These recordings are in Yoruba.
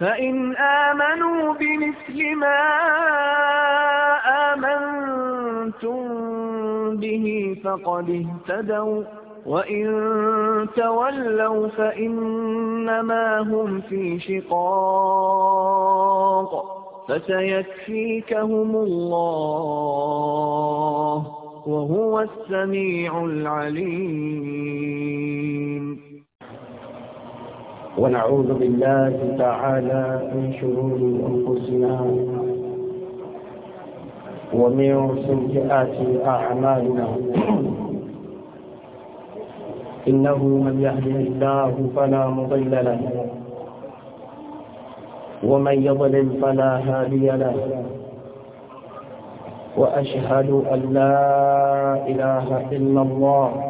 فإن آمنوا بمثل ما آمنتم به فقد اهتدوا وإن تولوا فإنما هم في شقاق فسيكفيكهم الله وهو السميع العليم ونعوذ بالله تعالى من شرور أنفسنا ومن سيئات أعمالنا إنه من يهدي الله فلا مضل له ومن يضلل فلا هادي له وأشهد أن لا إله إلا الله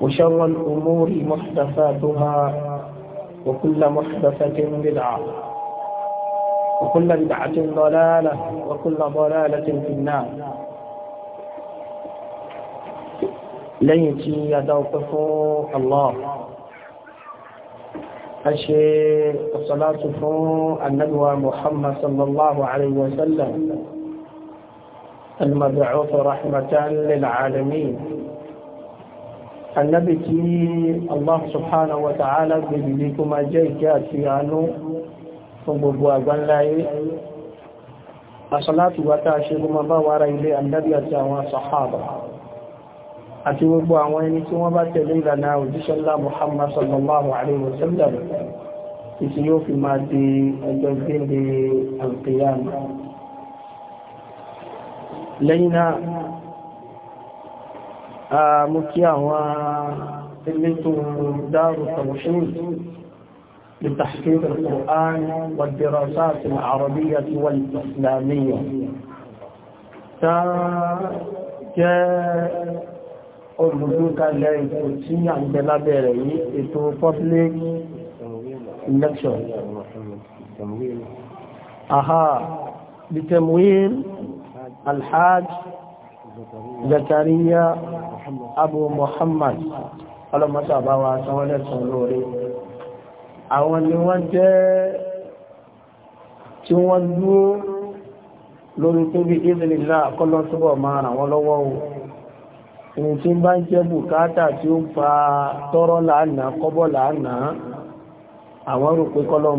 وشر الأمور محدثاتها وكل محدثة بدعة وكل بدعة ضلالة وكل ضلالة في النار ليتي يتوقف الله أشيء الصلاة فو النبوة محمد صلى الله عليه وسلم المبعوث رحمة للعالمين annabi tí allah subhanahu wa ta'ala gbèdì ní kó máa jẹ́ ìkẹ́ àti àánú fún gbogbo àgbánláyé asọ́látù wa ta ṣe gbọmọ bá wára ilé annabi àti àwọn sahaba àti gbogbo àwọn ẹni tí wọ́n bá tẹ̀lé ìlànà òjíṣẹ́lá muhammad sallallahu alaihi wasallam ìsìn yóò fi máa di ẹjọ́ gbẹ́ndẹ̀ alqiyama lẹ́yìn náà آه، مكياوه اللي دار التوحيد لتحقيق القران والدراسات العربيه والاسلاميه تا جاء اولوكا لايتشي عند لابيري اتو بوبليك اندكشن اها بتمويل الحاج زكريا abu muhammad ọlọ́mọta bá wa san wọ́n lẹ́sàn lóore àwọn ni wọ́n jẹ́ tí wọ́n dúó lórí tó bí ìzìnlá kọ́lọ́ túbọ̀ máa ràn wọ́n lọ́wọ́ o ìrìn tí bá ń jẹ́ bùkátà tí ó fa kọ́bọ̀ àwọn rò pé kọ́lọ́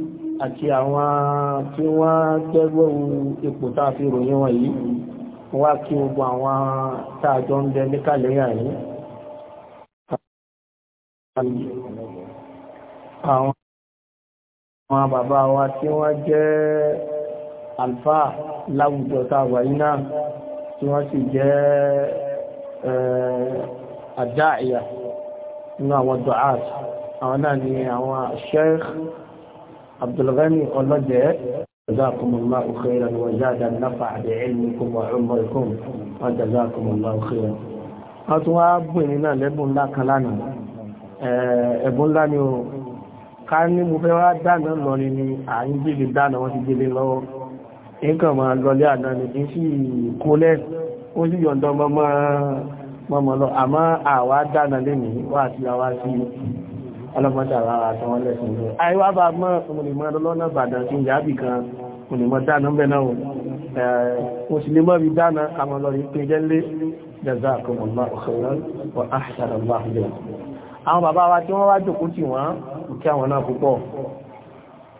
àti àwọn tí wọ́n tẹ́gbọ́rù ipò tá a fi ròyìn wọn yìí wá kí gbogbo àwọn tààjọ ń bẹ níkàlẹ́yà yìí àwọn bàbá wa tí wọ́n jẹ́ alfa láwùjọ tààwà yìí náà tí wọ́n sì jẹ́ àdáìyà nínú àwọn dọ̀áàtì àwọn náà ni àwọn sheikh Abdulghani ọlọ́jẹ́ جزاكم الله خيرا وزاد النفع بعلمكم وعمركم وجزاكم الله خيرا àtúnwá bùnrin náà lẹ́bùn ńlá kan lánàá ẹ̀bùn ńlá ni o ká ní mo fẹ́ wá dáná lọ ni ni à ń gbélé dáná wọ́n ti gbélé lọ́wọ́ nǹkan máa lọlé àná ni kí sì kó ó sì yọ̀ǹdọ́ mọ́mọ́ lọ àmọ́ àwa dáná lé ọlọ́mọdé àwárá àtàwọn lẹ́sìn lọ àìwá bá mọ́ òmìnirìmọ́ lọ́nà ìbàdàn tí ń yà bì kan òmìnirìmọ́ dáná ń bẹ̀ náà wò mo sì lè mọ́ bí dáná kàmọ́ lọ rí pé jẹ́lé jazakumullahu khairan wa ahsana Allahu àwọn bàbá wa tí wọ́n wá jòkó tì wọ́n kí àwọn náà púpọ̀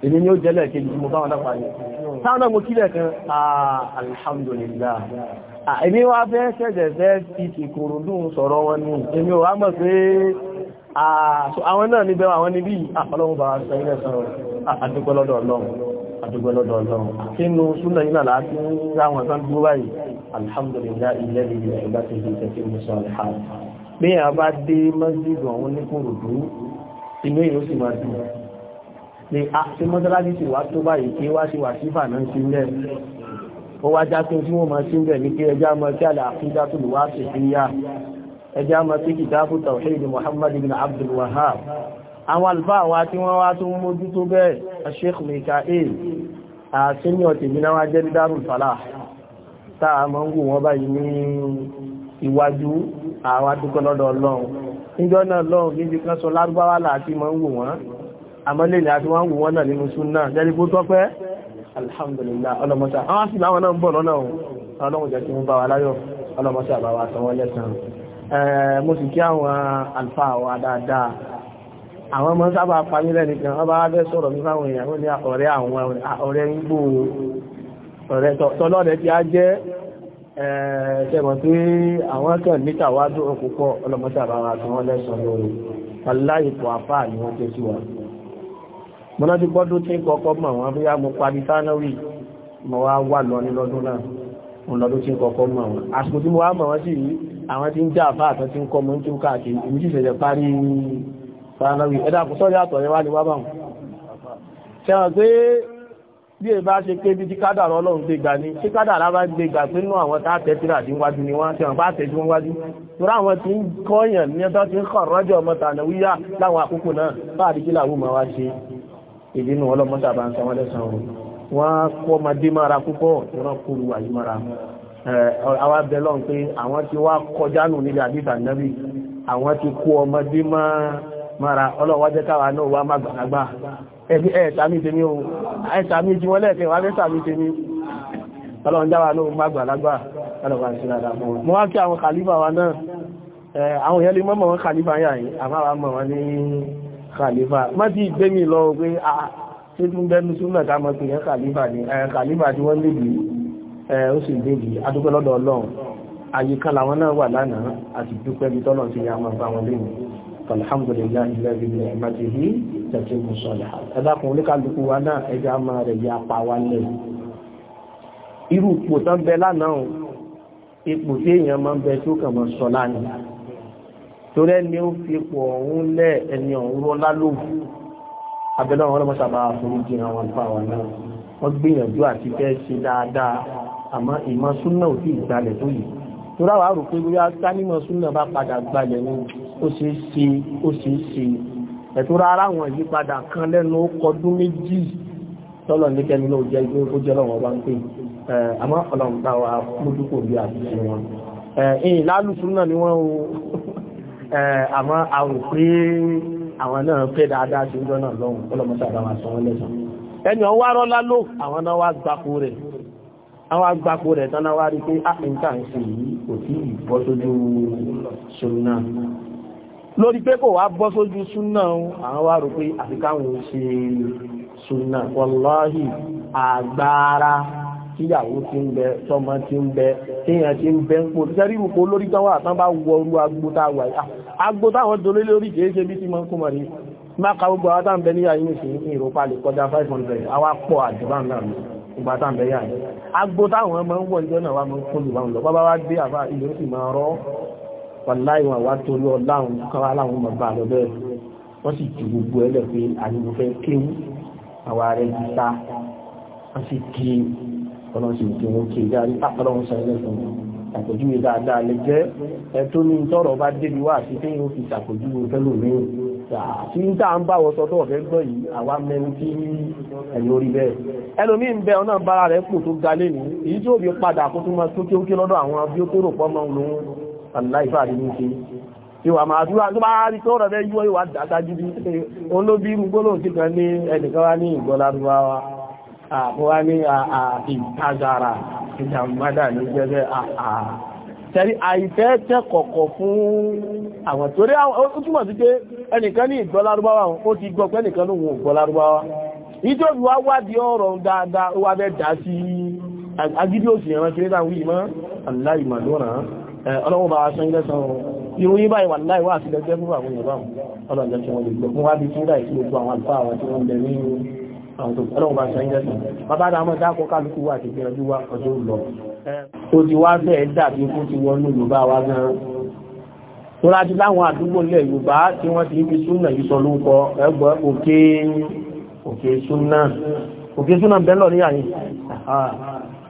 èmi ni ó jẹ́lẹ̀ kejì tí mo bá wọn lápàá ní táwọn náà mo kílẹ̀ kan ah, alhamdulillah ah, èmi wá fẹ́ ṣẹ̀ṣẹ̀ fẹ́ ti kòròdún sọ̀rọ̀ wọn ní èmi ò wá mọ̀ pé Ah, àwọn náà níbẹ̀ àwọn níbí àpọlọ́wọ́ ah, bá sẹ́yìnlẹ̀ sọ̀rọ̀ àdúgbọ́lọ́dọ̀ ah, ọlọ́run àdúgbọ́lọ́dọ̀ ọlọ́run kínú súnà yìí nàlá tí ráwọn tán dúró báyìí alhamdulillah ilẹ̀ ìlú ẹ̀gbá ti di ìtẹ́sí musa alhaj bí a bá dé mọ́sídù àwọn oníkùnrùdú inú èyí ó sì máa dùn ní a ti mọ́sálásí sì wá tó báyìí kí wá sí wà sí fàná sí ilẹ̀ ó wá já tó tí wọ́n máa sí ilẹ̀ ní kí ẹjá mọ́ sí àlàáfíà tó lù wá sí ẹjá ma sí kìtàbù tawhid muhammad ibn abdul wahab àwọn alfáà wa tí wọ́n wá tún mójú tó bẹ́ẹ̀ sheikh mikael àṣíní ọ̀tẹ̀ mi náà wá jẹ́ darul falah táà mọ́ ń gùn wọ́n báyìí ní ìwájú àwọn adúkọ́ lọ́dọ̀ ọlọ́run níjọ́ náà lọ́run níbi kan sọ lárúbáwá láti mọ́ ń wò wọ́n àmọ́lé ni a ti wọ́n wò wọ́n náà nínú súnnà jẹ́rí bó tọ́pẹ́ alhamdulillah ọlọ́mọta Eh, mo sì kí àwọn àlùfáà wa dáadáa àwọn ọmọ sábà pàmí lẹ́nu kan wọ́n bá fẹ́ sọ̀rọ̀ ní fáwọn èèyàn ó ní ah, ọ̀rẹ́ àwọn ọ̀rẹ́ ń gbò ọ̀rẹ́ tọ́lọ́rẹ́ tí a jẹ́ eh, ṣẹ̀mọ̀ pé àwọn kan níta wá dúró púpọ̀ ọlọ́mọsàbà wa tí wọ́n lẹ́sọ̀ lórí aláìpọ̀ àfáà ni wọ́n tẹ́ sí wa mo lọ́dún gbọ́dún tí kọ́kọ́ mọ̀ wọ́n bí a mú parí sánáwì mo wá wà lọ ní lọ́dún náà mo lọ́dún tí kọ́kọ́ mọ̀ wọ́n àsìkò tí mo wá àwọn tí ń já àfá àtọ́ tí ń kọ́ mọ́ tí ó káàkiri èmi sì ṣẹ̀ṣẹ̀ parí faranáwì ẹ̀dà kò sọ́rí àtọ̀ yẹn wá ní wábà wọn ṣẹ̀wọ̀n pé bí è bá ṣe pé bí tí kádàrá ọlọ́run gbé gbà ní tí kádàrá bá gbé gbà pé nú àwọn tá tẹ́tìrà tí wájú ni wọ́n ṣẹ̀wọ̀n bá tẹ́jú wọn wájú torí àwọn tí ń kọ́yàn ní ọjọ́ tí ń kọ̀ rọ́jọ́ ọmọ tànà wíyá láwọn àkókò náà bá àdíjí làwọn máa wá ṣe ìdínú ọlọ́mọ́sà bá ń sanwó lẹ́sàn-án wọn kọ́ máa dé mára púpọ̀ ìrọ́kùnrin wàyí mára àwọn abẹ́lọ́n pé àwọn tí wá kọjá nù nílẹ̀ àdíta nẹ́bí àwọn tí kó ọmọdé mara ọlọ́wọ́jẹ́ káwà náà wá má gbàgbà ẹbí ẹ̀ẹ̀tàmí tèmi o ẹ̀ẹ̀tàmí tí wọ́n lẹ́ẹ̀kẹ́ wá mẹ́tàmí tèmi ọlọ́njáwà náà má gbàgbà ọlọ́wọ́ mo wá kí àwọn kàlífà wa náà àwọn èèyàn lè mọ́mọ̀ wọn kàlífà yà yìí àmáwà mọ̀ wọn ní kàlífà má ti gbé mi lọ pé a ah, ṣe tún bẹ́nu súnmọ̀ ká mọ̀ pé kàlífà ni kàlífà tí wọ́n lè bìí ó sì bèèrè adúpẹ́ lọ́dọ̀ ọlọ́run àyíká làwọn náà wà lánàá àti dúpẹ́ bí tọ́lọ̀ sí ya máa bá wọn lè alhamdulillah ilẹ̀bí ilẹ̀ ìmájèlé tẹ̀tẹ̀ mùsọ̀lá ẹ̀dàkùn oníkàlùkù wa ya pa wá lẹ̀ irú ipò tán bẹ lánàá ipò tí èèyàn máa ń bẹ tó kàn máa sọ lánàá torí ẹni ó fi ipò ọ̀hún lẹ̀ ẹni ọ̀hún rọ́lá lóòfù lọ́mọ́sàbà fún ìjìnà wọn fáwọn náà wọ́n gbìyànjú àti fẹ́ ṣe dáadáa àmọ́ ìmọ̀ súnà ò tí ìgbàlẹ̀ tó yìí tó ráwà rò pé bóyá sánímọ̀ súnà bá padà gbalẹ̀ ní ó ṣe é ṣe ó ṣe é ṣe ẹ̀tọ́ rárá àwọn ìyípadà kan lẹ́nu ó kọdún méjì tọ́lọ̀ ní náà jẹ́ igbó ó jẹ́ lọ́wọ́ bá ń pè àmọ́ ọlọ́run bá wa mójú kò bí àṣìṣe ni wọ́n o a rò pé àwọn náà fẹ́ dáadáa ṣe ń jọ náà lọ́hùn ọlọ́mọṣà bá wa ẹni ọwọ́ arọ́lá àwọn náà wá gbapò rẹ̀ àwọn agbápo rẹ̀ tán náà wá rí pé ápìntà ah, ń ṣe yìí kò tí ì bọ́ sójú súnà lórí pé kò wá bọ́ sójú súnà àwọn wá rò pé àfikáwọn ṣe súnà wọláhì àgbára tíyàwó ti ń bẹ tọmọ ti ń bẹ tíyàn ti ń bẹ ń pò tẹ́rí ìrùkó lórí tán wà tán bá wọrú agbóta 500 ìgbàtà mẹ́yà ní agbó táwọn ọmọ ń wọ̀ ìjọ náà wà mọ́ fún ìwà òun lọ bá wá gbé àbá ilé ó sì máa rọ́ wàláì wọn wá torí ọláhùn káwá láwọn ọmọ bá lọ bẹ́ẹ̀ wọ́n sì ju gbogbo ẹlẹ́ pé àyùbò fẹ́ kéwú àwa rẹ̀ ti sá wọ́n sì kí ọ̀nà sì kí wọ́n kí jáde ọlọ́run sọ ẹlẹ́ fún àpèjúwe dáadáa lè jẹ́ ẹ tó ní tọ́rọ̀ bá débi wá àti téyìn ó fi ṣàpèjúwe fẹ́lòmíràn tí ń tàà ń bá wọ́sọ tó ọ̀fẹ́ gbọ́ yìí àwa mẹ́rin tí ẹ̀yìn orí bẹ́ẹ̀ ẹlòmí ń bẹ ọ̀nà bára rẹ̀ pò tó galé ní èyí tí ó bí padà kó tó máa tó kí ó kí lọ́dọ̀ àwọn bí ó tó rò pọ́mọ lòun aláìfà rí ní ṣe tí wà máa dúró tó bá rí tó rọ̀ bẹ́ yíwọ́ ìwà dájú bí olóbírú gbólóhùn tí kan ní ẹnìkan wá ní ìgbọ́lárúwáwá àbúwá ní àìtàgàrà ìjàmbádà ní jẹ́gẹ́ àà tẹ̀rí àìfẹ́ tẹ́ kọ̀kọ̀ fún àwọn torí ó túnmọ̀ sí pé ẹnìkan ní ìgbọ́ lárúbáwá ó ti gbọ́ pẹ́nìkan ní òun ìgbọ́ lárúbáwá nítorí wá wádìí ọ̀rọ̀ dáadáa ó wá bẹ́ dá sí agídí òsì ẹ̀rán kiri náà wí mọ́ aláìmọ̀ lọ́nà ọlọ́wọ́ bá aṣọ ilẹ̀ sọ ìròyìn báyìí wà láì wá àtìlẹ́gbẹ́ fún àwọn ìyàbá ọlọ́jọ́ tí wọ́n lè gbọ́ fún wá bí tí ó dà ìṣòro àwọn àlùfáà àwọn tí wọ́n bẹ̀rẹ̀ ọlọ́run bá ṣe ń jẹ́sùn bàbá náà mọ́ dákọ̀ kálukú wà ti gbìyànjú wá ọjọ́ lọ ó ti wá bẹ́ẹ̀ dàbí kó ti wọnú yorùbá wa gan tó láti láwọn àdúgbò ilẹ̀ yorùbá tí wọ́n ti fi súnà yìí sọ lóko ẹgbọ́ òkè òkè súnà òkè súnà bẹ́ẹ̀ lọ níyà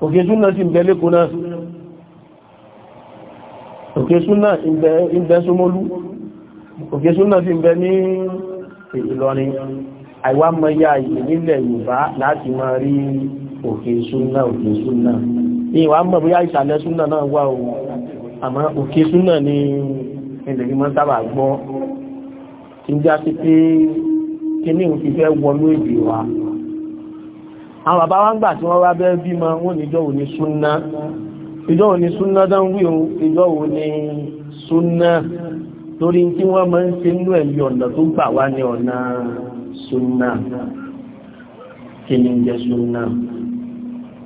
òkè súnà sì ń bẹ òkè súnà ń ní Ìlọrin àìwá mọ́yá ìlú nílẹ̀ Yorùbá láti máa rí òkè súnà òkè súnà ní ìwà mọ̀ bóyá ìsàlẹ̀ súnà náà wà o àmọ́ òkè súnà ni ilẹ̀ ìmọ̀ sábà gbọ́ tí ń já sí pé kíní òfi fẹ́ wọnú èdè wa àwọn bàbá wa ń gbà tí wọ́n wá bẹ́ bímọ wọ́n ní ìjọ́ òní súnà ìjọ́ òní súnà dán wí o ìjọ́ òní súnà torí tí wọ́n máa ń ṣe nínú ẹ̀mí ọ̀nà tó gbà wá ní ọ̀nà súnà kí ni ń jẹ́ súnà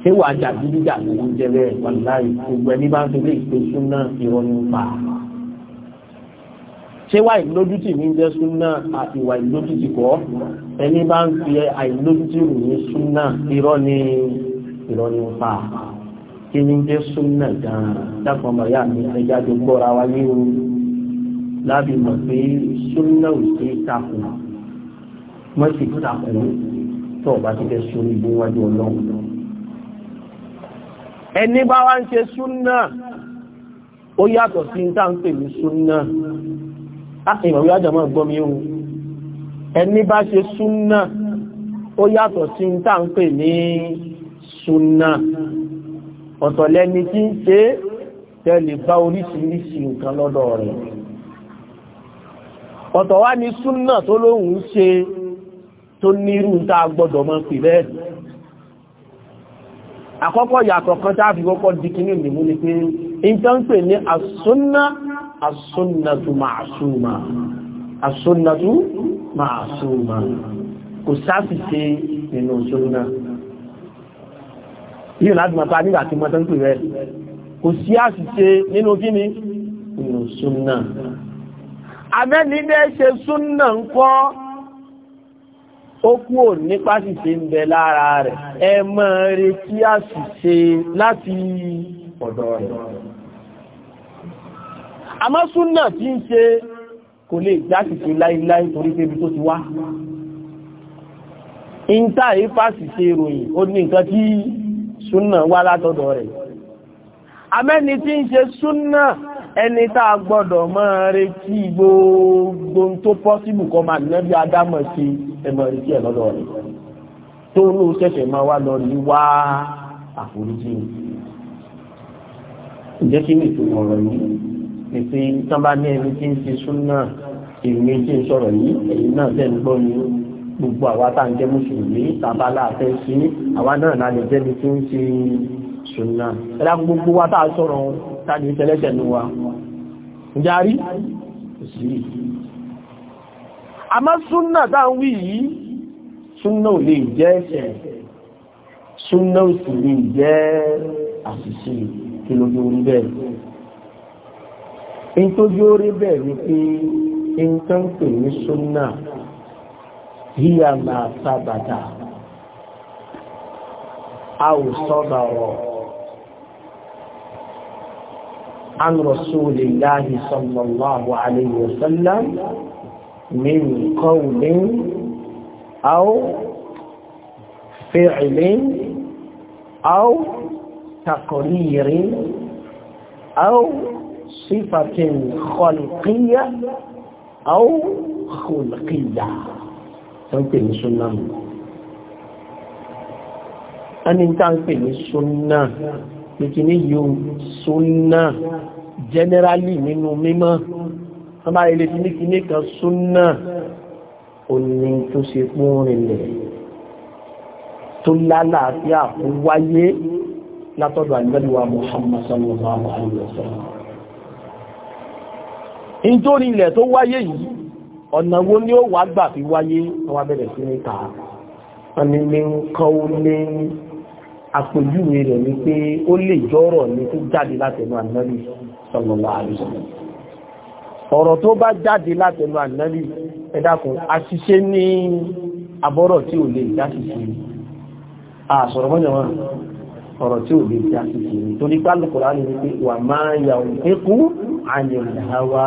ṣé wàá dàbí dídà ló ń jẹ́ bẹ́ẹ̀ wà láì gbogbo ẹni bá ń fi lè pe súnà irọ́ ní pa ṣé wà ìlójútì ní jẹ́ súnà ìwà ìlójútì kọ́ ẹni bá ń fi àìlójútì rù ní súnà irọ́ ní irọ́ ní pa kí ni jẹ́ súnà gan-an dákan màyà mi ẹja gbọ́ra wáyé o lábì mọ̀ pé súnà ò sí takùn má ṣe takò tó o bá ti fẹ́ sórí ibi wájú ọlọ́run ẹni bá wá ń ṣe súnà ó yàtọ̀ sí ń tàn pè ní súnà ìmọ̀ wíwá jẹ́ máa gbọ́mí ohun ẹni bá ṣe súnà ó yàtọ̀ sí ń tàn ní súnà ọ̀tọ̀ lẹ́ni tí ń ṣe tẹ́lẹ̀ bá oríṣiríṣi nǹkan lọ́dọ̀ rẹ̀ ọ̀tọ̀ wá ní súnà tó lóhun ṣe tó nírú tá gbọ́dọ̀ mọ́ pè bẹ́ẹ̀ àkọ́kọ́ yàtọ̀ kan tá fi kọ́kọ́ di kí ní ìlú ní pé ìtànpè ní àsúnná àsúnnàtù màásùmà àsúnnàtù màásùmà kò sáfìsẹ nínú súnnà yíò láti mọ̀ta nígbà tí mọ́ta ń pè rẹ̀ kò sí àṣìṣe nínú kíni nínú súnnà abẹ́ni bẹ́ẹ̀ ṣe súnnà ń kọ́ ó kúrò nípa ṣìṣe ń bẹ lára rẹ̀ ẹ mọ́ retí àṣìṣe láti ọ̀dọ̀ rẹ̀ àmọ́ súnà tí ń ṣe kò lè jáṣìṣe láíláí torí pébi tó ti wá ìntà ìfàṣìṣe ìròyìn ó ní nǹkan tí súnà wá látọ̀dọ̀ rẹ̀ ẹni tá a gbọ́dọ̀ máa retí gbogbo tó pọ́síbù kọ́ máa nẹ́bí adámọ̀ sí ẹmọ̀ retí ẹ̀ lọ́dọ̀ rẹ̀ tó ń lò ṣẹ̀ṣẹ̀ máa wá lọ rí wá àforíjì ǹjẹ́ kí ni ìtumọ̀ ọ̀rọ̀ yìí ni pé tán bá ní ẹni tí ń ṣe súnà èmi tí ń sọ̀rọ̀ yìí ẹ̀yin náà tẹ̀ ń gbọ́ ni gbogbo àwa tá à ń jẹ́ mùsùlùmí tàbálà àfẹ́ sí àwa náà la lè jẹ́ni tí ń ṣe súnà ẹ̀dá gbogbo tàbí tẹ́lẹ́tẹ̀ ní wa járí òsìrí àmá súnnà táa ń wí yìí súnnà ò lè jẹ́ ẹ̀ṣẹ̀ súnnà ò sì lè jẹ́ àṣìṣe kí ló bí orí bẹ́ẹ̀ in tó bí orí bẹ́ẹ̀ ni pé in tó ń pè ní súnnà híyà máa sábàtà a ò sọ́bàrọ̀ عن رسول الله صلى الله عليه وسلم من قول أو فعل أو تقرير أو صفة خلقية أو خلقية تنفيذ سنة أن تنفيذ سنة ìkíní yóò súnà generally nínú mímọ́ wọ́n bá ilé tí ní kíní kan súnà òní tó ṣe fún rìnlẹ̀ tó lálàáfíà fún wáyé látọ̀dọ̀ àgbẹ̀lúwà Muhammad sallallahu alaihi wasallam nítorí ilẹ̀ tó wáyé yìí ọ̀nà wo ni ó wà gbà fi wáyé wọ́n bẹ̀rẹ̀ sí ní ta àpèjúwe rẹ̀ ni pé ó lè jọ́rọ̀ ní tó jáde látẹnu ànábì sallallahu alaihi wasallam ọ̀rọ̀ tó bá jáde látẹnu ànábì ẹ dákun àṣìṣe ní abọ́rọ̀ tí ò lè dáṣìṣe àṣọ̀rọ̀ mọ́jọ̀ wọn ọ̀rọ̀ tí ò lè dáṣìṣe torí pálùkùrá ní wípé wà máa yà ń kékú àyẹ̀lẹ̀háwá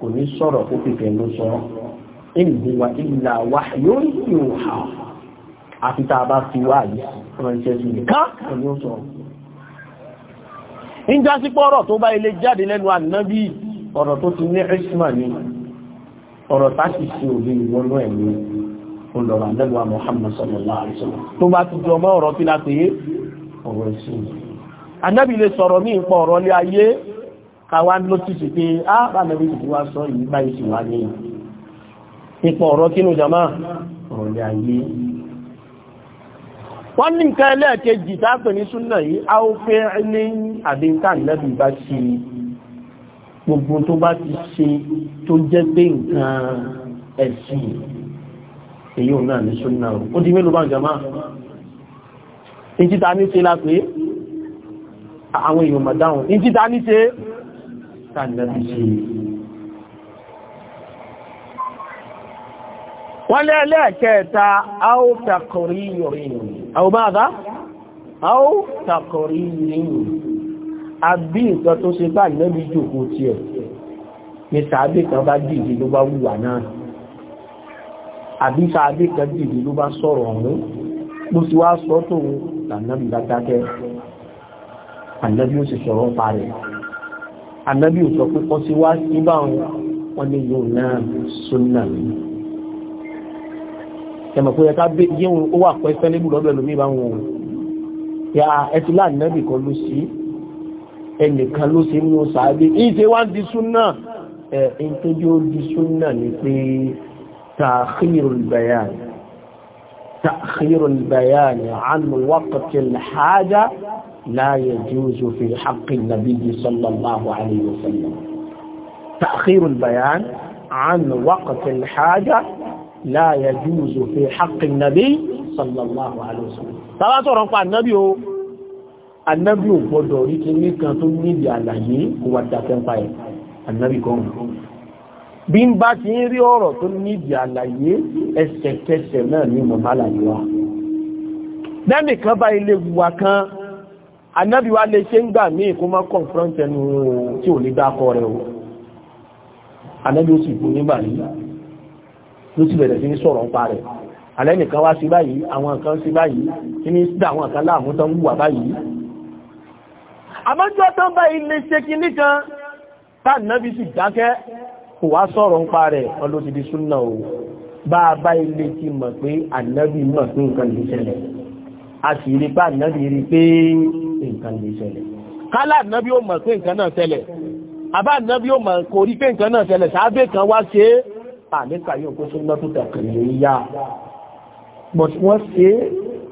kò ní sọ̀rọ̀ kó pèpè ló sọ in huwa illa wahyun yuha àfi tá a bá fi wá yìí ránṣẹ́ sí i ká kò ní sọ. ń jásí pé ọ̀rọ̀ tó bá ilé jáde lẹ́nu ànábì ọ̀rọ̀ tó ti ní isma ni ọ̀rọ̀ táṣì sí òbí ìwọ́nú ọ̀rọ̀ ìsìn. ànábì sọ̀rọ̀ ní ìpọ̀ ọ̀rọ̀ lé ayé káwá ló ti sì pé á bá mẹ́rí ti wá sọ ìlú báyìí sì wá ní ipò ọ̀rọ̀ kínú jama ọ̀rọ̀ ayé wọ́n ní nǹkan ẹlẹ́ẹ̀kejì tápẹ̀ ní súnà yìí a ó fẹ́ ní àbíntà lẹ́bí bá ti gbogbo tó bá ti ṣe tó jẹ́ pé nǹkan ẹ̀sìn èyí ò náà ní súnà ó di mélòó bá jama ìjìta ní ṣe lápé àwọn èèyàn mọ̀dáhùn ìjìta ní ṣe tàbí ṣe wọ́n lé ẹlẹ́ẹ̀kẹta áó takọrí yọrin àwọn bá bá áó takọrí yìí àbí nǹkan tó ṣe bá nẹ́bí jòkó tí ẹ̀ ní sàábé kan bá dìde ló bá wùwà náà àbí sàábé kan dìde ló bá sọ̀rọ̀ ọ̀hún mo sì wá sọ́tò lànàbí bá dákẹ́ ó sì sọ̀rọ̀ pa rẹ̀ ànábì ò sọ pé kọ́ sí wá sí báwọn wọn lè yóò náà súnà mi ẹ̀mọ̀ pé ẹ̀ka bẹ́ yé wọn ó wà pẹ́ fẹ́lẹ́bù lọ́dọ̀ ẹlòmí báwọn òun ya ẹtì láàánábì kan ló sí ẹnìkan ló sí nínú sàábé ìṣe wá di súnà ẹ̀ ń ó di súnà ni pé tààkìrì bàyàn tààkìrì bàyàn àánú wákàtí làhájá لا يجوز في حق النبي صلى الله عليه وسلم تأخير البيان عن وقت الحاجة لا يجوز في حق النبي صلى الله عليه وسلم tàbá tọ́rọ ń pa annabi o annabi ò gbọdọ̀ rí kí ní kan tó níbi àlàyé wà dákẹ́ ń pa ẹ̀ annabi kan bí n bá ti ń rí ọ̀rọ̀ tó níbi àlàyé ẹsẹ̀kẹsẹ̀ náà ní mọ̀málàyé wa lẹ́nìkan bá ilé wa kan anábì wa lè ṣe ń gbà míì kó má confront ẹnu tí ò lè dákọ rẹ̀ o anábì ó sì gbó nígbà rí ló ti bẹ̀rẹ̀ sí ní sọ̀rọ̀ ń parẹ̀ alẹ́ nìkan wá sí báyìí àwọn kan sí báyìí kí ní sí àwọn kan láàmú tán wùwà báyìí àmọ́jọ́ tán báyìí lè ṣe kí nìkan tánàbí sì dákẹ́ kò wá sọ̀rọ̀ ń parẹ̀ ọlọ́ ti súnà o bá a bá ilé ti mọ̀ pé ànábì mọ̀ sí nǹkan ìṣẹ̀lẹ̀ a sì rí pé ànábì rí pé nǹkan lè ṣẹlẹ̀ kálá nábí ó mọ̀ pé nǹkan náà ṣẹlẹ̀ àbá nábí ó mọ̀ kò rí pé nǹkan náà ṣẹlẹ̀ sàábé kan wá ṣe é àníkà yóò kó sínú tó tẹ̀kẹ̀lẹ̀ yá but wọ́n ṣe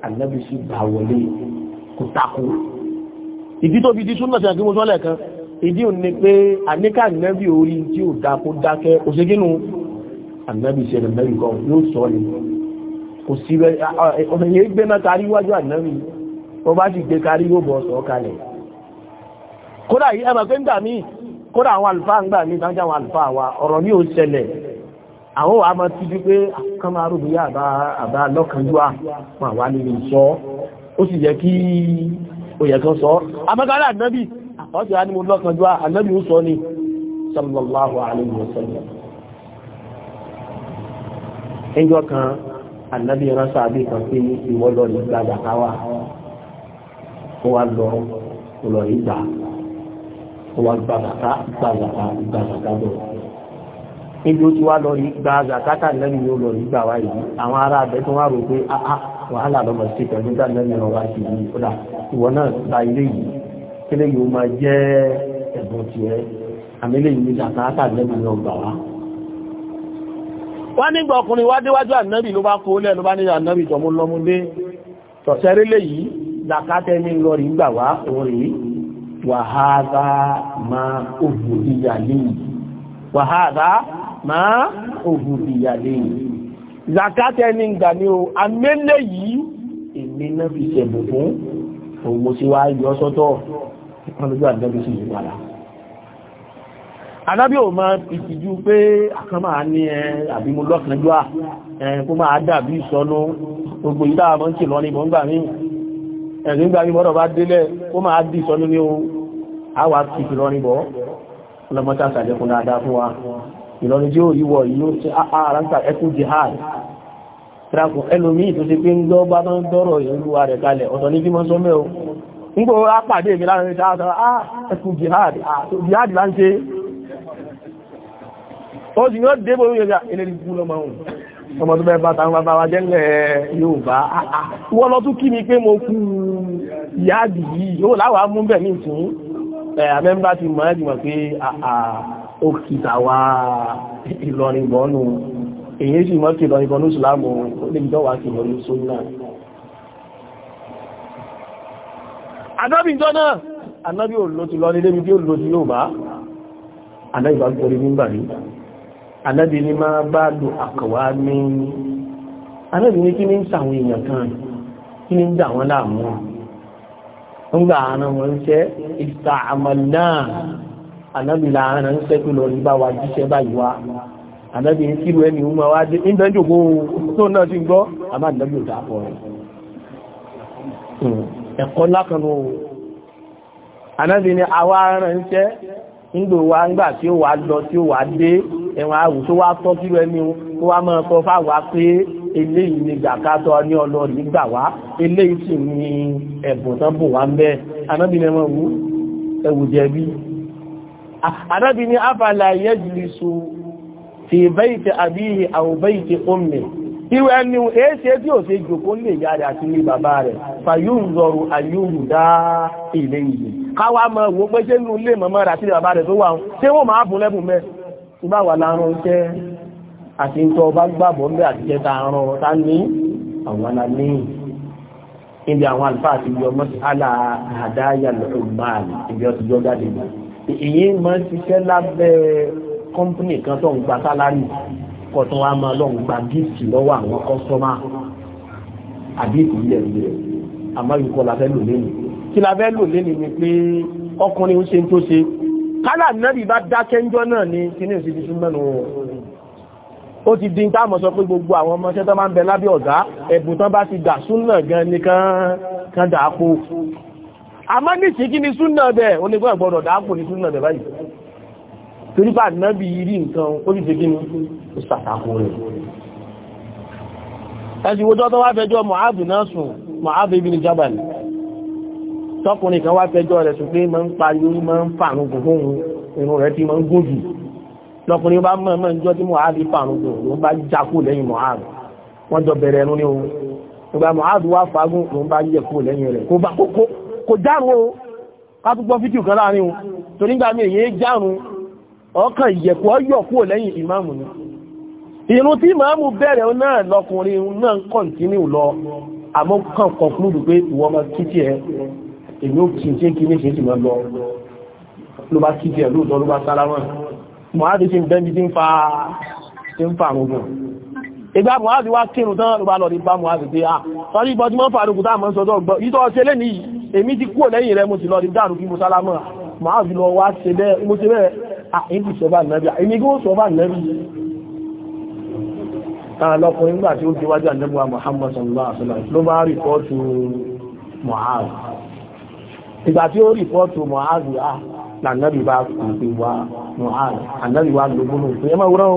ànábì sí bá wọlé kò takú ìdí tó fi di súnmọ̀ sí àkíwọ́n sọ́lẹ̀ ìdí ò ní pé àníkà nábì orí tí ò dá kó dákẹ́ òṣèkínú ànábì sí mẹ́rin kan yóò sọ ni kò sí ọ̀sẹ̀ yẹn gbé tarí wájú ànábì bó bá sì gbé karí yóò bọ̀ sọ kalẹ̀ kódà yìí ẹmọ̀ pé ń gbà mí kódà àwọn àlùfáà ń gbà mí bá ń jẹ́ àwọn àlùfáà wa ọ̀rọ̀ ní òṣẹlẹ̀ àwọn wa máa tijú pé ah, kán máa rò bóyá àbá lọ́kànjúwà wọn àwa lè sọ ó sì yẹ kí ó yẹ sallallahu alayhi wa sallam ẹjọ́ kan ànábì ránṣà bí kan pé ìwọ́lọ́ ní gbàgbà káwàá ó wá lọ ọ̀lọ́ ìgbà ó wá gba zàká gba zàká gba zàká bọ̀. níbi ó ti wá lọ rí gba zàká tà lẹ́nu yóò lọ rí gbà wá yìí àwọn ará abẹ tó wá rò pé áá ah, ah, wàhálà lọ́mọ sí pẹ̀lú dá lẹ́nu ọ̀rọ̀ wá sí yìí kódà ìwọ náà gba ilé yìí kílé yìí ó máa jẹ́ ẹ̀bùn tiẹ̀ àmì lè yìí zàká tà lẹ́nu yóò gbà wá wọ́n nígbà ọkùnrin wá déwájú ànábì ló bá kó lẹ́nu bá ní ànábì tọ́mú lọ́mú yìí zakatẹ́ ní lọ́rí gbà wá orí wàhádá ma òbòdìyà lẹ́yìn wàhádá ma òbòdìyà lẹ́yìn zakatẹ́ ní gbà ní o amẹ́lẹ̀ yìí èmi náà fi ṣẹ̀bù fún òun mo sì wá yọ sọ́tọ̀ wọ́n lójú àdẹ́bí sí ìwàlá adábí ò máa ìtìjú pé àkán máa ní ẹ àbí mo à ẹ kó máa dàbí ìsọnú gbogbo ìdá àmọ́ ń lọ ní gbọ́ngbà míì ẹ̀sìn gbáyé mọ́rọ̀ bá délẹ̀ ó máa dì sọ lórí o àwà ti ìrọrin bọ́ ọlọ́mọta sàlẹ̀kùn dáadáa fún wa ìrọrin tí ó yíwọ̀ yíó tí ah, ah, ara ń ta ẹkùn jihad trakùn ẹlòmíì tó ṣe pé ń gbọ́ bá tán dọ́rọ̀ ìlú wa rẹ̀ kalẹ̀ ọ̀tọ̀ ní bímọ sọ́mẹ́ o ń gbọ́ apàdé ah jihad jihad là ń ṣe ó sì ní ó dé bó ń yẹ ọmọ tó bẹ́ẹ̀ bá tàwọn bàbá wa jẹ́lẹ̀ Yorùbá ah, ah. wọ́n lọ tún kí mi pé mo kú ìyáàdì yìí ó láwà mú bẹ̀ ní ìsìn àmẹ́mbà ti mọ̀ ẹ́jì mọ̀ pé ah, ó kìtà wá Ìlọrin bọ́nù èyí sì mọ́ kí Ìlọrin anábì ní máa bá lò àkọ̀wá mẹ́rin anábì ní kí ní ń sàwọn èèyàn kan kí ní ń dà wọ́n láàmú ń gbà ààrùn wọn ṣẹ́ ìta àmàlà anábì láàárín ń sẹ́kù lọ rí bá wa jíṣẹ́ báyìí wá anábì ní kí ẹni ń wá dé ń bẹ́ẹ̀ jòkó nígbò wa ńgbà tí ó wà lọ tí ó wà dé ẹ̀wọ̀n àwù tó wá tọ́ sí ẹni ó wá máa sọ fáwa pé eléyìí ni gbàkátọ ní ọlọ́ọ̀rí gbà wá eléyìí sì ni ẹ̀bùn tán bò wá ń bẹ́ anábìnrin ẹ̀wọ̀n wù ẹ̀wù jẹ̀bi anábìnrin afàlàyé jùlọ fi bayti abihi aw bayti ummi irú ẹni èéṣe bí ò ṣe jòkó lè yára àti ilé bàbá rẹ̀ fàyúùzọrù àyúùdá ilé ìyè káwà mọ̀ wò pé ṣé nínú ilé mọ̀mọ́ rà sí bàbá rẹ̀ tó wà ń ṣé wọ́n máa bùn lẹ́bùn mẹ́ bá wà láàrùn iṣẹ́ àti ń tọ́ bá gbàgbọ́ ń bẹ́ àtijẹ́ ta rán ta ní àwọn kọ́ tó wá máa lọ́n gba gíìtì lọ́wọ́ àwọn kọ́sọ́mà àbí ìpínlẹ̀ ìlú àmọ́ ìkọ́ la lò lẹ́nu kí la lò lẹ́nu ni pé ọkùnrin ó ṣe tó ṣe kálà náàbì bá dákẹ́ńjọ́ náà ni kí ní òsì ti sún mẹ́nu ó ti dín táàmọ̀ sọ pé gbogbo àwọn ọmọṣẹ́ tó máa ń bẹ lábẹ́ ọ̀gá ẹ̀bùn tán bá ti dà súnà ni kan dàápò àmọ́ torí bá nábi rí nǹkan ó ti tẹ́kí ní ó sàtàkù rẹ̀ ẹ̀sì ìwòjọ́ tó wá fẹjọ́ Mu'adh náà sùn Mu'adh ibn Jabal tọkùnrin kan wá fẹjọ́ rẹ̀ sùn pé ma ń pariwo ma ń fàrùn gbogbo irun rẹ̀ tí ma ń gùn jù lọkùnrin bá mọ̀ mọ̀ ìjọ tí Mu'adh fàrùn gbogbo bá jákù lẹ́yìn Mu'adh wọ́n jọ bẹ̀rẹ̀ ẹnu ní ohun ìgbà Mu'adh wá fagún òun bá yẹ kú lẹ́yìn rẹ̀ kò dárùn ó ká tó gbọ́ fídíò kan láàrin òun torí nígbà míì èyí járùn ọkàn ìyẹ̀kù ọyọ̀ kúrò lẹ́yìn ìmáàmù ni ìrun tí ìmáàmù bẹ̀rẹ̀ náà lọkùnrin náà ń kọ̀ntínú lọ àmọ́ kàn kọ̀kúrù pé ìwọ́n máa kíkì ẹ èmi ó kí ṣe kí ní ṣe sì máa lọ ló bá kíkì ẹ lóòótọ́ ló bá sára wọn mọ̀hádi ṣe ń bẹ́ni tí ń fa tí ń fa àwọn ogun ìgbà mọ̀hádi wá kírun tán ló bá lọ rí bá sálámọ̀ mọ̀hádi lọ àìbì sọ́bà nẹ́bí àìní kí ó sọ́bà nẹ́bí tààlọ́kùn nígbà tí ó ti wájú àjẹ́bùwa Muhammad sallallahu alaihi wasallam ló bá rìpọ́ọ̀tù Mu'adh ìgbà tí ó rìpọ́ọ̀tù Mu'adh à ah, lànàbì bá kùnkùn wa Mu'adh ànàbì wa lógúnù tó yẹ máa wúrọ́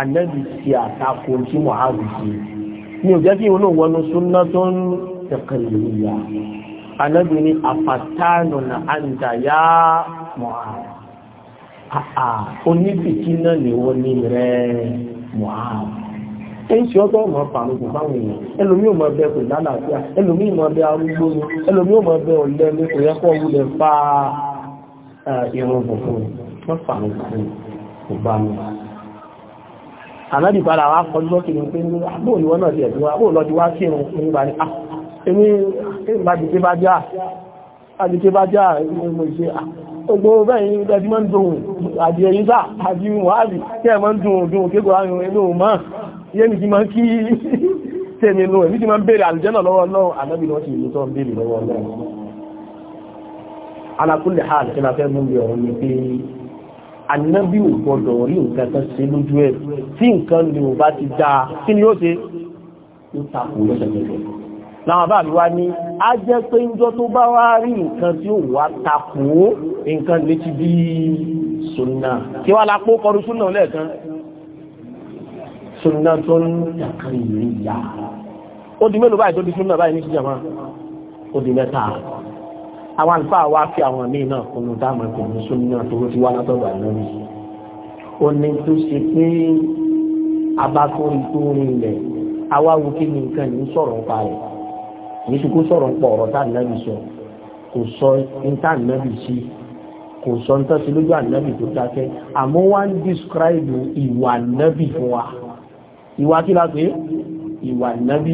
ànàbì ti àtakò tí Mu'adh sí ni ò jẹ́ kí inú wọnú súnná tó ń tẹ̀kẹ̀lẹ̀ yà ànàbì ni àpàtánù na àǹdà yá Mu'adh Ah, ah, oníbìkí náà ni wọ́n ní rẹ̀ Mu'adh èyí tí ó tọ́ ọmọ pàrọ̀gùn báwọn èèyàn ẹlòmí ò mọ bẹ kò lálàáfíà ẹlòmí ò mọ bẹ arúgbó ni ẹlòmí ò mọ bẹ ọ̀lẹ ni kò yẹ kó wulẹ̀ fa eh, irun bùkún wọ́n pàrọ̀gùn kò bá mi. ànábì padà wá kọjú lọ́kì ni pé àbò ni wọ́n náà ti ẹ̀dùn àbò lọ́dún wá sí irun ní ìbá ní gbogbo bẹ́yìn ẹ̀dí mọ́ ń dùn àti ẹ̀yìn sáà àti wàhálì tí ẹ̀ mọ́ ń dùn dùn kéèkò àrùn ẹ̀lò mọ́ iye mi ti máa ń kí tẹ̀mí lọ èmi ti máa ń bèèrè àlùjẹ́nà lọ́wọ́ lọ́wọ́ ànábì lọ́wọ́ sí ìlú tó ń bèèrè lọ́wọ́ lọ́wọ́ alákùnlé ha àti ìlàfẹ́ mú bí ọ̀rọ̀ ni pé ànábì ò gbọdọ̀ láwọn bá mi wá ní a jẹ́ pé ń jọ tó bá wá rí nǹkan tí ó wà takò nǹkan létí bí sunna kí wá lápó kọrù sunna lẹ́ẹ̀kan sunna tó ń yàkan ìrìyà ó di mélòó báyìí tó di sunna báyìí ní sí jama ó di mẹ́ta àwọn àlùfáà wá fi àwọn míì náà kunu dáàmù ẹ̀kọ́ ní sunna tó ti wá látọ̀dọ̀ àìlórí ó ní tó ṣe pé abákórí tó rin ilẹ̀ awáwo kí ni nǹkan ní sọ̀rọ̀ ń pa rẹ̀ kò sí kó sọ̀rọ̀ pọ̀ ọ̀rọ̀ tá ànábì sọ kò sọ níta ànábì sí kò sọ níta sí lójú ànábì tó dákẹ́ àmọ́ wá ń describe ìwà ànábì fún wa ìwà kí la pé ìwà ànábì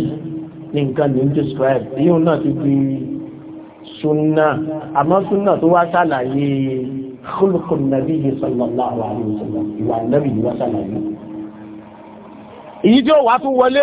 ní nǹkan ní ń describe èyí náà ti di sunna àmọ́ sunna tó wá ṣàlàyé khulqun nabiyyi sallallahu alaihi wasallam ìwà ànábì ni wá ṣàlàyé èyí tí ó wá tún wọlé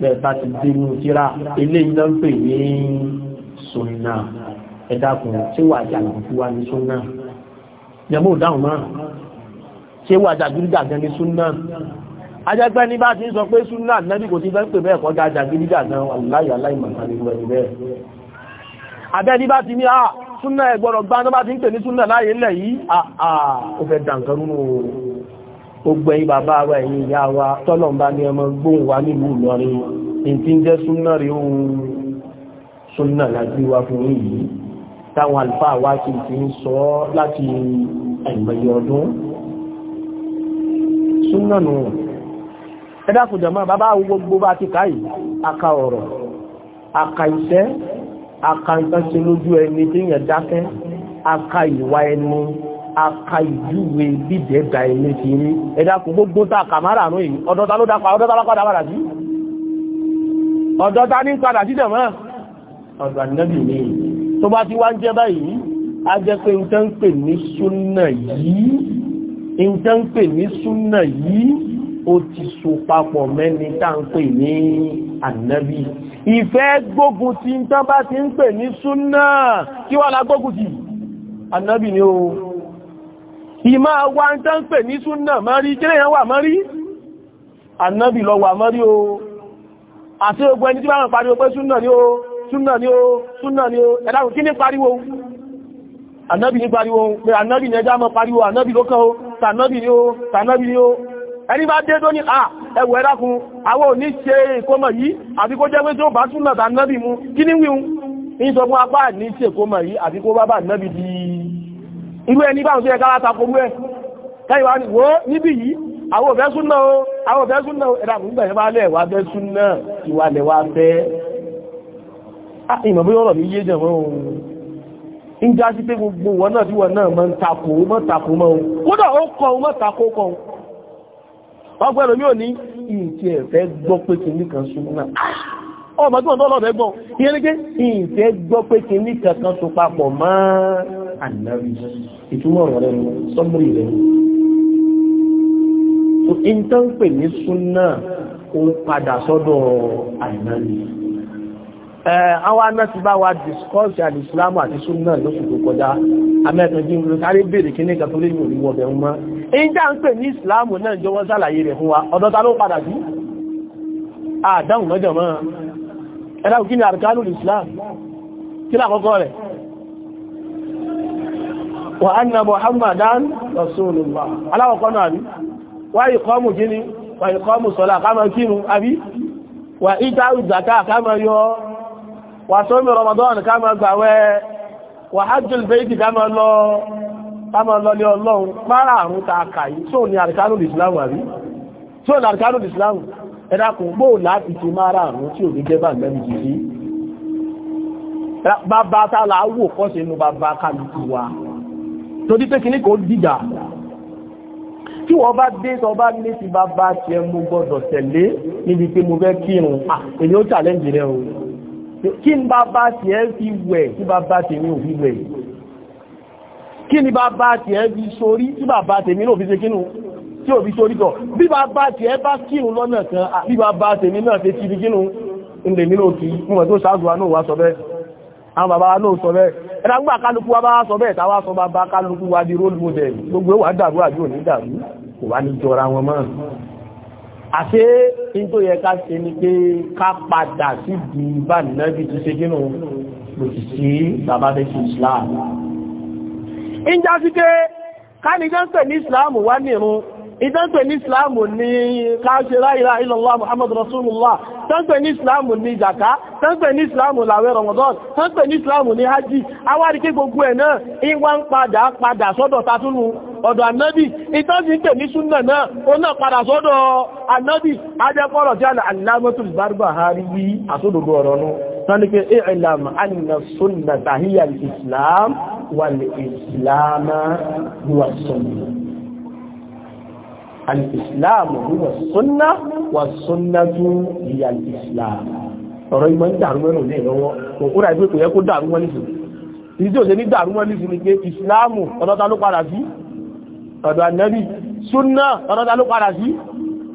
bẹ́ẹ̀ bá ti dé inú tíra eléyìí náà ń pè ní sunna ẹ dákun tí wà jàǹdùkú wa ní sunna yẹmọ́ dáhùn náà ṣé wà jàǹdùkú ní sunna ajẹ́gbẹ́ ní bá ti ń sọ pé súnà nẹ́bí kò ti fẹ́ pè bẹ́ẹ̀ kọjá jàgídíjà gan aláyà aláìmọ̀ta ní ìwẹ̀ ìbẹ̀ abẹ́ ní bá ti ní àà súnà ẹgbọ́rọ̀ gbá gbogbo ẹ̀yin bàbá wa ẹ̀yin ìyá wa tọ́lọ̀ ń bá ní ọmọ gbóhùn wa nílùú Ìlọrin ní ti ń jẹ́ súnà rí ohun súnà láti wá fún yìí táwọn àlùfáà wa ti fi ń sọ láti ẹ̀mọ̀yẹ ọdún súnà nù ẹ̀dá kò jẹ̀mọ́ bàbá àwọn gbogbo bá ti ká akàìjúwe bídẹ̀ ẹ̀dà ilé ti rí ẹ̀dà kò gbogbo tá kàmárà rún èyí ọ̀dọ́ta ló dápa ọ̀dọ́ta ló padà padà sí ọ̀dọ́ta ní padà sí dẹ̀mọ́ ọ̀dọ̀ ànínábì ní tó bá ti wá ń jẹ́ báyìí a jẹ́ pé ń tán pè ní súnà yìí ń tán pè ní súnà yìí ó ti so papọ̀ mẹ́ni tá ń pè ní ànínábì ìfẹ́ gbógun ti ń tán bá ti ń pè ní súnà kí wà lágbógun ti ànínábì ni ó ìmá wa ń tán pè ní súnnà mọ́rí kí lèyàn wà mọ́rí annabi lọ wà mọ́rí o àti ogun ẹni tí bá wọn pariwo pé súnnà ni o súnnà ni o súnnà ni o ẹ̀dàkùn kí ní pariwo annabi ní pariwo pé annabi ní ẹjá mọ́ pariwo annabi ló kàn o tànàbì ni o tànàbì ni o ẹni bá dé tó ní à ẹwọ̀ ẹ̀dàkùn àwọn ò ní ṣe ìkómọ̀ yìí àti kó jẹ́ pé tó bá súnnà tànàbì mu kí ní wíhun ń sọ fún apá ní ṣèkómọ̀ yìí àti kó bá bá nàbì dìí irú ẹni báwọn tó yẹ káwà ta forú ẹ káyì ní wọ́ níbi yìí àwọn òfẹ́ súnà o àwọn òfẹ́ súnà o ẹ̀dà fún gbẹ̀yẹ bá lẹ̀ wá bẹ́ súnà ìwà lẹ̀ bẹ́ ìmọ̀ bí ọ̀rọ̀ mi yé jẹ̀ wọ́n ń já sí pé gbogbo wọn náà tí wọn náà mọ́ ń takò mọ́ takò mọ́ kódà ó kọ mọ́ takò kọ ọgbẹ́rún mi ò ní ìtì ẹ̀fẹ́ gbọ́ pé kìnnìkan súnà ah ọmọ tí wọ́n tọ́ lọ́fẹ́ gbọ́n ìyẹn ní pé ìfẹ́ gbọ́ pé kí ní kankan tó papọ̀ mọ́ ànábì ìtumọ̀ ọ̀rọ̀ rẹ̀ sọ́mùrì rẹ̀ so in tó ń pè ní súnà ó padà sọ́dọ̀ ànábì àwọn aná ti bá wa discuss àti islam àti súnà lóṣù tó kọjá amẹ́tọ̀jí ń sáré bèèrè kí ní ìkàtó lè yòrí wọ́bẹ̀ ń mọ́ ìjà ń pè ní islam náà jọ wọ́n sàlàyé rẹ̀ fún wa ọ̀dọ́ta ló padà sí àdáhùn lọ́jọ́ mọ́ ẹ̀dá òkí ni àrìkánù islam kí lákọ́kọ́ rẹ̀ wà anna muhammadan rasulullah aláwọ̀kọ́ náà rí wà ìkọ́mù gíní wà ìkọ́mù sọ́lá káàmà kínú àbí wà ìtàrù zaka káàmà yọ wà sọ́mì ramadan káàmà gbàwẹ́ wà hajjul bayti káàmà lọ káàmà lọ ní ẹ̀dàkùn gbóò láti ti máa rà rún tí ò ní jẹ́bà mẹ́rin jì sí bàbá tààlà wò kọ́sẹ̀ inú bàbá kàlùkù wa tó dí pé kí ní kò dìjà tí wọ́n bá dé sọ bá ní ti bàbá tí ẹ gbọ́dọ̀ tẹ̀lé níbi pé mo fẹ́ kírun èyí ó challenge rẹ o kí ni bàbá tí ẹ fi wẹ̀ tí bàbá tí mi ò fi wẹ̀ kí ni bàbá tí ẹ fi sorí tí bàbá tèmi náà fi ṣe kínú tí ò fi sórí tọ̀ bí bá bá ti ẹ bá kírun lọ́nà kan bí bá bá tèmi náà ṣe ti fi kínú ilẹ̀ nínú òkì fún ẹ̀ tó ṣáàzùwá náà wá sọ bẹ́ẹ̀ àwọn bàbá náà sọ bẹ́ẹ̀ ẹ̀dà ń gbà kálukú wa bá sọ bẹ́ẹ̀ táwa sọ bàbá kálukú wa di role model gbogbo ká ni Islam ìjà sí pé ká ní jẹ́ ń pè ní Islam wá nìrun ìtọ́pẹ̀ ní ìsìláàmù ní káṣe la ilaha illallah muhammadu rasulullah tọ́pẹ̀ ní ìsìláàmù ní ìjàká tọ́pẹ̀ ní ìsìláàmù làwẹ̀ ramadan tọ́pẹ̀ ní ìsìláàmù ní hajji awárí kí gbogbo ẹ̀ náà ìwá ń padà padà sọ́dọ̀ tatúnú ọ̀dọ̀ annabi ìtọ́sí ń pè ní súnnà náà ó náà padà sọ́dọ̀ annabi ajẹ́kọ́rọ̀ tí al-allamatul barbahari wí àsódòdó ọ̀rọ̀ nú sani pé i'lam anna sunnata hiya al alìsìláàmù huwa súnná wà súnná tó ìyà alìsìláàmù ọ̀rọ̀ ìmọ̀ ń dàrú mẹ́rùn ní ìrọwọ́ òkúra ìgbé kò yẹ kó dàrú wọn nìsìn ìdí òṣè ní dàrú wọn nìsìn ni pé ìsìláàmù ọ̀dọ́ta ló padà sí ọ̀dọ̀ ànẹ́bì súnná ọ̀dọ́ta ló padà sí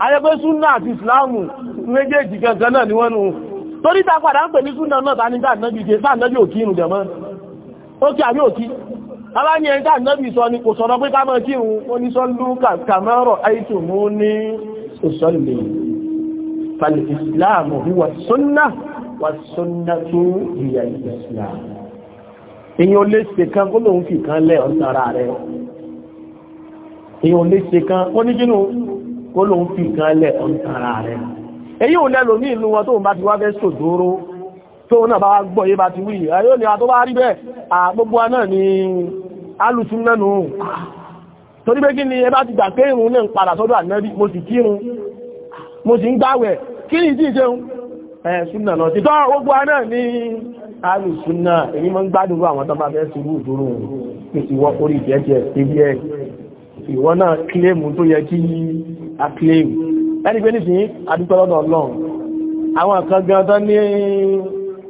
ayẹ́pẹ́ súnná àti ìsìláàmù méjèèjì kankan náà ni wọ́n nù torí ta padà ń pè ní súnná náà bàbá ní ẹ̀ńtà nẹ́bì sọ ni kò sọ̀rọ̀ pé ká máa kírun ó ní sọ́lú kàmọ́rọ̀ àìtò mú ní òṣọ́lẹ̀ falẹ̀ islam huwa tó ìyà islam èyàn lè ṣe kan kó lóun fi kan lẹ́ ọ̀sára rẹ̀ èyàn lè ṣe kan ó ní tó náà bá gbọ́ yé bá ti wí ẹ̀yọ́ ni a tó bá rí bẹ́ẹ̀ àgbogbo náà ni alùsùn nánú torí pé kí ni ẹ bá ti gbà pé ìrun náà ń padà sọ́dọ̀ ànábì mo sì kírun mo sì ń gbàwẹ̀ kí ni ìdí ìṣeun ẹ̀ súnà lọ sí tọ́ ni alùsùn náà èyí mọ́ ń gbádùn àwọn tó bá fẹ́ sùúrù ìdúró pé ìwọ orí ìjẹ́jẹ́ a kílèmù ẹni pé nísìnyí adúpẹ́ lọ́dọ̀ ọlọ́run àwọn kan gan tán ní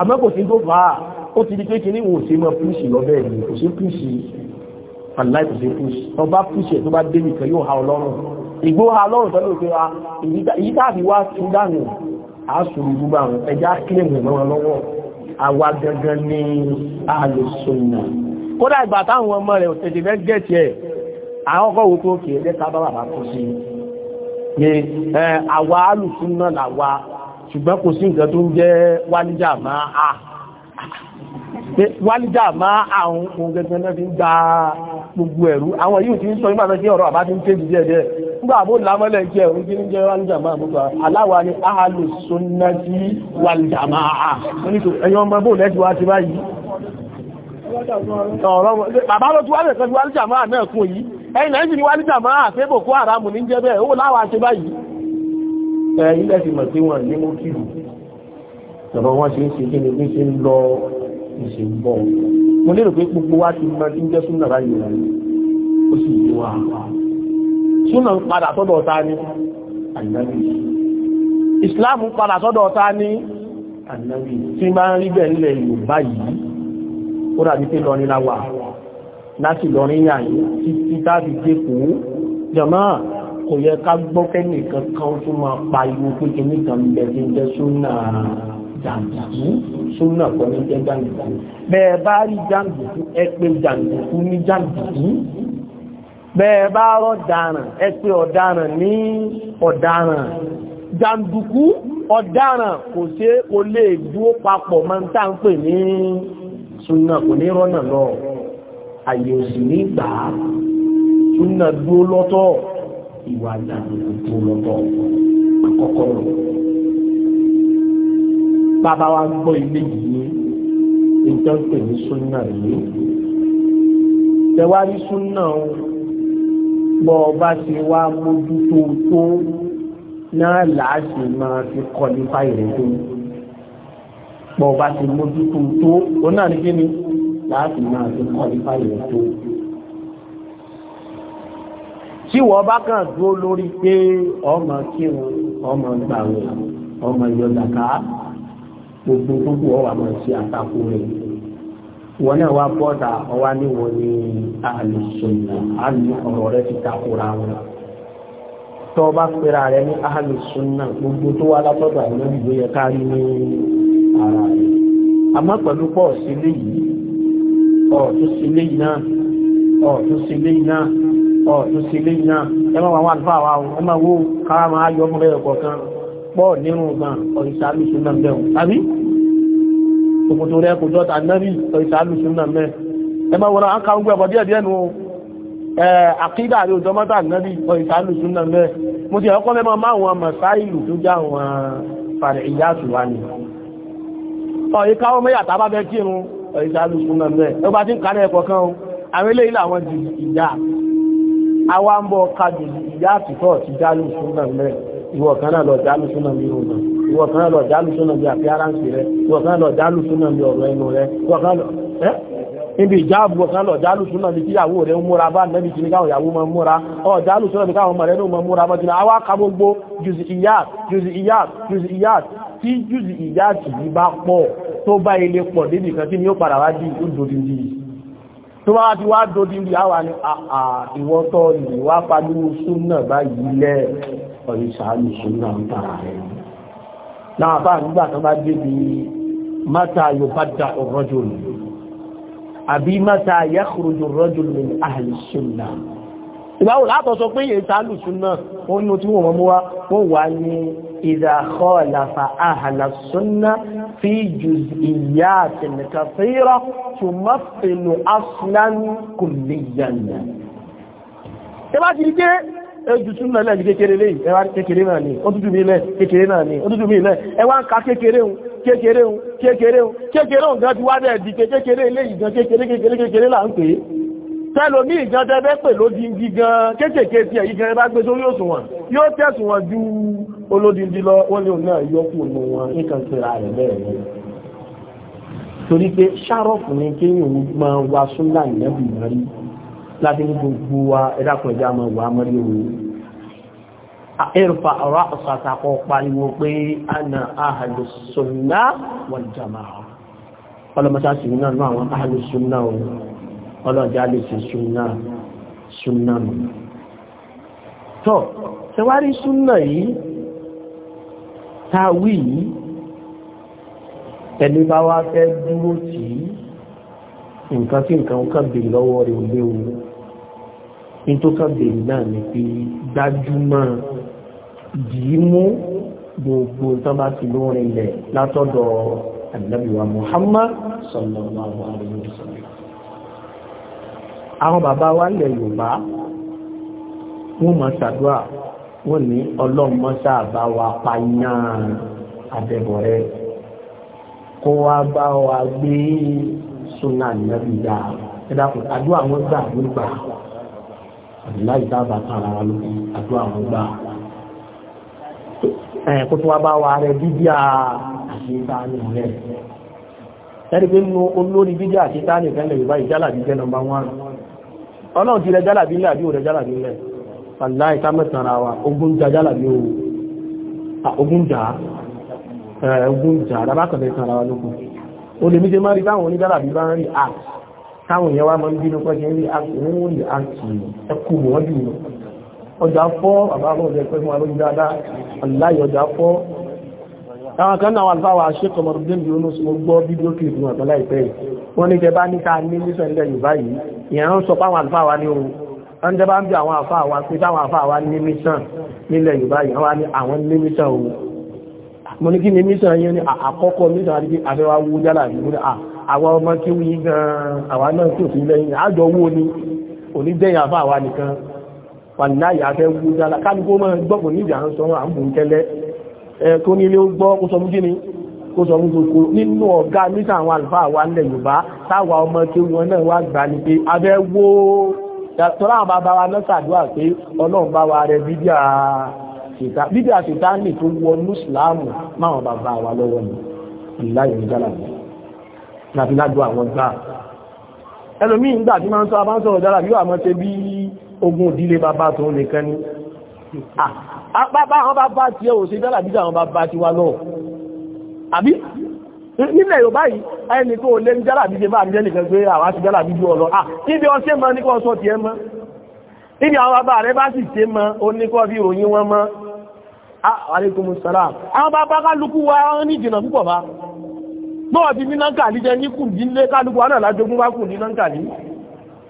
àmọ́ kò sí tó fà á ó ti di pé kí ní wò ṣe mọ́ púùsì lọ́bẹ̀ ẹ̀mí kò sí púùsì àláì kò sí púùsì ọba púùsì ẹ̀ tó bá dé nìkan yóò ha ọlọ́run ìgbó ha ọlọ́run tọ́lú pé ah, a èyí tàbí wá tún dànù a sùn ìlú bá wọn ẹja kílẹ̀mù mọ́ wọn lọ́wọ́ àwa gangan ní alùsùnà kódà ìgbà táwọn ọmọ rẹ̀ òtẹ̀tẹ̀ fẹ́ gẹ̀ẹ́tì ẹ̀ àwọn ọkọ̀ wo tó kì í lẹ́ta bá bàbá kó sí ní àwa alùsùnà làwa ṣùgbọ́n kò sí nǹkan tó ń jẹ́ wálíjà máa à wálíjà máa àwọn ohun gẹ́gẹ́ náà fi ń gba gbogbo ẹ̀rú àwọn yìí ti ń sọ nígbàtọ́ ọ̀rọ̀ àbá ti ń tẹ́jì díẹ̀ díẹ̀ nígbà bó lámọ́lẹ̀ jẹ́ ẹ̀rú kí ní jẹ́ wálíjà máa mú aláwa ni ahàlù sọ́nà sí wálíjà máa à ẹ̀yọ́ ọmọ bó lẹ́jọ́ wá ti báyìí bàbá ló ti wá ni wálíjà máa àfẹ́bòkú àràmù ní jẹ́ báyìí ẹ̀yìn lẹ́sìn mọ̀ pé wọ́n ní mọ́kìlù tọ̀rọ̀ wọ́n ṣe ń ṣe kí ni bí ṣe ń lọ ìṣe ń bọ̀ mo lérò pé gbogbo wa ti mọ tí ń jẹ́ súnà ráyè rẹ̀ ó sì yé wa súnà ń padà sọ́dọ̀ ta ni ànábì Islam ń padà sọ́dọ̀ ta ni ànábì tí máa ń rí bẹ́ẹ̀ nílẹ̀ Yorùbá yìí ó dàbí pé lọrin la wà láti lọrin yàn títí táàbí dé kù jọmọ́ kò yẹ ká gbọ́ fẹ́mi kankan tó máa pa iwu pé kìíní kan bẹ tí ń jẹ́ súnà jàǹdùkú súnà kan ní jẹ́ jàǹdùkú bẹ́ẹ̀ bá rí jàǹdùkú ẹ pé jàǹdùkú ní jàǹdùkú bẹ́ẹ̀ bá rọ̀ dáràn ẹ pé ọ̀daràn ní ọ̀daràn jàǹdùkú ọ̀daràn kò ṣe kò lè dúó papọ̀ máa ń tà ń pè ní súnà kò ní rọ́nà lọ àyè òsì ní gbà súnà dúó lọ́tọ̀ ìwà ìlànà tó lọ́tọ̀ àkọ́kọ́ lọ. Bàbá wa gbọ́ ilé yìí ìjọ ń pè ní súnà yìí. Tẹ̀wárí súnà bọ́ ọba ṣe wá mójútó tó náà làásì máa fi kọ́ nípa ìrètò. Bọ́ ọba ṣe mójútó tó, òun náà ní kí ni làásì máa fi kọ́ nípa ìrètò. tí wọ́n bá kàn dúró lórí pé ọmọ kírun ọmọ gbàwẹ̀ ọmọ gbogbo gbogbo ọwà máa ṣe àtakò rẹ̀ wọn náà wá ọwa ọwá ní wọn ní àlùsùnà àlù ọ̀rọ̀ rẹ̀ ti takora wọn tó bá pera rẹ ní àlùsùnà gbogbo tó wá àwọn olùgbé yẹ ara àmọ́ pẹ̀lú pọ̀ sílé yìí ọ̀ ìṣẹ̀lẹ̀ ìyàn ẹmọ́ wà wọ́n fà wá ọmọ owó kára máa yọ ọmọ rẹ̀ kọ̀ọ̀kan pọ̀ nínú gan ọ̀rìṣàlùsùn náà bẹ̀rù tàbí tòkòtò rẹ̀ kò jọta náàrí ọ̀rìṣàlùsùn náà mẹ́ ẹmọ́ wọn á káwọn gbẹ̀bọ̀ díẹ̀ díẹ̀ nù àkídà rẹ̀ òjò mọ́tà náàrí ọ̀rìṣàlùsùn náà mẹ́ mo ti ẹ̀kọ́ mẹ́mọ́ máa wọn mọ̀sáìlù tó já wọn fàrẹ̀ ìyá àtùwá ni ọ̀yí káwọ́ mẹ́yà tàbá bẹ́ kírun ọ̀rìṣàlùsùn náà mẹ́ ẹgbà tí ń kárẹ̀ ẹ̀kọ̀ọ̀kan àwọn eléyìí làwọn jì ìjà àwa ń bọ̀ kájú ìyá àtìkọ́ ti jálù súnà mẹ́ ìwọ̀ kan náà lọ jálù súnà mi ò mọ̀ ìwọ̀ kan náà lọ jálù súnà mi àfi aráǹsì rẹ ìwọ̀ kan náà lọ jálù súnà mi ọ̀rọ̀ ẹnu rẹ ìwọ̀ kan lọ ẹ́ níbi ìjáàbù ọ̀kan lọ jálù súnà mi tíyàwó rẹ ń múra bá nẹ́bi kiri káwọn ìyàwó máa múra ọ jálù súnà mi káwọn ọmọ rẹ ní ọmọ múra bọ́tí náà àwa ka gbogbo jùzì yìí bá pọ̀ tó bá ilé pọ̀ débìkan tí ni ó padà wá di ìdòdì yìí tó bá ti wá dodi ní àwà ní ìwọ́n tọ́ ìwá pàdúwò súnà báyìí lẹ́ ọ̀rìṣàánì súnà ń tara rẹ̀ náà bá nígbà tó bá débi mata yóò bá àbí mata yẹ́ kúrò ní àhàlì súnà ìgbàwò látọ̀ sọ pé èyí tàà lùsù náà wọ́n ní tí wọ́n mọ́ wá wọ́n wà ní ìdàkọ́ ìlàfà àhàlàsúnná fi jù ìyá àtìmẹ̀ta fẹ́rọ tó mọ́ pẹ̀lú asìlánì kò lè yànnà ẹ bá ti rí pé ejù tún lẹ́lẹ́ ní kékeré lè ẹwà kékeré náà ni ó dúdú mílẹ̀ kékeré náà gan ti wá dẹ̀ di kékeré lè yìí kékeré kékeré kékeré là ń pè é tẹ́lòmí ìgan tẹ́bẹ́ pè lódindi gan kéékèèké tí ẹ̀yí gan bá gbé sórí òṣùwọ̀n yóò tẹ̀sùwọ̀n ju olódindi lọ wọ́n ní òun náà yọkù nù wọn nǹkan ti ra rẹ̀ bẹ́ẹ̀ ni torí pé ṣárọ̀fù ni kéèyàn máa wa súnlá ìlẹ́bù mọ́rí láti ní gbogbo wa ẹ̀dàkùn ẹ̀dá máa wà mọ́rí òun ẹ̀rùfà ọ̀rọ̀ àṣàtàkọ̀ pariwo pé ana ahàlù sunnah wal jama'a ọlọ́mọṣáṣì náà náà àwọn ahàlù sunnah òun ọlọ́jà lè ṣe súnà súnà nù tọ́ ṣẹwárí súnà yìí táwí yìí ẹni bá wá fẹ́ dúró tì í nǹkan tí nǹkan kan bèèrè lọ́wọ́ rẹ̀ ò léwu ní tó kàn bèèrè náà ni pé gbájúmọ́ dìímú gbogbo tán bá ti lórin lẹ̀ látọ̀dọ̀ àdìlábìwà Muhammad sallallahu alaihi wasallam àwọn bàbá wa lẹ̀ Yorùbá wọ́n máa ṣàdúrà wọ́n ní ọlọ́mọ sáàbá wa pa yán abẹ́bọ̀ rẹ̀ kó wá bá wa gbé súnà nàbì dá ẹ̀dàkùn àdúrà wọn gbà wọn gbà àdúláì dábàá kan ara lókun àdúrà wọn gbà ẹ̀ kó tó wá bá wa rẹ̀ bíbí àṣìṣà ní rẹ̀ ẹ̀rí pé olórí bíbí àṣìṣà nìkan lè yorùbá ìjálà jíjẹ́ nọmba wọn ọlọ́run ti rẹ jálàbí ńlẹ̀ àbí òrẹ jálàbí ńlẹ̀ aláì ká mẹ́tàrà wa ogun jà jálàbí o ogun jà ogun jà rábákọ̀lẹ̀ tàrà wa lókun o lè méje máa rí táwọn oníjálàbí bá ń rí act táwọn èèyàn wá àwọn kan náà wà fáwà ṣékọ̀ mọ̀rùndín bí onú sọ gbọ́ fídíò kìí fún ọ̀tọ̀ láìpẹ́ yìí wọ́n ní jẹba níta ní nísọ̀ ilẹ̀ yorùbá yìí ìyẹn ń sọ fáwọn àlùfáà wa ní ohun wọ́n jẹba ń bí àwọn àfáà wa pé táwọn àfáà wa ní mísàn nílẹ̀ yorùbá yìí wọ́n ní àwọn ní mísàn ohun mo ní kí ni mísàn ni òní jẹ́yìn àfáà kó ní ilé ó gbọ́ kó sọ mú kí ni kó sọ mú gbogbo nínú ọ̀gá mítà àwọn àlùfáà wa nílẹ̀ Yorùbá táwa ọmọ tí wọn náà wá gbà ní pé abẹ́ wó tọ́lá àwọn bàbá wa náà ṣàdúrà pé Ọlọ́run bá wa rẹ bídíà ṣètá bídíà ṣètá nì tó wọnú ìsìláàmù máwọn bàbá wa lọ́wọ́ ni tí máa ń sọ abáńsọ̀rọ̀ dára yóò àmọ́ ṣe bí ogun òdílé bàbá tó nìkan ni àpapá ah, àwọn bá bá tí ẹ ò sí dọ́là bí àwọn bá bá ti wá lọ́wọ́ àbí nílẹ̀ yóò báyìí ẹni tó lé ń dọ́là bí jẹ bá àbíjẹ́ nìkan pé àwọn ti dọ́là bí jù ọ̀lọ́ à ah, níbi ọṣẹ́ mọ́ ní kọ́ sọ tiẹ̀ mọ́ níbi àwọn bàbá rẹ bá sì ṣe mọ́ ó ní kọ́ bí ròyìn wọn mọ́ ah, alaikum salam àwọn bàbá kálukú wa ní ìjìnà púpọ̀ bá bọ́ọ̀ ti ní náǹkàlí jẹ ní kùndínlé kálukú wa náà lájogún wá kùndínlé náǹkàlí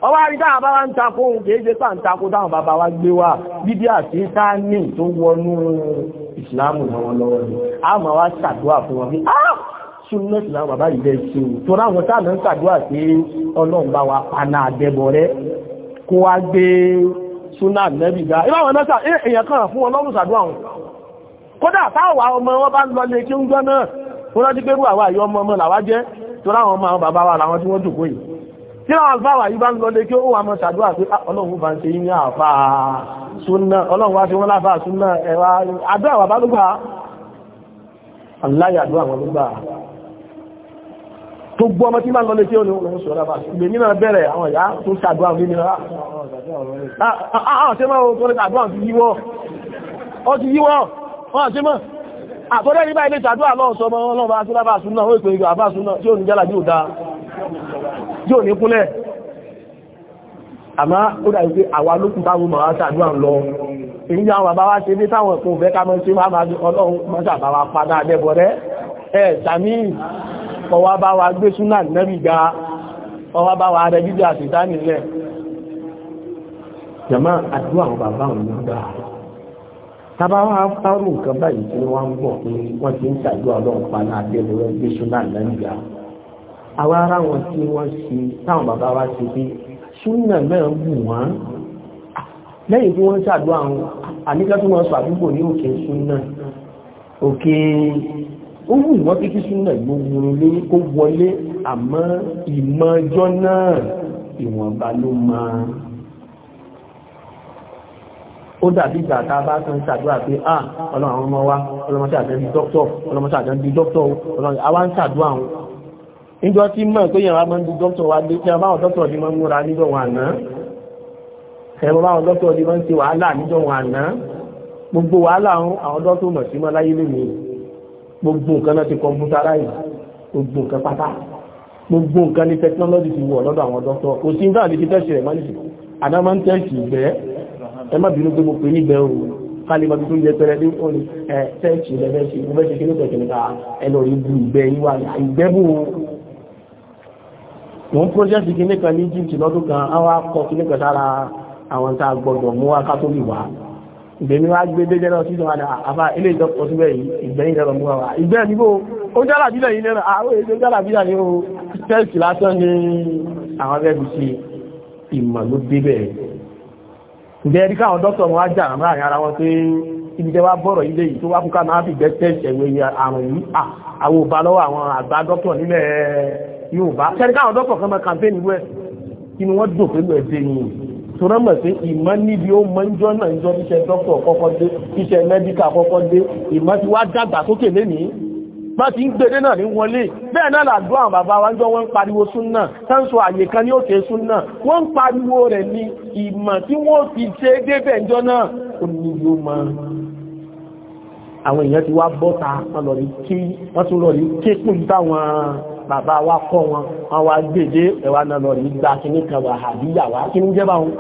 ọwá rí dáa bá wá ń takó ohun kìí ṣe pà ń takó táwọn bàbá wa gbé wá bíbí àti sáàní tó wọnú ìsìláàmù lọ́wọ́ lọ́wọ́ ni a máa wá ṣàdúrà fún wọn bí á ṣúná ìsìláàmù bàbá yìí bẹ́ẹ̀ ṣe o tó ráwọn sáàmù ń ṣàdúrà sí ọlọ́run bá wa paná àdẹ́bọ rẹ kó wá gbé ṣúná nẹ́bì ga ìwà wọn náà èèyàn kan fún wọn tí àwọn àfáwà yìí bá ń lọ lé kí ó wà mọ́ ṣàdúrà pé ah, ọlọ́run bá ń ṣe ní àfà súnà ọlọ́run wá sí wọ́n láfà súnà ẹ̀wà àdúrà wà bá lúgbà aláyà àdúrà wọn lúgbà tó gbọ́ ọmọ tí bá ń lọ lé kí ó ní ọlọ́run sọ̀rọ̀ bá ṣùgbẹ́ nínú bẹ̀rẹ̀ àwọn ìyá tó ṣàdúrà ní nira àtọ́rẹ́ ní báyìí lè ṣàdúrà lọ́ọ̀sọ́mọ́ ọlọ́run bá ṣúlábà súnà ó ìpè ìgbà àbá súnà tí ó ní jálà bí ò dáa yóò ní kúnlẹ̀ àmá ó dà wípé àwa ló kú táwọn màá ṣàdúrà lọ èyí ni àwọn bàbá wa ṣe bí táwọn ẹ̀kùn òfẹ́ ká mọ́ sí máa máa ọlọ́run mọ́ sàbá wa padà àdẹ́bọ̀ rẹ̀ ẹ̀ sàmì ọwá bá wa gbé súnà nẹ́bì ga ọwá bá wa rẹ̀ jíjẹ́ àṣìta nílẹ̀ jama àdúrà àwọn bàbá òun ló gbà tàbá wá fárùn nǹkan báyìí tí wọ́n ń bọ̀ pé wọ́n ti ń ṣàdúrà ọlọ́run padà àdẹ́bọ̀ rẹ̀ gbé súnà nẹ́bì àwa ara wọn tí wọ́n ṣe táwọn bàbá wa ṣe pé ṣúnà náà wù wọ́n lẹ́yìn tí wọ́n ṣàdó àwọn àníkẹ́ tí wọ́n sọ àdúgbò ní òkè ṣúnà òkè ó wù wọ́n pé kí ṣúnà gbogbo lé kó wọlé àmọ́ ìmọ̀jọ́ náà ìwọ̀nba ló máa ó dàbí ìgbà bá tán ṣàdúrà pé ah ọlọ́run ọmọ wa ọlọ́mọṣẹ́ àjẹ́ bí dókítọ̀ ọlọ́mọṣẹ́ àjẹ́ bí dókítọ̀ ọlọ́run àwa ń ṣàdúrà níjọ́ tí mọ̀ tó yẹ̀wà mọ́ ní dọ́kítọ̀ wa dé kí a báwọn dọ́kítọ̀ di mọ́ ń múra níjọ́ wọn àná ẹ̀rọ báwọn dọ́kítọ̀ di mọ́ ń ṣe wàhálà níjọ́ wọn àná gbogbo wàhálà àwọn dọ́kítọ̀ mọ̀ sí mọ́ láyé lónìí gbogbo nǹkan náà ti kọmpútaráìsì gbogbo nǹkan pátá gbogbo nǹkan ní technology ti wọ̀ lọ́dọ̀ àwọn dọ́kítọ̀ kò sí nígbà lè fi tẹ́sì rẹ̀ mọ́lì àdá máa ń tẹ́sì ìgbẹ́ ẹ má bínú pé mo pè o kálí bá tó yẹ pẹ́rẹ́ ní òní tẹ́sì rẹ̀ bẹ́ẹ̀ ṣe wọ́n pọ́jẹ́sì kí níkan ní Egypt lọ́dún kan àwọn akọ kí níkan sára àwọn tá a gbọ́dọ̀ mú wa kátó lè wá ìgbẹ̀mí wá gbé dédé lọ sísun àdá àfà ilé ìjọpọ̀ síbẹ̀ ìgbẹ̀yìn lọ́rọ̀ wa ìgbẹ́ nígbò ó jára bílẹ̀ yìí lẹ́rọ àwọn èdè jára bílẹ̀ ní o tẹ́ẹ̀sì lásán ní àwọn ẹgbẹ́ sí ìmọ̀ ló débẹ̀ ìgbẹ́ rí káwọn dókítà wọn ájà àmà ara wọn pé ibi tẹ́ wá bọ̀rọ̀ ilé yìí tó wá fún káwọn á àgbà dókítà nílẹ̀ yóò bá kẹ́rí káwọn dọ́kọ̀ kan máa kàmpéènì wẹ̀ kí ni wọ́n dùn pẹ̀lú ẹ̀dẹ́ ni tòrọ mọ̀ sí ìmọ̀ níbi ó mọ ìjọ náà ìjọ iṣẹ́ dọ́kọ̀ kọ́kọ́ dé iṣẹ́ mẹ́díkà kọ́kọ́ dé ìmọ̀ ti wá dàgbà sókè lénìí bá ti ń gbèrè náà ní wọlé bẹ́ẹ̀ náà làdó àwọn bàbá wa ń jọ wọ́n ń pariwo súnnà sáńsọ àyè kan ní òkè súnnà wọ́n ń pariwo rẹ̀ ní ìmọ̀ tí wọ́n fi ṣe débẹ̀ ìjọ náà ó ní yóò mọ àwọn èèyàn ti wá bọ́ta wọ́n tún lọ rí kékùn táwọn bàbá wa kọ́ wọn wọn wá gbèdé ẹwà náà lọ rí gba kíní kan wà àbíyà wá kíní jẹ́ báwọn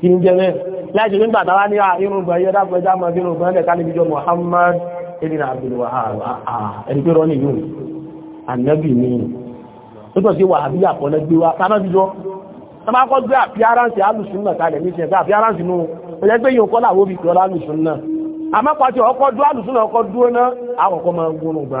kíní jẹ́ bẹ́ẹ̀ láìsí nígbà táwa ní irun bọ̀ yẹ́dá pẹ̀lú àmọ́ irun bọ̀ ẹ̀ka níbi jọ Muhammad ibn Abdul Wahhab ẹni pé ànábì ni nígbà tí wà àbíyà kọ́ lẹ́ gbé wa tábà bí jọ tábà kọ́ gbé àpíáránsì alùsùn náà kalẹ̀ ní ìṣẹ̀ká àpíáránsì nù ẹ̀jẹ̀ pé yìí ń kọ́ làwọ́ bí kọ́ lálùsùn náà àmọ́pàá tí ọkọ̀ dúró alùsùn náà ọkọ̀ dúró náà àkọ́kọ́ máa ń gbónú gbà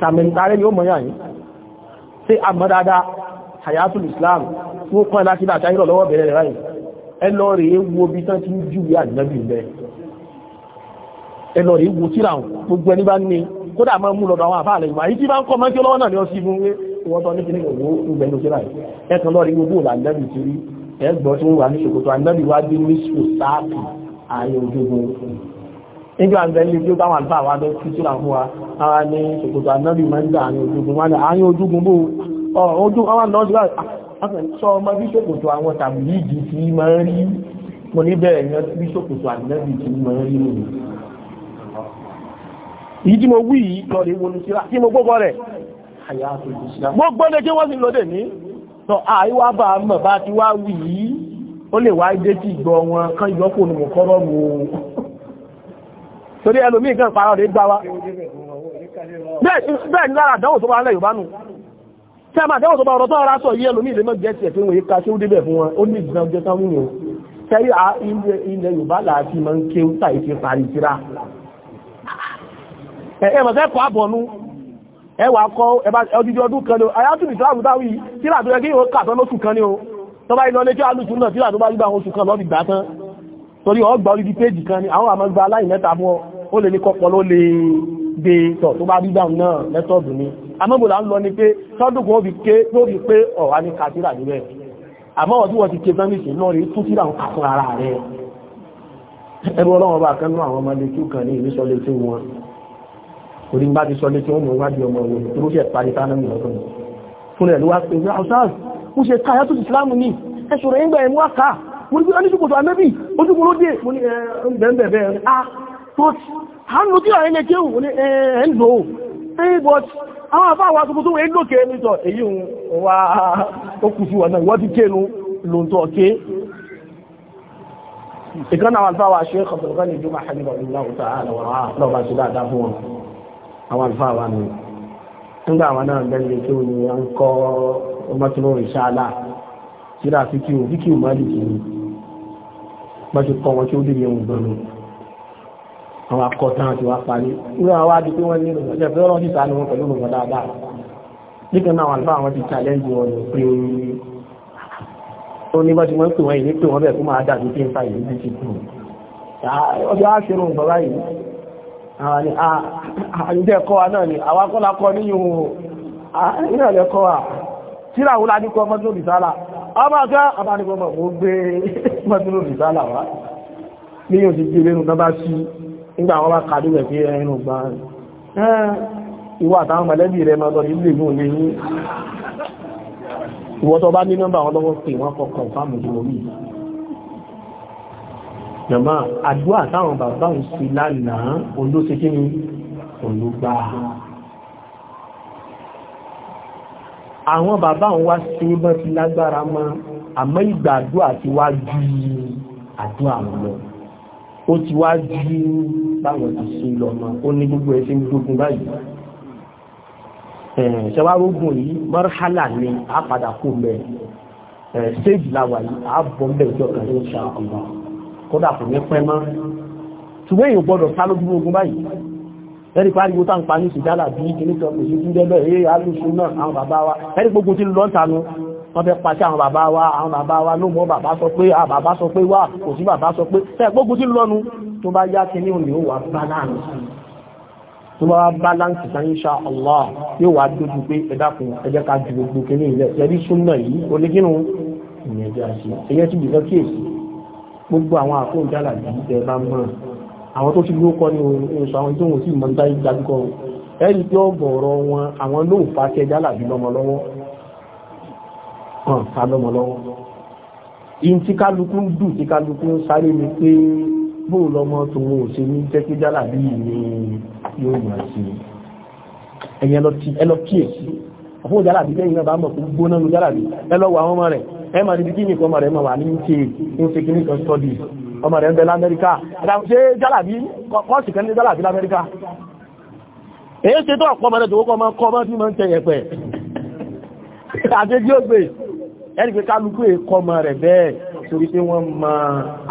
sàmẹ̀ntàrẹ́ ni ó mọ̀ yáyìn tí a mọ̀ dáadáa hayatul islam tí ó kọ́ láti láti ayírọ̀ lọ́wọ́ bẹ̀rẹ̀ ráyìn ẹlọ rẹ̀ wo bí tán ti ń júwé ànábì ilẹ̀ ẹlọ rẹ̀ wo tíra gbogbo ẹni bá ní kódà máa mú lọ́dọ̀ àwọn àfáàlẹ̀ ìwà yìí tí bá ń kọ́ mọ́kí lọ́wọ́ náà ni nígbà ń bẹ̀lẹ̀ tí ó báwọn àlùfáà wá bẹ́ títí ra fún wa ara ní ṣòkòtò ànábì máa ń dà ní ojúgun wọn àárín ojúgun bó ojú àwọn náà ti báyìí sọ ọmọ bí ṣòkòtò àwọn tàbí yìí ti máa ń rí mo ní bẹ́ẹ̀ yan bí ṣòkòtò ànábì ti máa ń rí mi. èyí tí mo wí yìí lọ lè wọnú síra tí mo gbogbo rẹ̀ àyà tó ti síra mo gbọ́dọ̀ kí wọ́n sì lóde ní sọ àìwá bá a mọ̀ bá ti wá wì yìí ó lè wá dé ìgbọ́ wọn kán ìgbọ́kùnrin mọ̀kọ́rọ́ mu torí ẹlòmíì gan pàrọ̀ rẹ̀ gbá wa bẹ́ẹ̀ ni lára àdánwò tó bá lẹ́yìn bá nù tí a máa àdánwò tó bá ọ̀rọ̀ tó ọ̀rá sọ yí ẹlòmíì lè mọ́ jẹ́ tiẹ̀ tí wọ́n yí ká sí ó débẹ̀ fún wọn ó ní ìgbà ọjọ́ sáwọn ènìyàn tẹ́rí ilẹ̀ Yorùbá láti máa ń ké tàì fi parí síra ẹ mọ̀ sẹ́kọ̀ọ́ àbọ̀nú ẹ wà kọ́ ọdíjọ ọdún kan ní o ayátùlù ìsìláàmù dáwì síra tó yẹ kí yóò kà tán lóṣù kan ní o tó bá iná léjọ́ alùsùn náà síra tó bá gbígbà oṣù kan lọ́dìgbà tán torí ọgbà orí péjì kan ni àwọn àmọ́gbà aláìmẹ́ta fún ọ ó lè ní kọ́pọ̀ ló lè gbé tọ̀ tó bá rí dáhùn náà mẹ́tọ́ọ̀dù ni amóbòlá ń lọ ni pé tọ́dún kan ó fi ké ló fi pé ọ̀wá ní kàtírà níbẹ̀ àmọ́ ọ̀dún wọn ti ké fẹ́mìsì náà rí tún síra òkà fún ara rẹ̀ ẹrú ọlọ́wọ́n bá kánú àwọn ọmọdé tí ó kàn ní ìrísọ létí wọn kò ní bá ti sọ létí wọn mọ̀ wájú ọmọ òun tó rúṣẹ̀ parí tánàmì ọdún fún ẹ̀lú wá pé ọ̀sáàz ó ṣe káyà tó but hannu tí ọ̀rẹ́ lè kéhù ní ẹ̀ẹ́lò but àwọn àfáwà tuntun tó wọ́n lókè nítọ̀ èyí wà ókùsù ọ̀nà ìwọ́n ti kénu lóntọ̀ ké ìkan àwọn àfáwà ṣe kọ̀sọ̀kan ní jùmọ̀ àhànìbọ̀ ìlàwọ̀ta àlọ́wà sí dáadáa fún wọn àwọn àfáwà ni nígbà àwọn náà bẹ́ẹ̀ tó ní a ń kọ́ ọmọtúnú ìṣáàlá síra fíkíù fíkíù máàlì kìíní bá ti kọ́ wọn tí ó dìde ohun gbọ́nù àwọn akọ̀tàn àti wá parí irú àwọn adé pé wọ́n ní ìrọ̀lẹ́ fẹ́ ọ̀rọ̀ níta ni wọ́n pẹ̀lú ìrọ̀lẹ́ dáadáa nígbà náà àlùfáà àwọn ti challenge wọn ní pé ó ní bọ́jú wọ́n pè wọ́n yìí ní pé wọ́n bẹ̀ kó máa dàbí pé ń fa ìlú bí ti kù ọjọ́ àṣírò bàbá yìí àwọn ni àyíjẹ́ kọ́ wa náà ni àwọn akọ́lákọ́ níyùn ìrìnlẹ́kọ́ wa tí làwọn ládíkọ́ mọ́tò rìsálà ọmọ ọjọ́ àbánikọ́ mọ̀ gbé mọ́tò rìsálà wa níyùn ti gbé e lẹ́nu tán bá sí nígbà wọn bá kàdú rẹ̀ pé ẹnu gbà ìwọ àtàwọn mọ̀lẹ́bí rẹ̀ máa tọ́ ilé ìlú ilé ní ìwọ tó bá ní nọ́mbà wọn lọ́wọ́ pé wọ́n kọkàn fáàmù ìlú mi jọmọ́ àdúrà táwọn bàbá ń sí lánàá oló ṣe kí ni olùgbà ìgbà àdúrà ti wá ju àdúrà lọ ó ti wá jí báwọn ti ṣe lọ́mọ ó ní gbogbo ẹ̀ṣẹ́ gbogbo báyìí ṣẹwàrógùn yìí mọ́rálà ni a padà kó mẹ́ stage láwà yìí a bọ́ mẹ́ ìjọ kan ní ṣàkóbá kódà kò ní pẹ́ mọ́ ṣùgbọ́n èèyàn gbọ́dọ̀ sá lójú ogun báyìí ẹni pariwo tá ń pa ní ìsìdálà bí kìnnìkan kò sí tún dẹ́bẹ̀ eré alùsùn náà àwọn bàbá wa ẹni gbogbo ti lọ́ntanu wọ́n fẹ́ pàṣẹ àwọn bàbá wa àwọn bàbá wa ló mọ́ bàbá sọ pé à ah, bàbá sọ pé wà kò sí bàbá sọ pé ẹgbógun tí lọ́nu tó bá yá kíní òní Allah yóò wà dójú pé ẹ dákun ẹ jẹ́ ká ju gbogbo kíní ilẹ̀ ẹ̀rí súnà yìí oníkínú ìyẹ̀jẹ̀ àṣì ẹ̀yẹ́ ti bìkan kíyèsí gbogbo àwọn àkóńjálà yìí tẹ bá mọ̀ àwọn tó ti lókọ ní oṣù àwọn tó wọn sì mọ̀ ń dá ìgbàgbọ́ ẹ̀rí tí ọ̀gọ̀ọ̀rọ̀ wọn àwọn lóòfà tẹ jálà bí lọ́mọ lọ́wọ́ hàn ká lọ́mọ lọ́wọ́ in tí kálukú ń dù tí kálukú ń sáré ni pé bóò lọ́mọ tó wọ́n ṣe ní jẹ́kíjálà bí ní yóò mọ̀ sí ẹ̀yẹ lọ kíyèsí fún jálàbí lẹ́yìn náà bá mọ̀ fún gbóná ní jálàbí ẹlọ́wọ̀ àwọn ọmọ rẹ̀ ẹ ma níbi kí ní ọmọ rẹ̀ ma wà ní ṣe ń ṣe kí ní kan study ọmọ rẹ̀ ń bẹ l'Amẹ́ríkà ṣe jálàbí kọ́ọ̀sì kan ní jálàbí l'Amẹ́ríkà èyí ṣe tó ọ̀pọ̀ mẹ́rẹ̀ ẹni pé kálukú èkó ọmọ rẹ̀ bẹ́ẹ̀ torí pé wọ́n mọ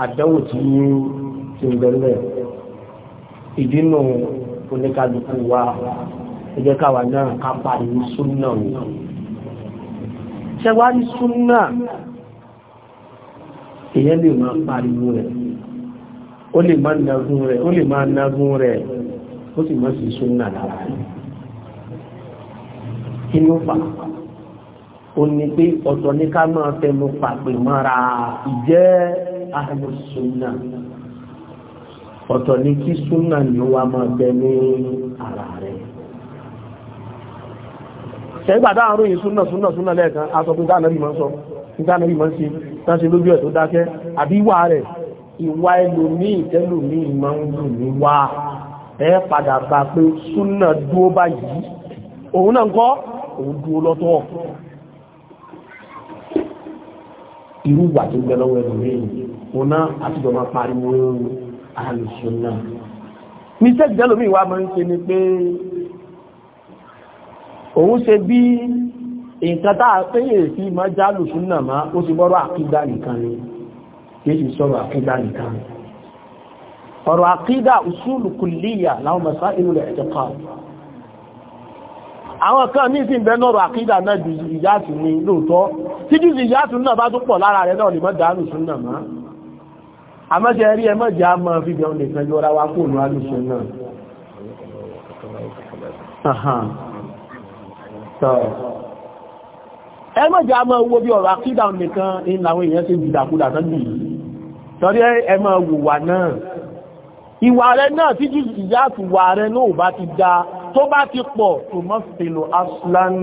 àdánwò tí ti ń bẹ̀rẹ̀ ìdínà oníkálukú wa ẹ jẹ́ káwa náà ká pariwo súnà o ṣẹwárí súnà èyẹ lè máa pariwo rẹ̀ ó lè máa nagún rẹ̀ ó lè máa nagún rẹ̀ ó sì máa sì súnà lára rẹ̀ kí ló ó ní pé ọ̀tọ̀ ní ká máa fẹnu pàpè mọ́ra ìjẹ́ àlùsùnà ọ̀tọ̀ ní kí súnà ni ó wá máa bẹ ní ara rẹ̀ ṣẹ́gbàdá àrùn yìí súnà súnà súnà lẹ́ẹ̀kan aṣọ pé dáná bí máa sọ dáná bí máa ṣe tán ṣe ẹ̀ tó dákẹ́ irú ìwà tó gbẹ lọ́wọ́ ẹlòmíì òun náà àtijọ́ máa pariwo àlùsùn náà ní sẹ́gbẹ́ lómi ìwà máa ń ṣe ni pé òun ṣe bí nǹkan tá a péye sí máa já lùsùn náà máa ó ti bọ́rọ̀ àkídà nìkan ni kìí sì sọ̀rọ̀ àkídà nìkan ọ̀rọ̀ àkídà usulu kulliya láwọn masailu al àwọn kan ní ìsìn bẹ́ nọ́rọ̀ àkídà náà ju ìyáàtì ni lóòótọ́ tí jù ìyáàtì náà bá tún pọ̀ lára rẹ̀ náà lè mọ́ dàánù sún náà má àmọ́ṣẹ́ rí ẹ mọ́jẹ́ á mọ́ fífi ọ̀nà ìkan yọ ra wa kó nù alùsùn náà ẹ mọ́jẹ́ á mọ́ wo bí ọ̀rọ̀ àkídà nìkan ní làwọn èèyàn ṣe jìdàkudà náà nìyí torí ẹ mọ́ wùwà náà ìwà rẹ̀ náà tí jù ìyáàtì wà rẹ̀ náà ò bá ti dáa tó bá ti pọ̀ tó mọ́ fèlò aslan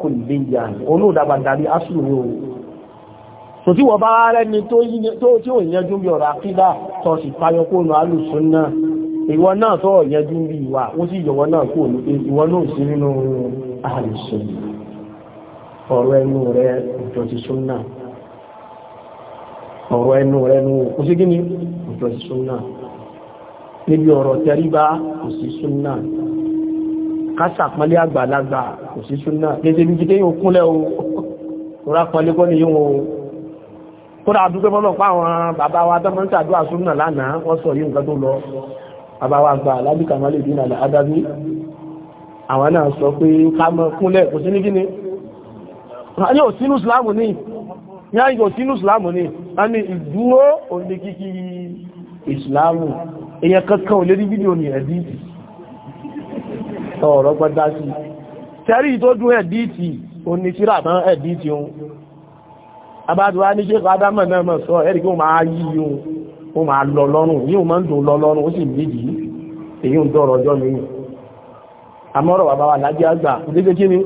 kò lè yà olóòdàbà dàbí aslu ní o so tí wọ́n bá rẹ́ni tó tí ò yẹjú bí ọ̀rọ̀ àkídà tó sì fayọkónù alùsùn náà ìwọ náà tó yẹjú bí ìwà ó sì yọ̀wọ́ náà kò ní níbi ọ̀rọ̀ tẹríba kò sí súnnà kásàpọ́nlé àgbàlagbà kò sí súnà lẹ́sẹ̀ bí jíkẹ́ yóò kúnlẹ̀ o rọ́rá pọ́nlé kọ́ ni yóò kó dáa dúpẹ́ mọ́lọ̀ pa àwọn bàbá wa tó máa ń tàdúrà súnà lánàá wọ́n sọ yìí nǹkan tó lọ bàbá wa gba alábì kàmálè dín àlà adábí àwọn náà sọ pé ká mọ kúnlẹ̀ kò sí ní kíni yóò sínú ìsìlámù ní yóò sínú ìsìlámù ní a ní ìdúró òní kíkí ìsìlámù èèyàn kankan ò lè fídíò ní ẹ̀dí ọ̀rọ̀ gbọ́dá sí tẹ́rí tó dún ẹ̀dìtì oníṣírà tán ẹ̀dìtì ohun abájúwá ní ṣe fàdámọ̀ náà mọ̀ sọ ẹ̀rì kí o máa yí ohun o máa lọ lọ́rùn ní o máa ń dùn lọ lọ́rùn ó sì nídìí èyí ń dọ̀rọ̀ ọjọ́ mi àmọ́rọ̀ bàbá wa lájẹ́ àgbà dédé kí ni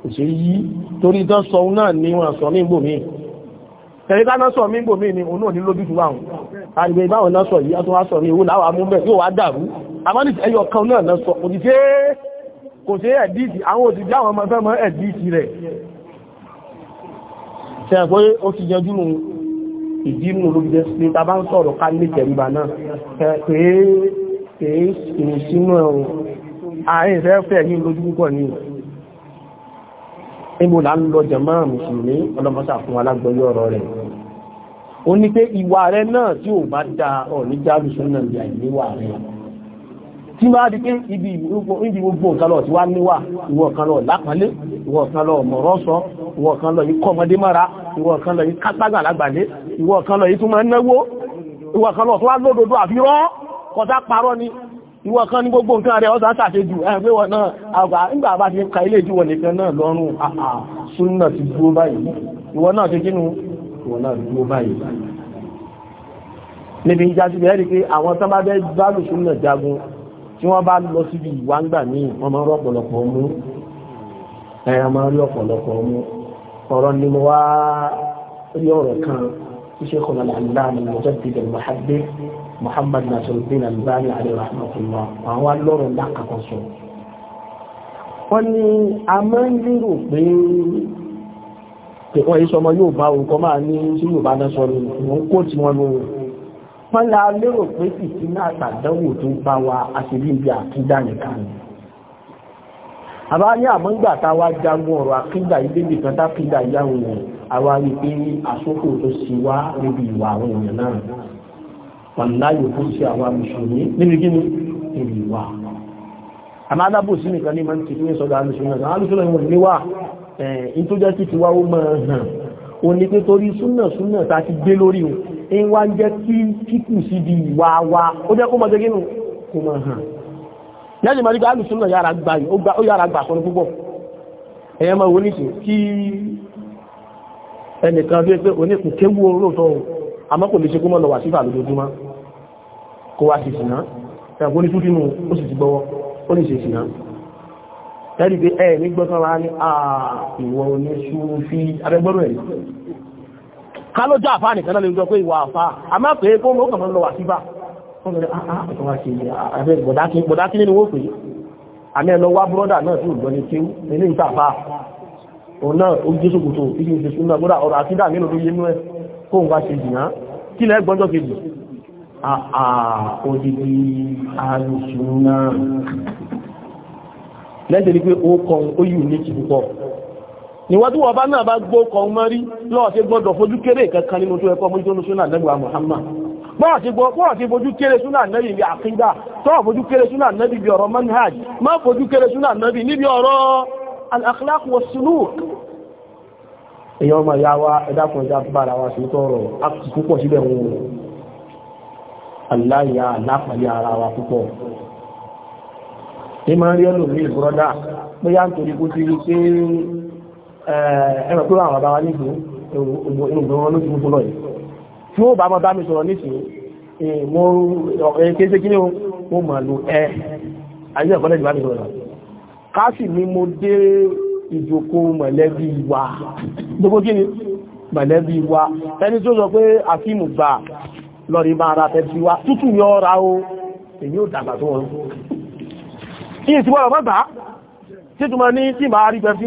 kò ṣe yí torí tán sọ ohun náà ni wọ́n sọ ní ìgbòmí tẹ̀lé ká náà sọ mí gbòmí ni òun náà ní lójú tó wáhùn àgbẹ̀ ìbáwọn náà sọ yìí a tó wá sọ ní owó láwàá mú bẹ́ẹ̀ yóò wá dàrú àmọ́ ní ẹyọ kan náà náà sọ òjìṣẹ́ kò ṣe ẹ̀dìsì àwọn òsìdí àwọn ọmọ fẹ́mọ́ ẹ̀dìsì rẹ̀ ṣe ẹ̀pọ̀ ó ti jẹjú nù ìdínú ló jẹ́ sí tàbá ń sọ̀rọ̀ ká ní tẹ̀ríba náà pé ìrìnsínú ẹ̀rùn àárín ìfẹ́fẹ́ ní lójú púpọ̀ ní ìbò là ń lọ jẹ̀mọ́ mùsùlùmí ọlọ́mọsà fún alágbọ́yọ́ ọ̀rọ̀ rẹ̀ ó ní pé ìwà rẹ̀ náà tí ò bá dáa ọ̀ ní jálùsùn náà tí máa di pé ibi gbogbo nǹkan lọ ti wá níwà ìwọ kan lọ lápàálé ìwọ kan lọ mọ̀rọ̀ sọ ìwọ kan lọ yí kọmọdé mára ìwọ kan lọ yí kápágbà lágbàdé ìwọ kan lọ yí tún máa náwó ìwọ kan lọ tó wá lódodo àfirọ́ kọjá parọ́ ni ìwọ kan ní gbogbo nǹkan rẹ̀ ọ́sà sàṣejù ẹgbẹ́ wọn náà àgbà nígbà bá ti ka ilé ìjúwọ̀ nìkan náà lọ́rùn àà súnà ti dúró báyìí ìwọ níbi ìjájú rí pé àwọn sábábẹ́ bá lùsùn náà jagun tí wọ́n bá lọ síbi ìwà ń gbà míì wọ́n máa rí ọ̀pọ̀lọpọ̀ mú ẹ̀yà máa rí ọ̀pọ̀lọpọ̀ mú ọ̀rọ̀ ni mo wá rí ọ̀rọ̀ kan tí ṣe kọ̀nà làlá ni mo jẹ́ bíbẹ̀ mahadé Muhammad Nasiruddin Albani alayhi rahmatullah àwọn wá wọ́n la lérò pé ìsinmi àtàdánwò tó ń bá wa aṣèlú ibi àkídà nìkan ni àbá ní àmọ́ngbà táwa jagun ọ̀rọ̀ àkídà ilé nìkan tákídà yáwó yẹn àwa rí pé àsókò tó ṣe wá níbi ìwà àwọn èèyàn náà wọn láyò fún sí àwa mùsùlùmí níbi gíní níbi ìwà àmọ́ adábòsí ń wá ń jẹ́ kí kíkù síbi ìwà wa ó jẹ́ kó mọ́ jẹ́ gínú kò mọ̀ hàn lẹ́yìn mọ̀ nígbà alùsùn náà yára gbà ó yára gbà fún púpọ̀ ẹ̀yẹ mọ̀ wọ́n nìṣẹ́ kí ẹnìkan bí pé oníkù kéwú olóòtọ́ àmọ́ kò lè ṣe kó lọ wà sì ó sì ti gbọ́wọ́ ó ní ṣe tẹ́lì pé ká ló já àfáà nìkan náà lè jọ pé ìwà àfáà a máa pè é kó mọ́ kàn lọ wà síbà ah, ah, ah, bọ̀dá kí nínú wó pè é àmì ẹ̀lọ wá búrọ́dà náà tí ò gbọ́ ní kíú nínú ìtàfà òun náà ó jésù kòtò ìdí ìṣẹ́sùn náà gbọ́dà ọ̀rọ̀ àkídà nínú tó yé nú ẹ kó ń wá ṣe jìnà kí lẹ́ gbọ́njọ́ kejì àòdìdí alùsùn náà lẹ́sẹ̀ rí pé ó kọ ó yù ní ti púpọ̀ níwọ́n tí wọ́n bá náà bá gbó kan mọ́rí lọ́wọ́ tí gbọ́dọ̀ fojú kéré kankan nínú tó ẹkọ́ mọ́jú tó súnà nẹ́gbà Muhammad bọ́ọ̀ tí fojú kéré súnà nẹ́bì bí àkídà tọ́ọ̀ fojú kéré súnà nẹ́bì bí ọ̀rọ̀ manhaj má fojú kéré súnà nẹ́bì níbi ọ̀rọ̀ al-akhlaq wa suluk èyàn ọmọ ìyá wa ẹ̀dàkùn ìjà tó bára wa sí tọ́rọ̀ púpọ̀ síbẹ̀ wọn aláìyá alápàá ara wa púpọ̀ ní máa rí ẹlòmí ìbúrọ́dá pé yá ń torí kó ti rí pé ẹ̀rọ tó ráwọn àbáwá nígbò ìrùgbò wọn lójú gbogbo lọ́yìn tí ó bá mọ́ bá mi sọ̀rọ̀ nísìn mo kéèsé kí ní mo mà lò ẹ ayé ẹ̀kọ́ lẹ́jì bá mi sọ̀rọ̀ káàsì ni mo dé ìjòkó mọ̀lẹ́bí wa gbogbo kí ni mọ̀lẹ́bí wa ẹni tó sọ pé àfíìmù gbà lọ́rí máa ra tẹ́tí wa tútù yọ ra o èyí ò dàgbà tó wọn. iye tí wọ́n rọ̀ mọ́ bá títúmọ̀ ní tí màá rí bẹ́ẹ̀ fi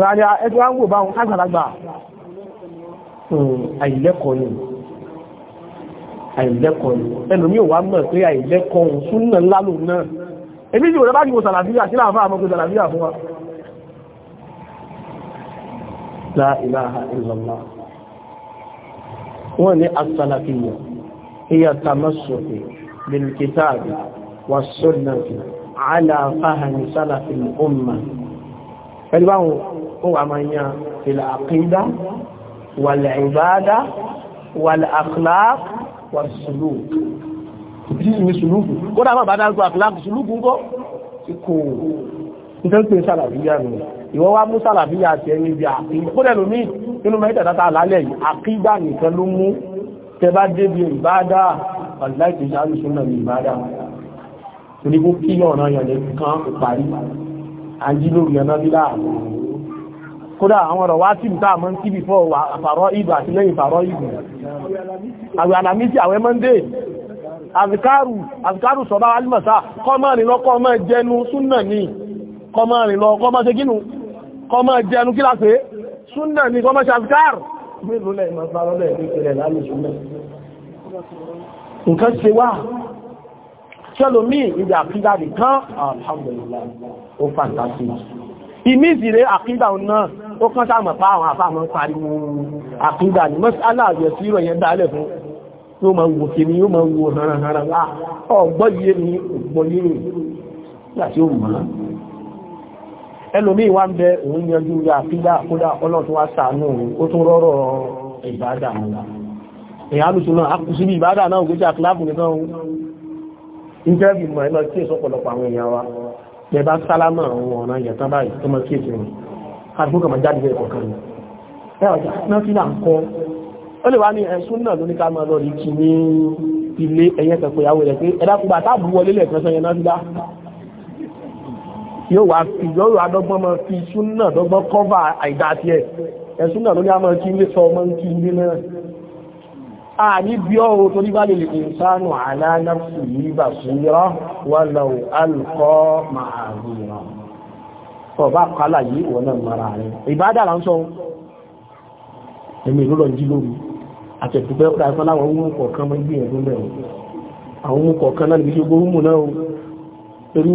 ìrànlẹ́ ẹ̀tí wá ń wò báwọn àgbàlagbà hmm, àìlẹ́kọ̀ọ́ ni àìlẹ́kọ̀ọ́ ni ẹlòmí ò wá mọ̀ pé àìlẹ́kọ̀ọ́ súnà ńlá lò náà èmi jù rẹ̀ bá jù sàlàbíyà sí láàfáà mọ́ pé sàlàbíyà fún wa la ilaha illallah wọ́n ní asàlàfíyà ó wà máa yan fìlà àkídá wàlẹ̀ ìbáadá wàlẹ̀ àkìláàk wà sùlùkù ìdíjì ní sùlùkù kó dáa máa bá dáa àkìláàk sùlùkù ńkọ́ tí kò nítorí pé sàlàbíyà nù ìwọ wá mú sàlàbíyà àti ẹni ibi àkídá kó dẹ̀lómi nínú mẹ́ta dáta àlálẹ̀ yìí àkídá nìkan ló mú tẹ bá débi ìbáadá wàláìkì ìṣàlù súnmọ̀ ní ìbáadá torí kó kí ọ̀ràn yàn lè kán parí àjílórí ọ̀nà bí láàrín kódà àwọn ọ̀rọ̀ wá tí bí táà mọ́ ń kíbi fọ́ wà àfàrọ́ ìgbà àti lẹ́yìn ìfàrọ́ ìgbà àwẹ̀ àlàmísì àwẹ̀ mọ́ndé àzìkárù àzìkárù sọ̀bá alìmọ̀sá kọmọ́rin lọ kọmọ́ jẹnu súnnà ní kọmọ́rin lọ kọmọ́ ṣe gínú kọmọ́ jẹnu kí láṣe súnnà ní kọmọ́ ṣe àzìkárù nǹkan ṣe wá ṣẹlòmí ìjà fíjáde kan alhamdulillah ó fantastic ìmísìrè àkídà náà ó kán sáàmọ̀ pa àwọn àfáàmọ́ pariwo àkídà ní aláàbẹ̀ sí ìrọ̀ yẹn dálẹ̀ fún yóò máa wò kí ni yóò máa wò hàrànhàrà ni ah, ọgbọ́ ni láti ó mọ̀ ẹlòmí wá ń bẹ òun yanjú ya àkídà kódà ọlọ́tún wá sàánú ó tún rọ́rọ̀ ìbádà náà èyàn alùsùn náà akùsí bí ìbádà náà ògbéjà kìláàbù nìkan ń jẹ́ ìmọ̀ ẹ̀lọ́ bẹ́ẹ̀ bá sálámà àwọn ọ̀nà ìyàtọ̀ báyìí tó máa kéèkì rìn àdúgbò kàmá jáde bẹ́ẹ̀ kọ̀ọ̀kan ni ẹ ọ̀jà náà fi là ń kọ́ ó lè wá ní ẹ̀sùn náà lóní ká máa lọ rí kí ní ilé ẹ̀yẹ kẹ̀kọ́ ìyàwó rẹ̀ pé ẹ̀dá kúgbà táàbù wọlé lẹ́ẹ̀kan sọ yẹn náà fi dá yóò wá fi yóò wá dọ́gbọ́n máa fi sún náà dọ́gbọ́n kọ́fà àìdá tiẹ̀ ẹ̀sùn náà lóní á máa kí ilé sọ ọmọ ń kí ilé náà àní bí ọ̀rọ̀ tó ní bá lè ìsánù àlánàfù yìí bà súnmírá wà láwù alùkọ́ màáríra ọba kálà yìí wọ́n náà mara rẹ̀ ìbádà là ń sọ ẹ̀mí ìlú lórí àtẹ̀tùpẹ́ ọ̀dáfẹ́ láwọn ohun kọ̀ọ̀kan níbi gbogbo ohun náà torí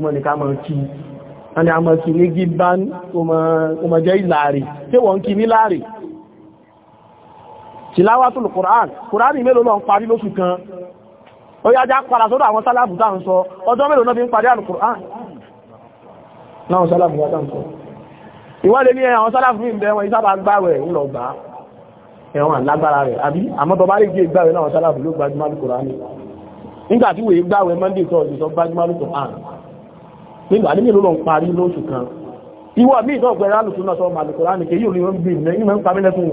ohun mú àni àmọ̀ kì ní gíbán kò mọ̀ jẹ́ ìlàrí tí wọ́n kì ní láàrí tìláwàtùlù kùrán kùrán mélòó lọ ń parí lóṣù kan ó yá já padà sọ́dọ̀ àwọn sálàbù tá ń sọ ọjọ́ mélòó náà fi ń parí àrùn kùrán láwọn sálàbù wá tá ń sọ ìwọ́lẹ̀ ní àwọn sálàbù mi bẹ wọn ìsábà gbáwẹ̀ ńlọ gbà ẹ̀wọ̀n lágbára rẹ̀ àbí àmọ́ bọ́bá lè gbé gbáwẹ̀ náà sálàbù ló gbajúmọ́ lùkùrán nígbà tí wòye gbáwẹ̀ monday tó ọ̀sẹ̀ sọ gbajúmọ́ lùkùrán nígbà ní mìíràn lọ ń parí lóṣù kan ìwọ míì náà pẹ̀lú alùsùn náà sọ ọmọ àlùkò láàrín kí yóò rí wọn gbìyànjú ní mọ̀ ń pamílẹ̀ fún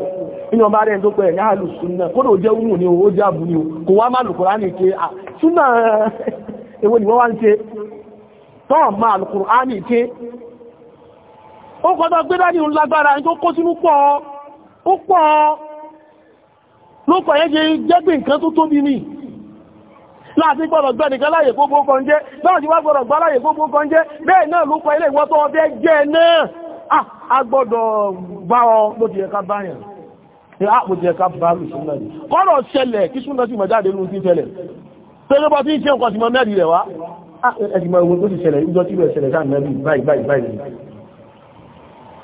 inú ọba rẹ̀ tó pẹ̀ ní alùsùn náà kódò jẹ́ wù ní owó jẹ́ àbúrú kò wá máa lùkò láàrín kí súnà èwo ni wọ́n wá ń ṣe tọ́ ma alùkò láàrín kí ó kọ́tọ́ gbé dání òun lágbára ní tó kó sínú pọ̀ ó pọ̀ ló pọ̀ yẹ́ jẹ́ gbé nǹkan tó tóbi láti gbọ́dọ̀ gbẹ́nìkan láyè gbogbo kan jẹ́ láti wá gbọ́dọ̀ gbá láyè gbogbo kan jẹ́ bẹ́ẹ̀ náà ló pa ilé ìwọ́n tó ọdẹ jẹ́ náà a gbọ́dọ̀ bá ọ ló ti ẹ̀ka báyàn láàpò ti ẹ̀ka bá lù súnmọ́ rẹ̀ kọ́rọ̀ ṣẹlẹ̀ kí súnmọ́ sí mọ̀jáde ló ti ṣẹlẹ̀ tó ló bọ́ tí ń ṣe nǹkan sí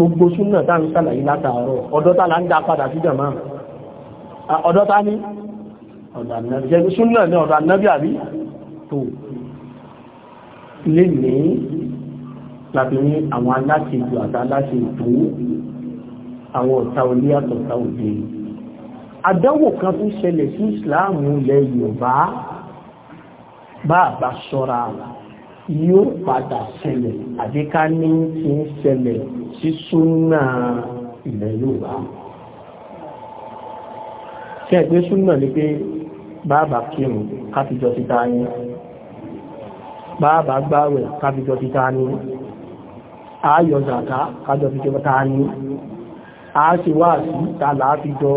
gbogbo súnà tá ń sàlàyé látàárọ̀ ọ̀dọ́ta là ń dá padà sí jàmá ọ̀dọ́ta ní súnà ní ọ̀dọ̀ ànábì àbí tó lè ní láti ní àwọn aláṣejù àti aláṣejù àwọn ọ̀tá olé àtọ̀tá òde àdánwò kan tún ṣẹlẹ̀ sí ìsìláàmù ilẹ̀ Yorùbá bá àbá ṣọ́ra àlà yóò padà ṣẹlẹ̀ àbí ká ní ti ń ṣẹlẹ̀ sí súnà ilẹ̀ Yorùbá ṣe pé súnà ni pé bàbá kírun káfíjọ títa ní bàbá gbáwẹ̀ káfíjọ títa ní ayọ̀ zàká kájọ fíjọ títa ní a ṣe wá sí tàlàáfíjọ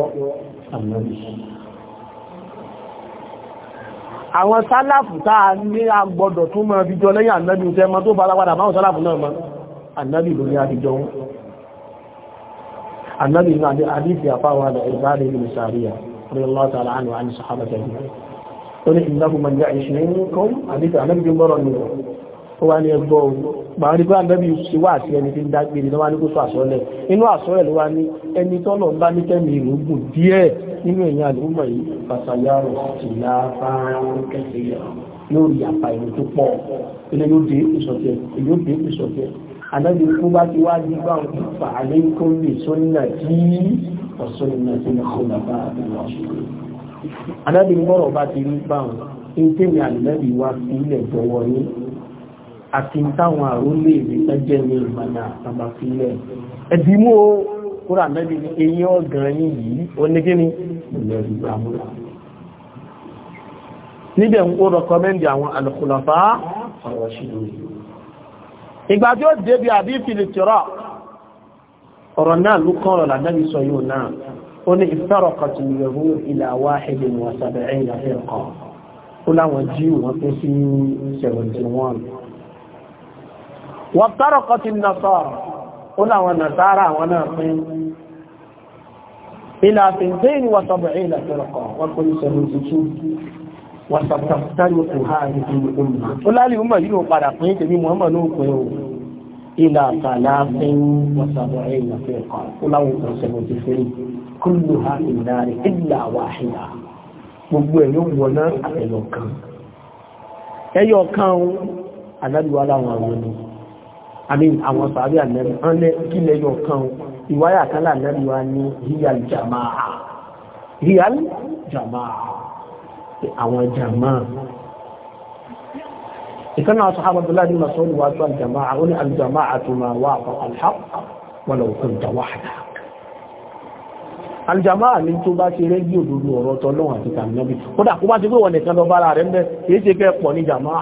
àwọn sálàfù táa ní agbọ́dọ̀ tún mọ́ ibi jọ lẹ́yìn ànábì tẹ́ mọ́ tó balawada máa sálàfù náà mọ́ ànábì ló ní àbíjọ wọn ànábì ní àdífì àfáwà da ìbáde ìlú sàríyà rí Allah ta'ala anhu àni sàhábà tẹ̀lé ó ní ìdáhùn mọ̀ jẹ́ ìṣẹ́ màá rí pé àgbẹ̀bí ṣe wá àti ẹni tí ń dágbére lọ́wọ́ ní kó sọ àsọ́lẹ̀ inú àsọ́lẹ̀ ló wá ní ẹni tọ́lọ̀ ń bá ní kẹ́mi ìlú gùn díẹ̀ nínú ẹ̀yìn àlùmọ̀ yìí fàṣàyàrò sì ya fáwọn kẹsẹ̀ yóò rí àpá ìlú tó pọ̀ ilé yóò dé ìsọ̀tẹ̀ yóò dé ìsọ̀tẹ̀ àdájọ́ ikú bá ti wá ní àti táwọn àrólé ìrìnṣẹ́ jẹ́ ní ìmọ̀nà àtàbà sílẹ̀ ẹ̀bí mú o kúrò mẹ́bí ní eyín ọ̀gàn yìí yìí ó ní kí ni ilẹ̀ ìgbàmúlà níbẹ̀ ń kó rọkọmẹ́ndì àwọn alùkùlọ̀fà ọ̀rọ̀ ṣìlú ìgbà tí ó débi àbí fìlìtìrọ̀ ọ̀rọ̀ náà wọn tó sí 71 wọ́n tọ́rọ kọ́ ti nasọ́rọ̀ ó láwọn nasara àwọn náà pín ilá fìntín wọ́sọ̀bọ̀ ilá tọ́rọkọ̀ wọ́n kò ní sọ̀rọ̀ ìtú wọ́sọ̀tọ̀tọ̀rọ̀ ha ìdí ọmọ ó lálẹ́ ọmọ yìí ó padà pín tèmi gbogbo ẹ̀ yóò wọ náà àtẹ̀yọ̀ kan ẹyọ kan àmín àwọn sàárì àlẹ́rù wọ́n lẹ́ kílẹ̀ yọ kan ìwáyà kan làlẹ́rù wa ní real jamaa real jamaa àwọn jamaa ìkan náà sọ́hábà tó láti máa sọ́ọ́lù wá tó aljamaa ó ní aljamaa tó máa wá àpọ̀ alhaq wọ́n lọ òkú ìjàwáhàdà aljamaa ní tó bá ṣe rẹ́gbí òdòdó ọ̀rọ̀ tọ́lọ́wọ̀n àti tàbí náà kódà kó bá ti gbé wọn nìkan lọ bára rẹ̀ ń bẹ́ ṣe kẹ́ pọ̀ ní jamaa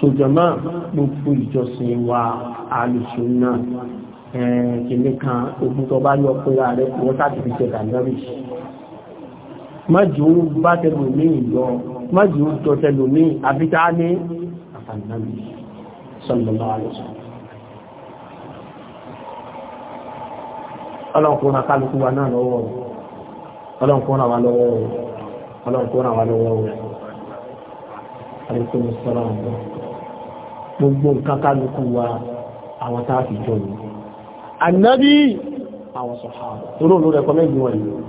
sojọmọ gbogbo ìjọsìn wa alùsùnà kìnnì kan ogun tó bá yọ pé ààrẹ wọ́n sáàtì fi ṣe dàndọ́rì májì ó bá tẹlòmí ìlọ májì ó jọ tẹlòmí àbíká ní àtàndọ́rì sọlọ́lọ́ àlùsùn gbogbo nǹkan kálukú wa àwọn tá a fi jọ ní ànábì àwọn sọ̀hábà tó lóòrùn rẹ̀kọ́mẹ́ndì wọn yìí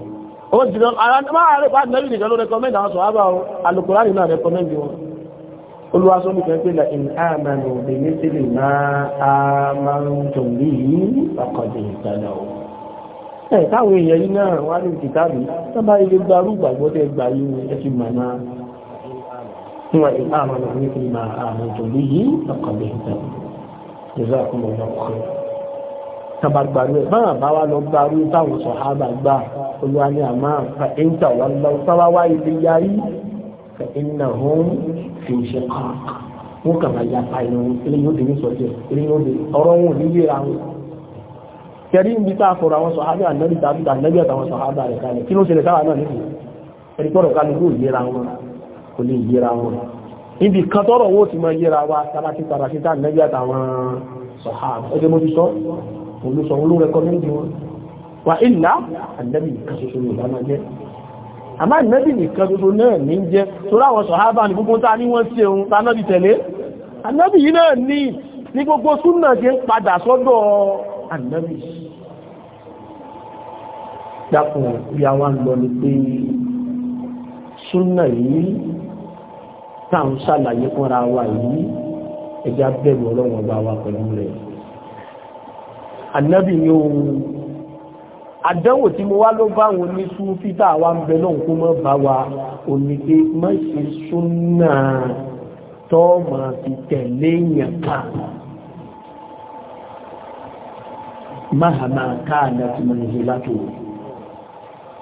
ó ti lọ ara máa rẹ̀ bá ànábì nìkan ló rẹ̀kọ́mẹ́ndì àwọn sọ̀hábà alùkùránì náà rẹ̀kọ́mẹ́ndì wọn olúwasọ́ ní pẹ̀lú pẹ̀lú in amanu bi mithli ma amantum bihi faqad ihtadaw ẹ̀ táwọn èèyàn yìí náà wá ní kìtàbí tó bá ilé gbarú gbàgbọ́ tẹ́ gbà هو إن آمنوا مثل ما آمنت به فقد اهتدوا جزاكم الله خيرا tàbá gbàrú ẹ báwọn bá wa lọ gbàrú táwọn sọhábà gbà olúwa ni àmọ́ fàìntà wọn lọ sáwáwá ilé máa ya pa ìlú ilé yóò dèmí sọ jẹ ilé yóò dèmí ọ̀rọ̀ wọn ò ní yé ra wọn. kẹrí ibi tá a fọ̀rọ̀ àwọn sọhábà ànábì tàbí ànábì àtàwọn sọhábà rẹ kalẹ̀ kí ló ṣẹlẹ̀ sáwà náà nìyí ẹni tọrọ kálukú ò yé ra wọn kò lè yíra wọn níbi kan tọ́rọ̀ owó ti mọ yíra wa tàbátí tàbátí tá nẹ́bí àtàwọn sọ̀háàbù ẹgbẹ́ mo ti sọ olùsọ olórẹ́kọ́ méjì wọn wà ìlà ànẹ́bì nìkan ṣoṣo ní ìlànà jẹ́ àmá ìnẹ́bì nìkan ṣoṣo náà ní jẹ́ tó ráwọn sọ̀háàbà ní gbogbo tá ní wọ́n sí ohun tánà yìí tá à ń ṣàlàyé fúnra wa yìí ẹja bẹ̀rù ọlọ́run ọba wa pẹ̀lú rẹ̀ ànábì ni ó àdánwò tí mo wá ló bá wọn ní súnfítà wa ń bẹ lọ́hùn kó mọ́ bá wa òní má ṣe súnà tọ́ọ̀mà fi tẹ̀lé yàn ká máhàmà káàdà tí mo nìyí látò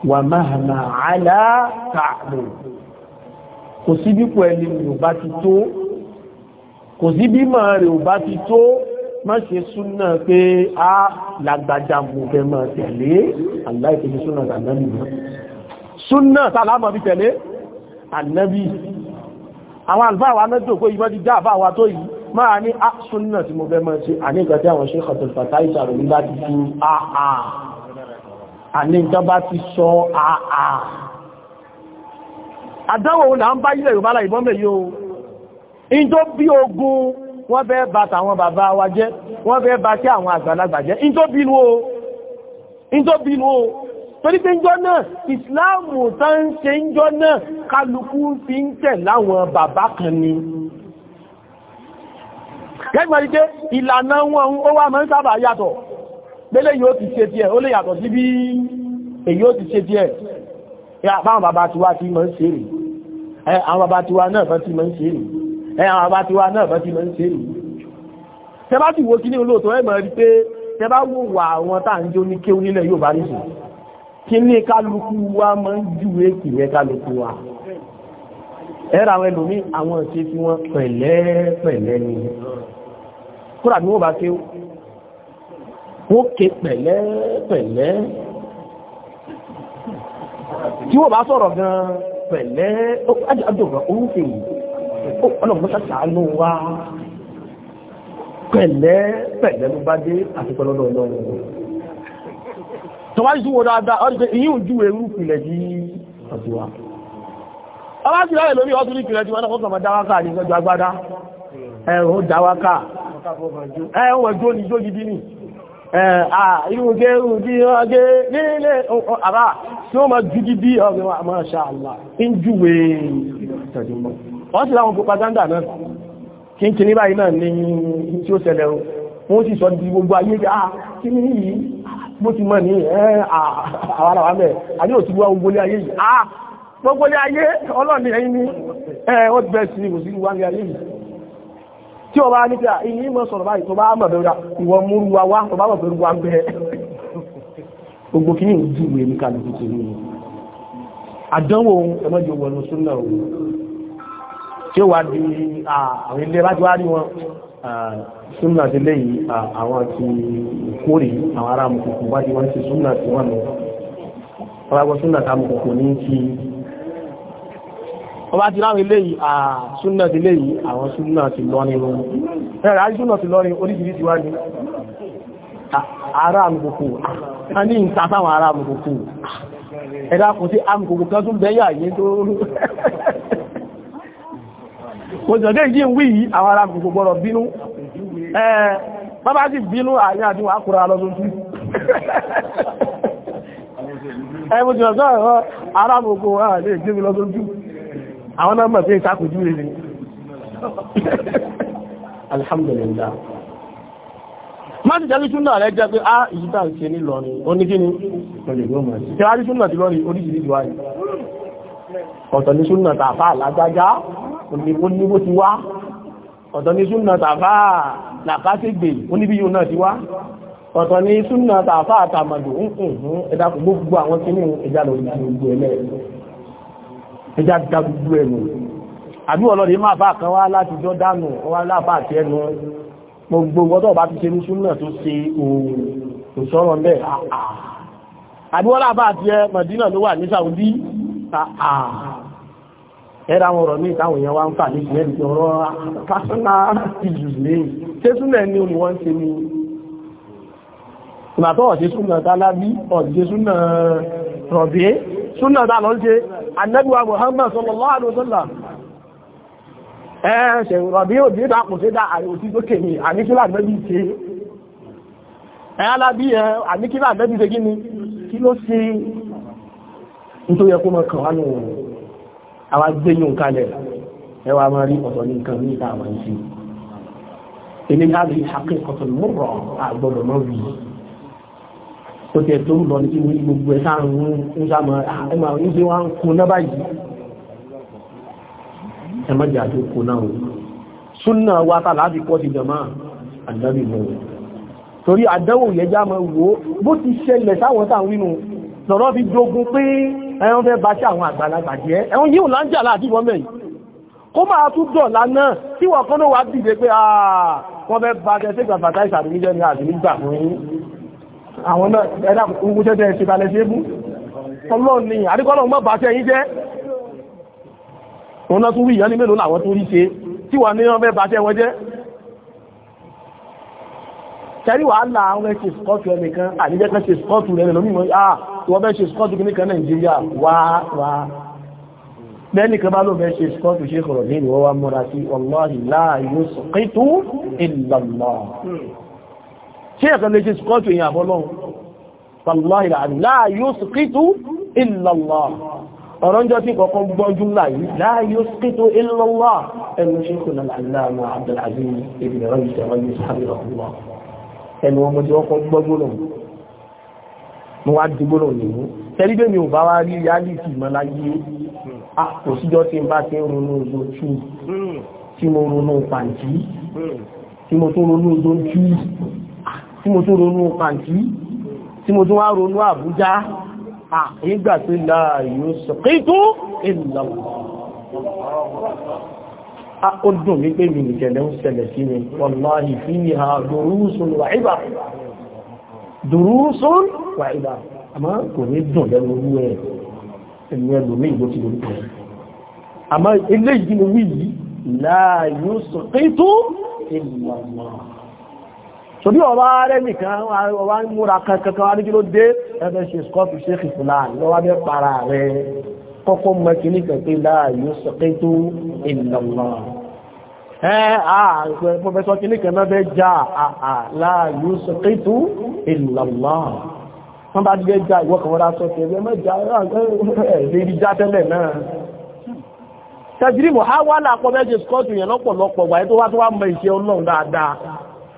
wà máhàmà àlá tààlù kò sí bípò ẹni rẹ̀ ò bá ti tó kò sí bímọ rẹ̀ ò bá ti tó má ṣe súnà pé a lágbàjá mú fẹ́ mọ́ tẹ̀lé aláìkèjì súnà tàbí súnà tàbí bí tẹ̀lé ànábì àwọn àlùfáà wa náà jòkó ìbọn ti já àfáà wa tó yìí máa ní a súnà tí mo fẹ́ mọ́ sí àníkà tí àwọn Sheikh Abdul àdánwò là ń bá ilẹ̀ Yorùbá láì bọ́m̀bẹ̀ yóò in tó bí ogun wọ́n fẹ́ bá tàwọn bàbá wa jẹ́ wọ́n fẹ́ bá tí àwọn àgbàlagbà jẹ́ in tó bínú o in tó bínú o torí pé ìjọ náà ìsìláàmù tó ń ṣe ìjọ náà kálukú fi yóò ti ṣe tiẹ̀ ó lè yàtọ̀ sí bí èyí ó ti ṣe tiẹ̀ ẹ̀ àpáwọn bàbá tiwa ti mọ́ ń ṣe rèé ẹ àwọn bàbá tiwa náà fẹ́ tí mọ́ ń ṣe nù ẹ àwọn bàbá tiwa náà fẹ́ tí mọ́ ń ṣe nù tẹ bá ti wo kí ní olóòtọ́ ẹ̀mọ̀ rí pé tẹ bá wò wà àwọn tá à ń jó ní kéwú nílẹ̀ yóò bá nìsìn kí ní kálukú wa mọ́ ń júwe kì í kálukú wa ẹ̀rọ àwọn ẹlòmí àwọn ìṣe tí wọ́n pẹ̀lẹ́ pẹ̀lẹ́ ni kúrà ní wọ́n bá kéwú wọ́n ké pẹ̀lẹ́ pẹ̀lẹ́ tí wọ́n bá sọ̀rọ̀ gan-an pẹ̀lẹ́ àjọ̀gbọ̀n orúkè yìí ọlọ́pàá ṣàánú wá pẹ̀lẹ́ pẹ̀lẹ́ ló bá dé àti pẹ̀lọ́dọ̀ ọlọ́run tọ́wá ìṣúwò dáadáa ọdún pé ìyí òjú ẹrú ìpìlẹ̀ sí ọdúnwá ọba sí láyé lórí ọdún ìpìlẹ̀ tí wọ́n náà kọ́kọ́ dáwákà ní ọjọ́ agbádá ẹ̀rùn dáwákà ẹ̀rùn ẹjọ́ ni jó gidi ni irúgé ìrúdí ọgé nílé ara tí ó ma jùdí bí ọgbẹ̀ masha Allah ń júwé ìtàdínmọ́ wọ́n sì láwọn propaganda náà kí n kì ní báyìí náà ní tí ó ṣẹlẹ̀ o wọ́n sì sọ di gbogbo ayé pé ah kí ní yìí mo ti mọ̀ ní àwọn àwọn mẹ́ àní ò ti wá gbogbo ilé ayé yìí ah gbogbo ilé ayé ọlọ́ọ̀ni ẹ̀yìn ni ẹ̀ wọ́n ti bẹ́ẹ̀ sí kò sí wá ní ayé yìí tí o bá ní pé ah, ìyí mọ̀ sọ̀rọ̀ báyìí tó bá mọ̀ bẹ̀rù ìwọ múru wa wá tó bá mọ̀ bẹ̀rù wa ń bẹ̀rẹ̀ gbogbo kí ní ìjú ìwé ní kàlùkù tó ní àdánwò ẹmọ́jọ wọnú súnà òun tí ó wà di àwọn ilé bá ti wá rí wọn súnà ti léyìí àwọn ti kórè àwọn ará mọ̀kùnkùn bá ti wọ́n ti súnà ti wọ́n lọ ọba ti ráwọn ilé yìí àṣúnà ti lé yìí àwọn ṣúnà ti lọ ní wọn ẹ̀rẹ̀ àṣúnà ti lọ ní oríṣiríṣi wá ní ara a ní ìtàtàwọn ara àmùkòkò ẹ̀dá kò sí àmùkòkò kan tún bẹ́yà yìí tó rú mo jọ̀dẹ́ ìdí ń wí yìí àwọn ara àmùkòkò gbọ́rọ̀ bínú bábá sì bínú àyín àti wà kúrò lọ́dún sí ẹ̀mùsùn ọ̀sán ẹ̀rọ arábòkò ààrẹ ìgbémi lọ́dún sí àwọn náà mọ̀ pé ìsàkójú rẹ̀ ni alhamdulillah máa ti jẹ́rí súnà rẹ̀ jẹ́ pé á ìyíta ìṣe ní lọ ni ó ní kí ni ìṣẹ́rí súnà ti lọ ní oríṣìíríṣìí wáyé ọ̀tọ̀ ní súnà tàfà lágbájá oníbó ti wá ọ̀tọ̀ ní súnà tàfà làkásígbè oníbí yóò náà ti wá ọ̀tọ̀ ní súnà tàfà àtàmàdò ń kùn fún ẹ̀dàkùn gbogbo àwọn kíní ìjálò ìgbò ẹlẹ́ẹ̀ẹ́ ẹjá dá gbogbo ẹnu àbí ọlọ́dẹ máa bá kan wá láti jọ dánù wá láfà àti ẹnu gbogbo nǹkan tó bá ti ṣe ní súnà tó ṣe òun sọ̀rọ̀ mẹ́ àbí wọ́n láfà àti ẹ Mọ̀dínà ló wà ní Saudi ẹ̀rà àwọn ọ̀rọ̀ ní ìtàwọn èèyàn wá ń fà ní ìpínlẹ̀ ọ̀rọ̀ personal issues lẹ́yìn ṣé súnà ní olùwọ́n ṣe ni ìgbà tó ọ̀ṣẹ́ súnà tálábí ọ̀ṣẹ́ súnà rọ̀bí súnà tá lọ ṣe annabuwa muhammad sallallahu alaihi wasallam ẹ́ ṣe rọ̀bí òdí ìdàkùn sí dáàrí òtí tó kèmì àníkílà mẹ́bí ṣe ẹ́ alábí ẹ àníkílà mẹ́bí ṣe gíní kí ló sí nítorí ẹkùn mọ́ kàn wánú àwọn agbéyùn kalẹ̀ ẹwà máa rí ọ̀tọ̀ ní nǹkan ní ìta àwọn ìṣe ó tẹ̀ tó lọ ní kíwé gbogbo ẹ̀ sáàrùn ún sáàmà ẹmà ń gbé ah, wá ń kó náà báyìí ẹmọ́jà tó kó náà o súnà wa ta láti kọ́ ti jọmọ́ àdábì mọ́ torí àdánwò yẹn já mọ́ wò bó ti ṣẹlẹ̀ sáwọn sáà wínú lọ́rọ́ fi dogun pé ẹran fẹ́ bá sí àwọn àgbàlagbà jẹ́ ẹran yíò láńjà láti wọ́n mẹ́yìn àwọn náà ẹ̀dá kúkú jẹ́jẹ́ ìṣèbalẹ̀ ṣe bú ọlọ́run ni àríkọ́lọ́run mọ́ bàtẹ́ yín jẹ́ òun náà tún wí ìyá ní mélòó làwọn tó rí ṣe tí wà ní wọ́n fẹ́ bàtẹ́ wọn jẹ́ tẹ́rí wàhálà àwọn ẹ̀ṣẹ̀ skọ́tù ẹnìkan àníjẹ́kẹ́ ṣe skọ́tù rẹ̀ lómi mọ́ ah wọ́n fẹ́ ṣe skọ́tù kìnnìkan nàìjíríà wá wá lẹ́nìkan bá ló fẹ́ ṣe skọ́tù ṣe kọ̀rọ̀ ní ìwọ́wà mọ́ra sí ọlọ́rìn láàyò sọ̀kítù ìlànà ṣe ẹ̀kan lè ṣe sùkọ́tù èyàn àbọ́lọ́run wallahi láàrin la yusqitu illa Allah ọ̀rọ̀njọ́ tí kọ̀kọ́ gbọ́jú láyé la yusqitu illa Allah ẹnu ṣe kùnà aláàmù Abdul-Aziz ibn Rajab ìṣẹ̀rọ̀yìn sábìrọ̀lá ẹnu ọmọ tí ọkọ̀ gbọ́gbọ́lọ̀ mo wá dúgbòrò nìyí bá tí ń ronú ojú hmm. tí mo ronú pàǹtí hmm. tí mo tún ronú ojú tí mo tún ronú pàǹtí tí mo tún wá ronú àbújá àìgbà pé láàyò sọ̀kító ìlàwọ̀ ó dùn mí pé mi ìjẹ̀lẹ̀ ń ṣẹlẹ̀ sí mi wallahi fiha durusun wa ibar durusun wa ibar àmá kò ní dùn lẹ́nu orú ẹ̀ ẹ̀mí ẹlòmí ìgbó ti lórí ẹ̀ torí ọba rẹ nìkan ọba ń múra kankan wá ní kí ló dé ẹgbẹ́ ṣe skọ́ọ̀fù ṣéèkì fúlàní lọ́wọ́ bẹ́ para rẹ kọ́kọ́ mọ kìíní kan pé láàyò sọ́kẹ́ tó ìlànà ẹ ààrẹ pọfẹsọ kìíní kan náà já láàyò sọ́kẹ́ tó ìlànà wọ́n bá dé já ìwọ́ kan wọ́n sọ kẹ́ẹ̀ẹ́ mẹ́jà ẹ̀ẹ́dẹ́rì mọ̀ á wà láàpọ̀ mẹ́jẹ̀ skọ́ọ̀tù yẹn lọ́pọ̀lọpọ̀ wáyé tó wá tó wá mọ ìṣe ọlọ́run dáadáa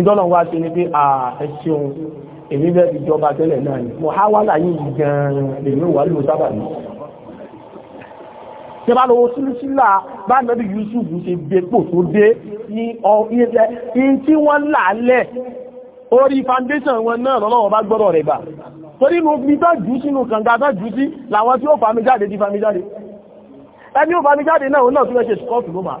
ìdọ́lọ̀ wá ṣe ní pé àẹṣẹ́ ohun èmi bẹ́ẹ̀ fi jọba tẹ́lẹ̀ náà ni mo háwálà yìí gan-an lèmi wà ló sábà ní tí bá lọ́wọ́ sílùsílà bá nẹ́bí Yusuf ṣe gbépò tó dé ní ọ̀hìnṣẹ́ in tí wọ́n làálẹ̀ orí foundation wọn náà lọ́lọ́wọ́ bá gbọ́rọ̀ rẹ̀ bà torí inú omi tó jù sínú kànga tó jù sí làwọn tí ó fami jáde di fami jáde ẹni ó fami jáde náà ó náà tún fẹ́ ṣe scott ló máa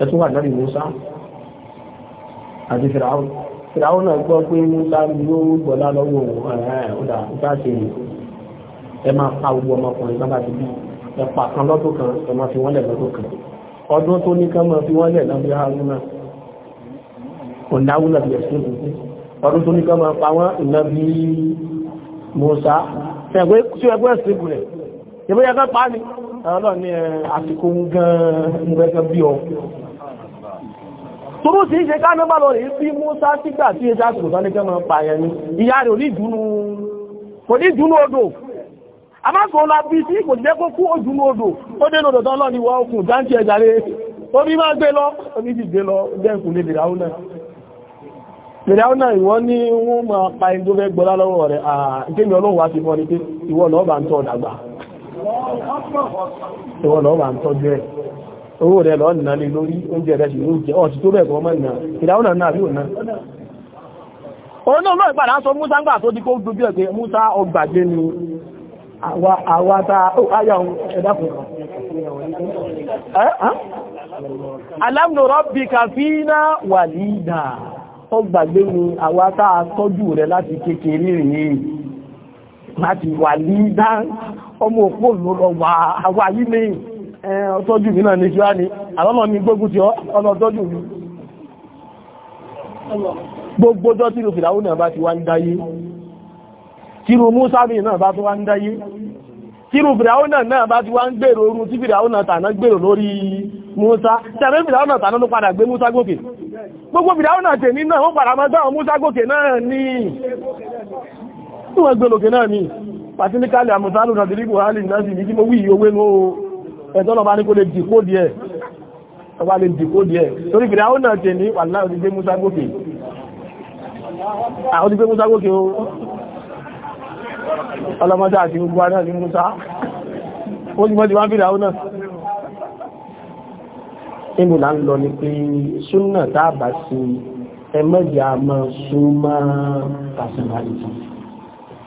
ẹ̀tún wà lórí Musa àti Fìràún Fìràún náà gbọ́ pé Musa ló gbọ́lá lọ́wọ́ ọ̀dà ìtàṣe rẹ̀ ẹ máa pa gbogbo ọmọkùnrin sábà ti bí ẹ pa kan lọ́dún kan ẹ máa fi wọ́n lẹ̀ lọ́dún kan ọdún tó ní ká máa fi wọ́n lẹ̀ lábẹ́ Haruna ọ̀dáwùnà bí ẹ̀sùn ìpínlẹ̀ ọdún tó ní ká máa pa wọ́n ìná bí Musa ṣẹ̀gbẹ́ sí ẹgbẹ́ ẹ̀sìn ìgbìlẹ̀ ìgbẹ́ yẹ ọlọ́run ní eh, àsìkò gan-an mo fẹ́ bí ọ torú sí ṣe káàmì bá lọ rí bí Músá sígbà tí ẹjá sùn tán ní kẹ́ mọ́ pààyàn ni ìyá rẹ̀ kò ní dúnú odò àmákòó la bí sí kò jẹ́ kó kú òjúnú odò ó dé lòdò tán lọ́ni wọ́n kùn dáńtí ẹjà rẹ̀ omi máa gbé lọ omi sì gbé lọ dẹ́kùn lè bèèrè áúnà bèèrè áúnà ìwọ̀n lọ́wọ́ à ń tọ́jú ẹ̀ owó rẹ̀ lọ nà lè lórí oúnjẹ rẹ̀ sì ló jẹ́ ọ̀tí tó bẹ̀ mọ́ ìnà ìdáwọn náà àbí òun náà òun náà ìpàdà sọ Músá ń gbà tó di kó gbogbo ẹ̀kẹ́ ọgbàgbé ni àwátá tọ́jú rẹ̀ láti kékeré láti wà ní dá ọmọ òpó lọ wà àwà yí ní ọtọ́jú mi náà ní ṣíwá ni àlọ́lọ́ mi mi gbogbo ọjọ́ tí ìrùfìdà ó náà bá ti wá ń dáyé tírù náà bá ti wá ń dáyé náà bá ti wá ń gbèrò orun tí tàná gbèrò lórí tàná ló padà gbé gòkè gbogbo tí wọ́n gbẹ́lòkè náà ni pàtíníkàlì àmùsálù nàìjíríkù hálì náà sì ní kí mo wí ìyówé ní ẹ̀tọ́nà bá ní kó lè dìpó díẹ̀ ọba lè dìpó díẹ̀ torí fìdá ó náà tẹ̀ ní wàlá òdígbé musa gòkè òdígbé musa gòkè o ọlọ́mọdé àti gbogbo aná ní musa ó ti mọ́jú wá fìdá ó náà níbo là ń lọ ni pé súnà tá a bá sí ẹmẹ́jà máa súnmọ́ personality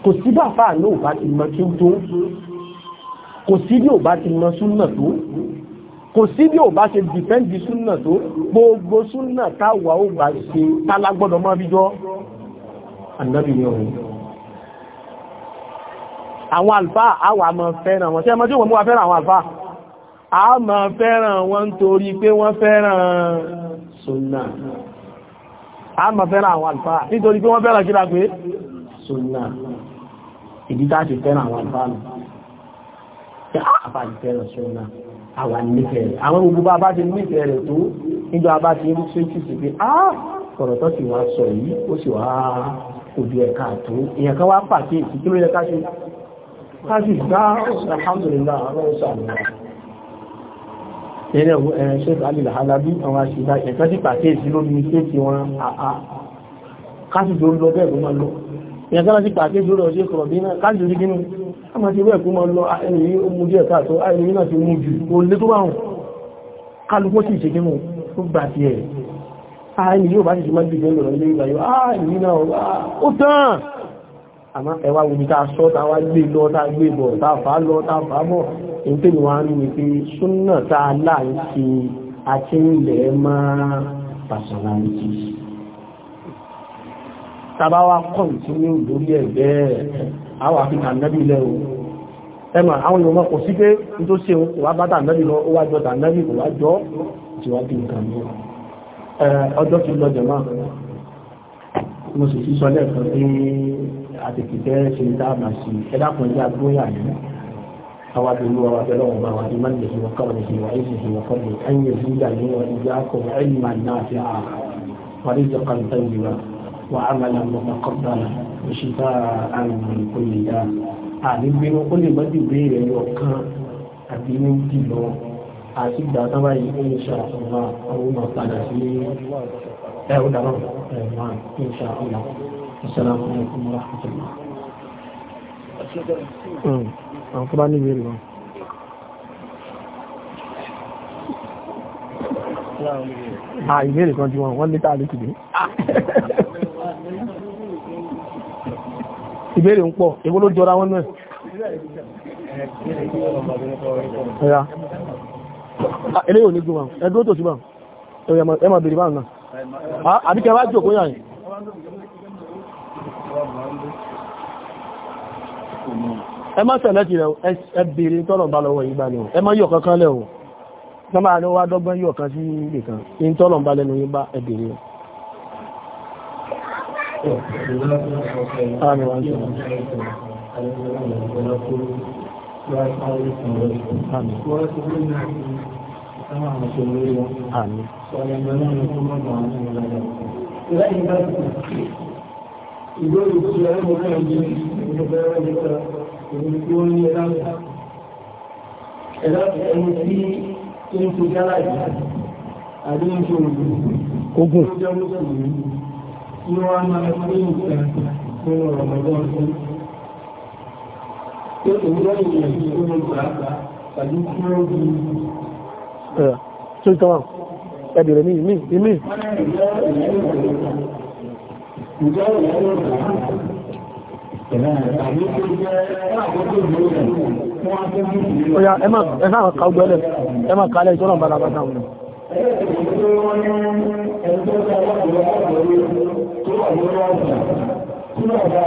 kò sí bá fà ní ò bá ti mọ kí ó tó kò sí bí ò bá ti mọ súnà tó kò sí bí ò bá ṣe dìfẹ́ǹdì súnà tó gbogbo súnà táwà ó bá ṣe tálágbọ́dọ̀ mọ́ bíjọ́ ànábìnrin ọ̀hún àwọn àlfà àwà mọ́ fẹ́ràn wọn tí ẹmọ́ àwọn àlfà nítorí pé wọ́n fẹ́ràn súnà a mọ́ ìdí tá a ṣe fẹ́ràn àwọn àǹfààní tí a àbá ìfẹ́ràn ṣe ọ̀nà àwọn nífẹ̀ẹ́ rẹ̀ àwọn gbogbo bá bá ti nífẹ̀ẹ́ rẹ̀ tó níjọ bá ti ń ṣe jù sí pé a ọ̀rọ̀ tó ti wá sọ yìí ó sì wá òbí ẹ̀ka tó èèyàn kan wá pàṣẹ ìyẹn sára sí pàtẹ́ ìjọ rẹ̀ ṣe sọ̀rọ̀ bí náà káàkiri sí gínú a máa ti rẹ̀ kó máa lọ ẹni yìí ó mú díẹ̀ káàtó ẹni náà ti mú jù kó lé tó báhùn kálukú sì ṣe gínú tó gbà ti ẹ̀ ẹni yóò bá sì máa gbé ìjọ rẹ̀ ìgbà yóò a sọ tá wá gbé lọ tá gbé bọ̀ tá fà á lọ tá fà tàbá wá kọ̀ntínú lórí ẹ̀gbẹ́ àwọn àfihàn nẹ́bí ilẹ̀ o ẹmà àwọn ìwọ̀n kò sí pé tó ṣe wà bá tàbí lọ ó wájọ́ tàbí kò wájọ́ tíwájú nǹkan ní ọjọ́ tí lọ jẹ̀má mo sì si sọ lẹ́ẹ̀kan pé àtẹ̀kì fẹ́ ṣe dáàmà sí ẹ̀dàkùn ẹ̀dà gbóyà ní awàdì olú awàdì ọlọ́wọ̀n bá wàdí má ẹ̀yìn ẹ̀yìn وعملا متقبلا وشفاء من كل داء àdíngbénu ó lè mọ́tì béèrè ẹyọ kan àti méjì lọ àti ìgbà tó bá yìí ń ṣe àfọwọ́ àwọn ọmọ padà sí ẹ ó dáná ẹ máa ń ṣe àfọwọ́ ìṣẹ̀lẹ̀ àwọn ọmọ à ah, ìbéèrè kan tí wọ́n wọ́n lé táàlé tìdé ìbéèrè ń pọ̀ èwo ló jọra wọn náà ẹ̀yà ah, ò ní gbọ́n ẹdún tó sí bá bèèrè báwọn náà ah, àbíkẹ́ wá jòkó yàn yìí ẹ má rẹ̀ ẹ tọ́lọ̀ bá lọ́wọ́ ìgbà ni kankan sọ́mà ló wá dọ́gbọ́n yóò kan sí ilé kan ní tọ́lọ̀ ń bá lẹ́nu yín bá ẹ̀bẹ̀rẹ̀ Ìgbóhùn tí a ń mọ̀ náà ní ìgbẹ̀rẹ̀ ìgbẹ̀rẹ̀ ìgbẹ̀rẹ̀ ìgbẹ̀rẹ̀ ìgbẹ̀rẹ̀ tó ń tó jálá ìlú àbí ń tó ògùn ogun tó jẹ́ mùsùlùmí tí wọ́n máa ní nǹkan nínú ọ̀rọ̀mọ̀dọ́ ọdún tó òwúrọ̀ ìyẹn tó ń gbà tàbí tí ó di tó ìtọ́wà ẹbìrẹ̀ ní ìmí ìmí Ìjọ́ ìrìn àwọn ọ̀rọ̀ àti ẹ̀rọ àti àmì tó jẹ́ ẹ̀rọ àkọ́kọ́ ìgbòrò Oya ẹ máa ẹ sáà ka gbẹ́lẹ̀ ẹ máa kalẹ̀ ìtọ́nà balabata wọn. Kọ̀ẹ̀sà ní ọ̀sẹ̀ àwọn ọmọ ẹgbẹ́ ọ̀pọ̀ ọmọ tí ó mẹ́rin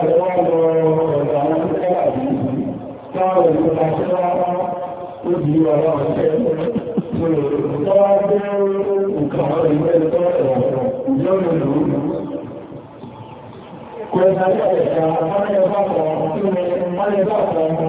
máa ń ẹgbẹ́ ọ̀pọ̀ ọmọ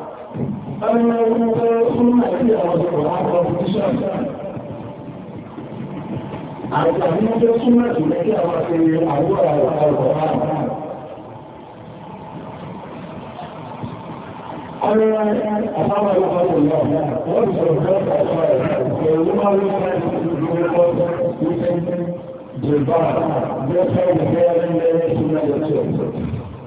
Àwọn àwọn ọjọ́ súnmọ̀ ìlẹ́ kí àwọn àti àwọn àwọn àwọn àwọn Àwọn àwọn àwọn àwọn ìlọ́wọ́, wọ́n ti sọ̀rọ̀ lọ́pàá ọ̀pàá ẹ̀rọ ló máa ló máa ń fi ìgbìmọ̀ lọ́pàá ní ṣe ń jẹ bá jẹ́ fẹ́ ìgbẹ́ ẹ̀rẹ́ ẹ̀rẹ́ ìṣúná ẹ̀ṣẹ̀ ọ̀pọ̀.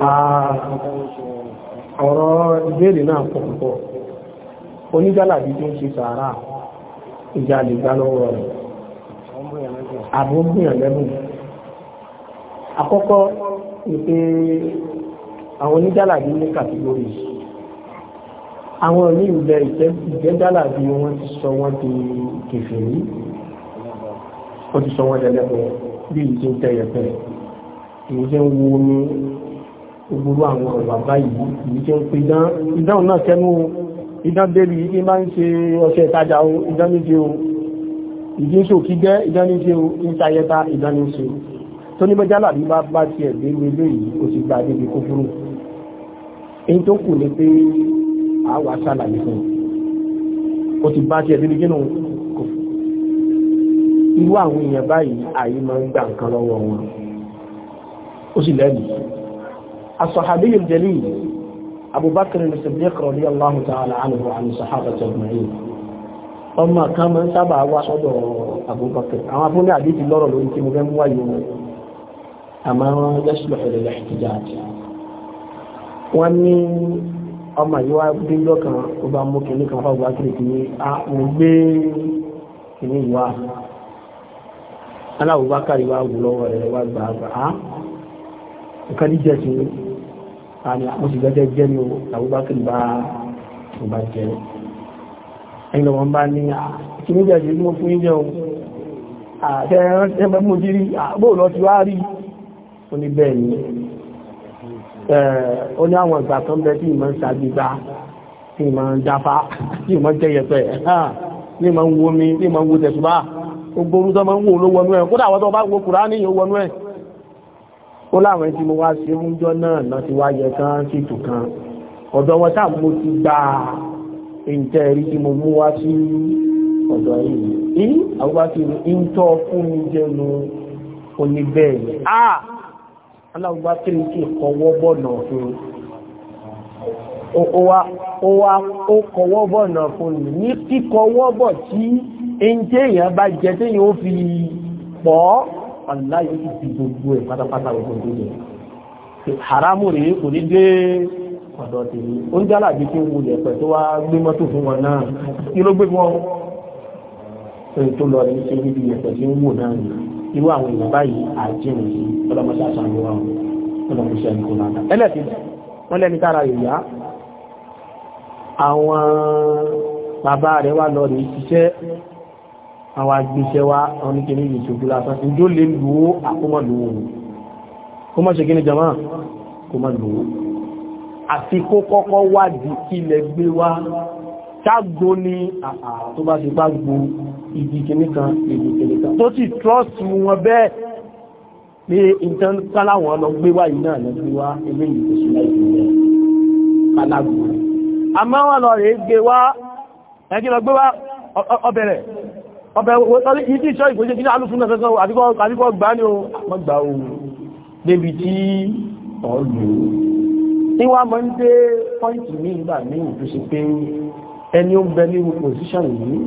tó ọ̀rọ̀ ìbéèrè náà pọ̀ pọ̀ onígbàlàbí tó ń ṣe sàárà ìjà lè gbá lọ́wọ́ rẹ̀ àbò gbìyàn lẹ́bùn àkọ́kọ́ ìpè àwọn onígbàlàbí ní kàtígórì àwọn ìlú ilẹ̀ ìjẹ́gbàlàbí wọ́n ti sọ wọ́n di kèfèrí wọ́n ti sọ wọ́n dẹ̀lẹ́bùn bí ìjẹ́ ń tẹ́yẹ̀pẹ̀ ìjẹ́ ń wo ní gbogbo àwọn ọ̀rọ̀ báyìí ìyí tí ó ń pè dán ìdáhùn náà tẹnu ìdán bẹ́lì ìdí máa ń ṣe ọṣẹ ìtajà o ìdán o ìdí ń ṣòkí jẹ́ o ń ṣayẹta ìdán ní ṣe o tó ní bẹ́jálà bí bá bá ti ẹ̀gbẹ́ lélé yìí ó ti gba débi kó fúrú èyí tó kù ní pé àwa ṣàlàyé fún ó ti bá ti ẹ̀gbẹ́ lé gínú kò irú àwọn èèyàn báyìí àyè máa ń gbà nǹkan lọ́wọ́ wọn ó sì lẹ́yìn الصحابي الجليل أبو بكر الصديق رضي الله تعالى عنه وعن الصحابة أجمعين ọmọ kan máa ń sábà wá sọ́dọ̀ Abubakar àwọn afúnni àdíjì lọ́rọ̀ lórí tí mo fẹ́ mú wáyé wọn àmọ́ lẹ́sùlọ̀ ẹ̀rẹ̀ lẹ́sùlọ̀ àti wọ́n ní ọmọ yìí wá bí lọ́kàn ó bá mú kìnní kan fáwọn Abubakar kì í a mo gbé kìnní yìí wá aláwọ̀ Abubakar yìí wá wù lọ́wọ́ rẹ̀ wá gbà á nǹkan níjẹ̀ sí i àní àwọn sì gẹ́gẹ́ jẹ́ ní Abubakar bá tó bá jẹ́ ẹni lọ́wọ́n bá ní kí ní jẹ́jì mú fún ìjẹ́ ohun àti ẹgbẹ́ mú jírí bóòlọ́ ti wá rí ó ní bẹ́ẹ̀ ni ó ní àwọn ìgbà tó ń bẹ tí ìmọ̀ ń sàgbégbá ó láwọn tí mo wá ṣe ń jọ náà náà ti wá yẹ kán ṣètò kan ọ̀dọ̀ wọn táà mo ti gba ìjẹ́ rí tí mo mú wá sí ọ̀dọ̀ yìí ní àwọ́gbákiri ń tọ́ fún mi jẹnu oníbẹ̀ẹ̀lẹ̀ àà aláwọ̀gbákiri kí kọwọ́ bọ̀nà fún ó kọwọ́ bọ̀nà fún ní kíkọwọ́ bọ̀ tí ẹ̀yàn bá jẹ́ tí yóò fi pọ̀ wàláyé ti gbogbo ẹ̀ pátápátá òkòdó rẹ̀ haramu rèé kò ní dé ọ̀dọ̀ tèmi ó ń jálàbí tí wo lẹ̀ pẹ̀ tó wá gbé mọ́tò fún wọn náà kí ló gbé wọn pé tó lọ rí sí níbi ẹ̀pẹ̀ tí ń wò náà ni irú àwọn èèyàn báyìí àjẹun yìí ọlọ́mọṣẹ́ àṣàlù wa ọlọ́mọṣẹ́ ẹnìkan náà ẹlẹ́sìn wọ́n lẹ́ni tára ìyá àwọn bàbá rẹ̀ wá lọ rí ṣiṣẹ́ àwọn agbésẹ́ wá àwọn oníkẹ́ni yìí tó gbúlá sọ́sí ìjó lè lò ó àkómọ̀ lò ó kó mọ́ ṣe kí ni jama kó mọ́ lò ó àti kó kọ́kọ́ wá di ilẹ̀ gbé wá ṣágbó ní àà tó bá ti bá gbo ìdí kìnnìkan ìdí kìnnìkan tó ti trust wọn bẹ́ẹ̀ pé ìtàn káláwọn lọ gbé wá iná lọ gbé wá ilé ìgbésí láìpẹ́ rẹ̀ alágbó ọbẹ̀ ìdí ìṣọ́ ìgbòjé kí ní alúfúnnà kankan àdíkọ́ gbá ní ọmọ gbà ohun débi tí ọlù ní wá mọ́ ń dé pọ́ìntì ní ìgbà ní ìtúsí pé ẹni ó bẹ ní pòsíṣàn yìí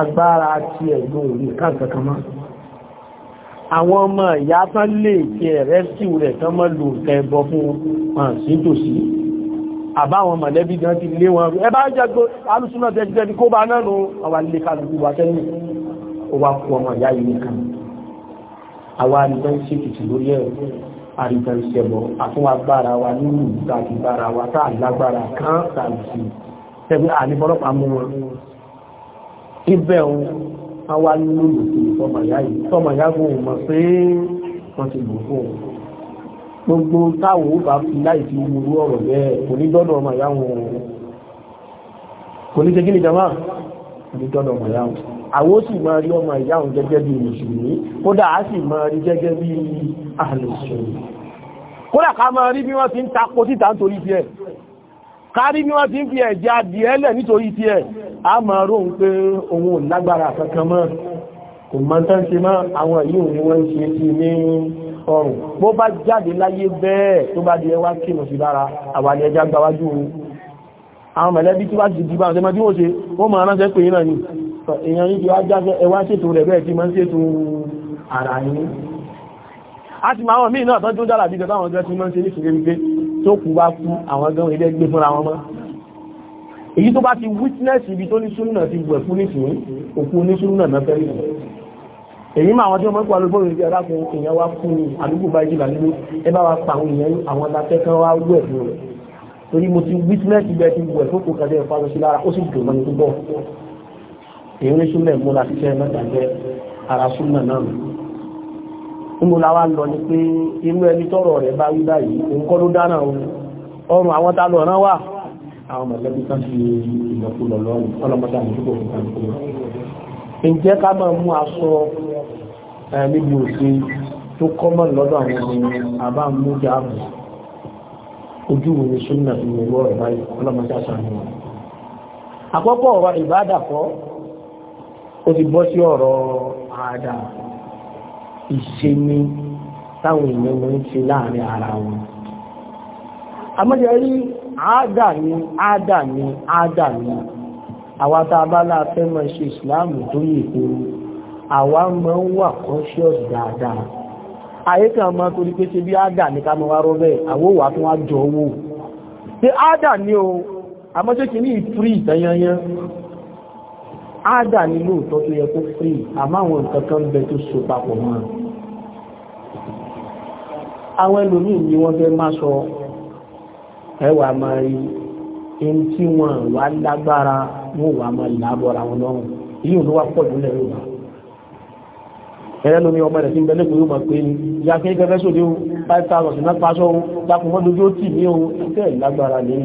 agbára ti ẹ̀gbọ́n orí kankan mọ́ àwọn ọmọ ìyá tán lè ti ẹ̀rẹ́ sí rẹ̀ tán mọ́ lò tẹ́ẹ̀bọ fún wọn sí tòsí àbáwọn mọ̀lẹ́bí gan ti lé wọn ẹ bá jẹ́ gbó alùsùnà tẹ́jẹ́ bí kó bá náà nù àwọn ilé kálukú wa tẹ́yìn ó wá kú ọmọ ìyá yìí nìkan àwọn àrídán sí kìtì lórí ẹ̀ àrídán sẹ̀bọ̀ àtúnwàgbára wa nínú ìgbàgbì bára wa tá àlágbára kan tàbí sí tẹ́gbẹ́ àníbọ́lọ́pàá mú wọn ibẹ̀ òun àwọn alùsùnà tẹ́jẹ́ fọmọ ìyá yìí fọmọ ìyá gùn mọ̀ pé wọ́n ti lò fún òun gbogbo táwọn ó bá fi láì fi wúrú ọ̀rọ̀ bẹ́ẹ̀ kò ní dọ́dọ̀ ọmọ ìyá wọn kò ní ni jama kò ní dọ́dọ̀ ọmọ ìyá wọn àwọn sì máa rí ọmọ ìyá wọn gẹ́gẹ́ bí mùsùlùmí kódà á sì máa rí gẹ́gẹ́ bí àlùsùn kódà ká máa rí bí wọ́n ti ń takò títà nítorí tiẹ̀ wọ́n ti ń fi ẹ̀jẹ̀ lẹ̀ á máa pé òun kankan mọ́ kò mọ́ tán ṣe mọ́ àwọn yìí ni wọ́n ń ṣe sí ní ọrùn bó bá jáde láyé bẹ́ẹ̀ tó bá di ẹwà kí mọ̀sí lára àwọn ẹja gbáwájú àwọn mẹ̀lẹ́bí tí wá ti dìbà àwọn ẹmọ wọ́n ṣe wọ́n máa ránṣẹ́ pé náà ni èèyàn yìí ti wá jáde ẹwà ṣètò rẹ̀ bẹ́ẹ̀ tí máa ń ṣètò ara yìí a ti máa wọn míì náà tọ́jú dára bíjọ táwọn ọjọ́ tí máa ń ṣe níṣẹ́ wípé tó kù bá kú àwọn gan ilé gbé fúnra wọn mọ́ èyí tó bá ti witness ibi tó ní súnmọ̀ ti gbẹ̀ fún nísìnyí òkú ní súnmọ̀ náà nìyí èyí máa wọn tí wọ́n mọ́ pàlú bóòrùn ìgbé alákùn èèyàn wá fún ní àdúgbò bá ìjìlá nínú ẹ bá wa pa àwọn èèyàn àwọn alákẹ́kọ̀ọ́ wá wú ẹ̀fún rẹ̀ torí mo ti witness ibẹ̀ ti wù ẹ̀fún kàdé ẹ̀fà lọ sí lára ó sì dùn mọ́ni púpọ̀ èyí ní súnmọ̀ ẹ̀mú la ṣiṣẹ́ mẹ́ta jẹ́ ara súnmọ̀ náà nù nínú la wá lọ ni pé inú ẹni tọrọ rẹ̀ bá wí báyìí òun kọ́ ló dáná òun ọrùn àwọn ta lọ rán wà àwọn mọ̀lẹ́bí kan ti ìlọ̀kulọ̀ lọ́rùn ọlọ́mọdé àmì níbi òfin tó kọ́mọ̀ lọ́dọ̀ àwọn ọmọ àbá mújà ààbò ojú wo ni súnmọ̀ fi mú ọ̀rọ̀ báyìí ọlọ́mọdé àṣàmì wọn àkọ́kọ́ ọ̀rọ̀ ìbádàkọ́ ó ti bọ́ sí ọ̀rọ̀ àdá ìṣẹ́ni táwọn èèyàn mọ́ ń ṣe láàrin ara wọn ni àádà ni àádà ni àwọn àwa máa ń wà conscious dáadáa ayé kan máa torí pé ṣe bí ádà ní ká máa wá rọ́ bẹ́ẹ̀ àwọ́wà tó wá jọ owó pé ádà ní o àmọ́ṣẹ́ kì ní ìfrí ìtẹ́yẹnyẹn ádà ní lóòtọ́ tó yẹ kó frí àmáwọn nǹkan kan bẹ tó so papọ̀ mọ́ àwọn ẹlòmíì ni wọ́n fẹ́ máa sọ ẹwà máa rí ẹni tí wọ́n wà lágbára wọ́n wà ẹ̀rẹ́ lómi ọmọ rẹ̀ sí ìbẹ̀lẹ̀ pé ó pé ní ìyá kí gẹ́gẹ́ sóde ó five thousand náà paṣọ ó dákun mọ́ lójú ó tì ní ohun tẹ́ lágbára ní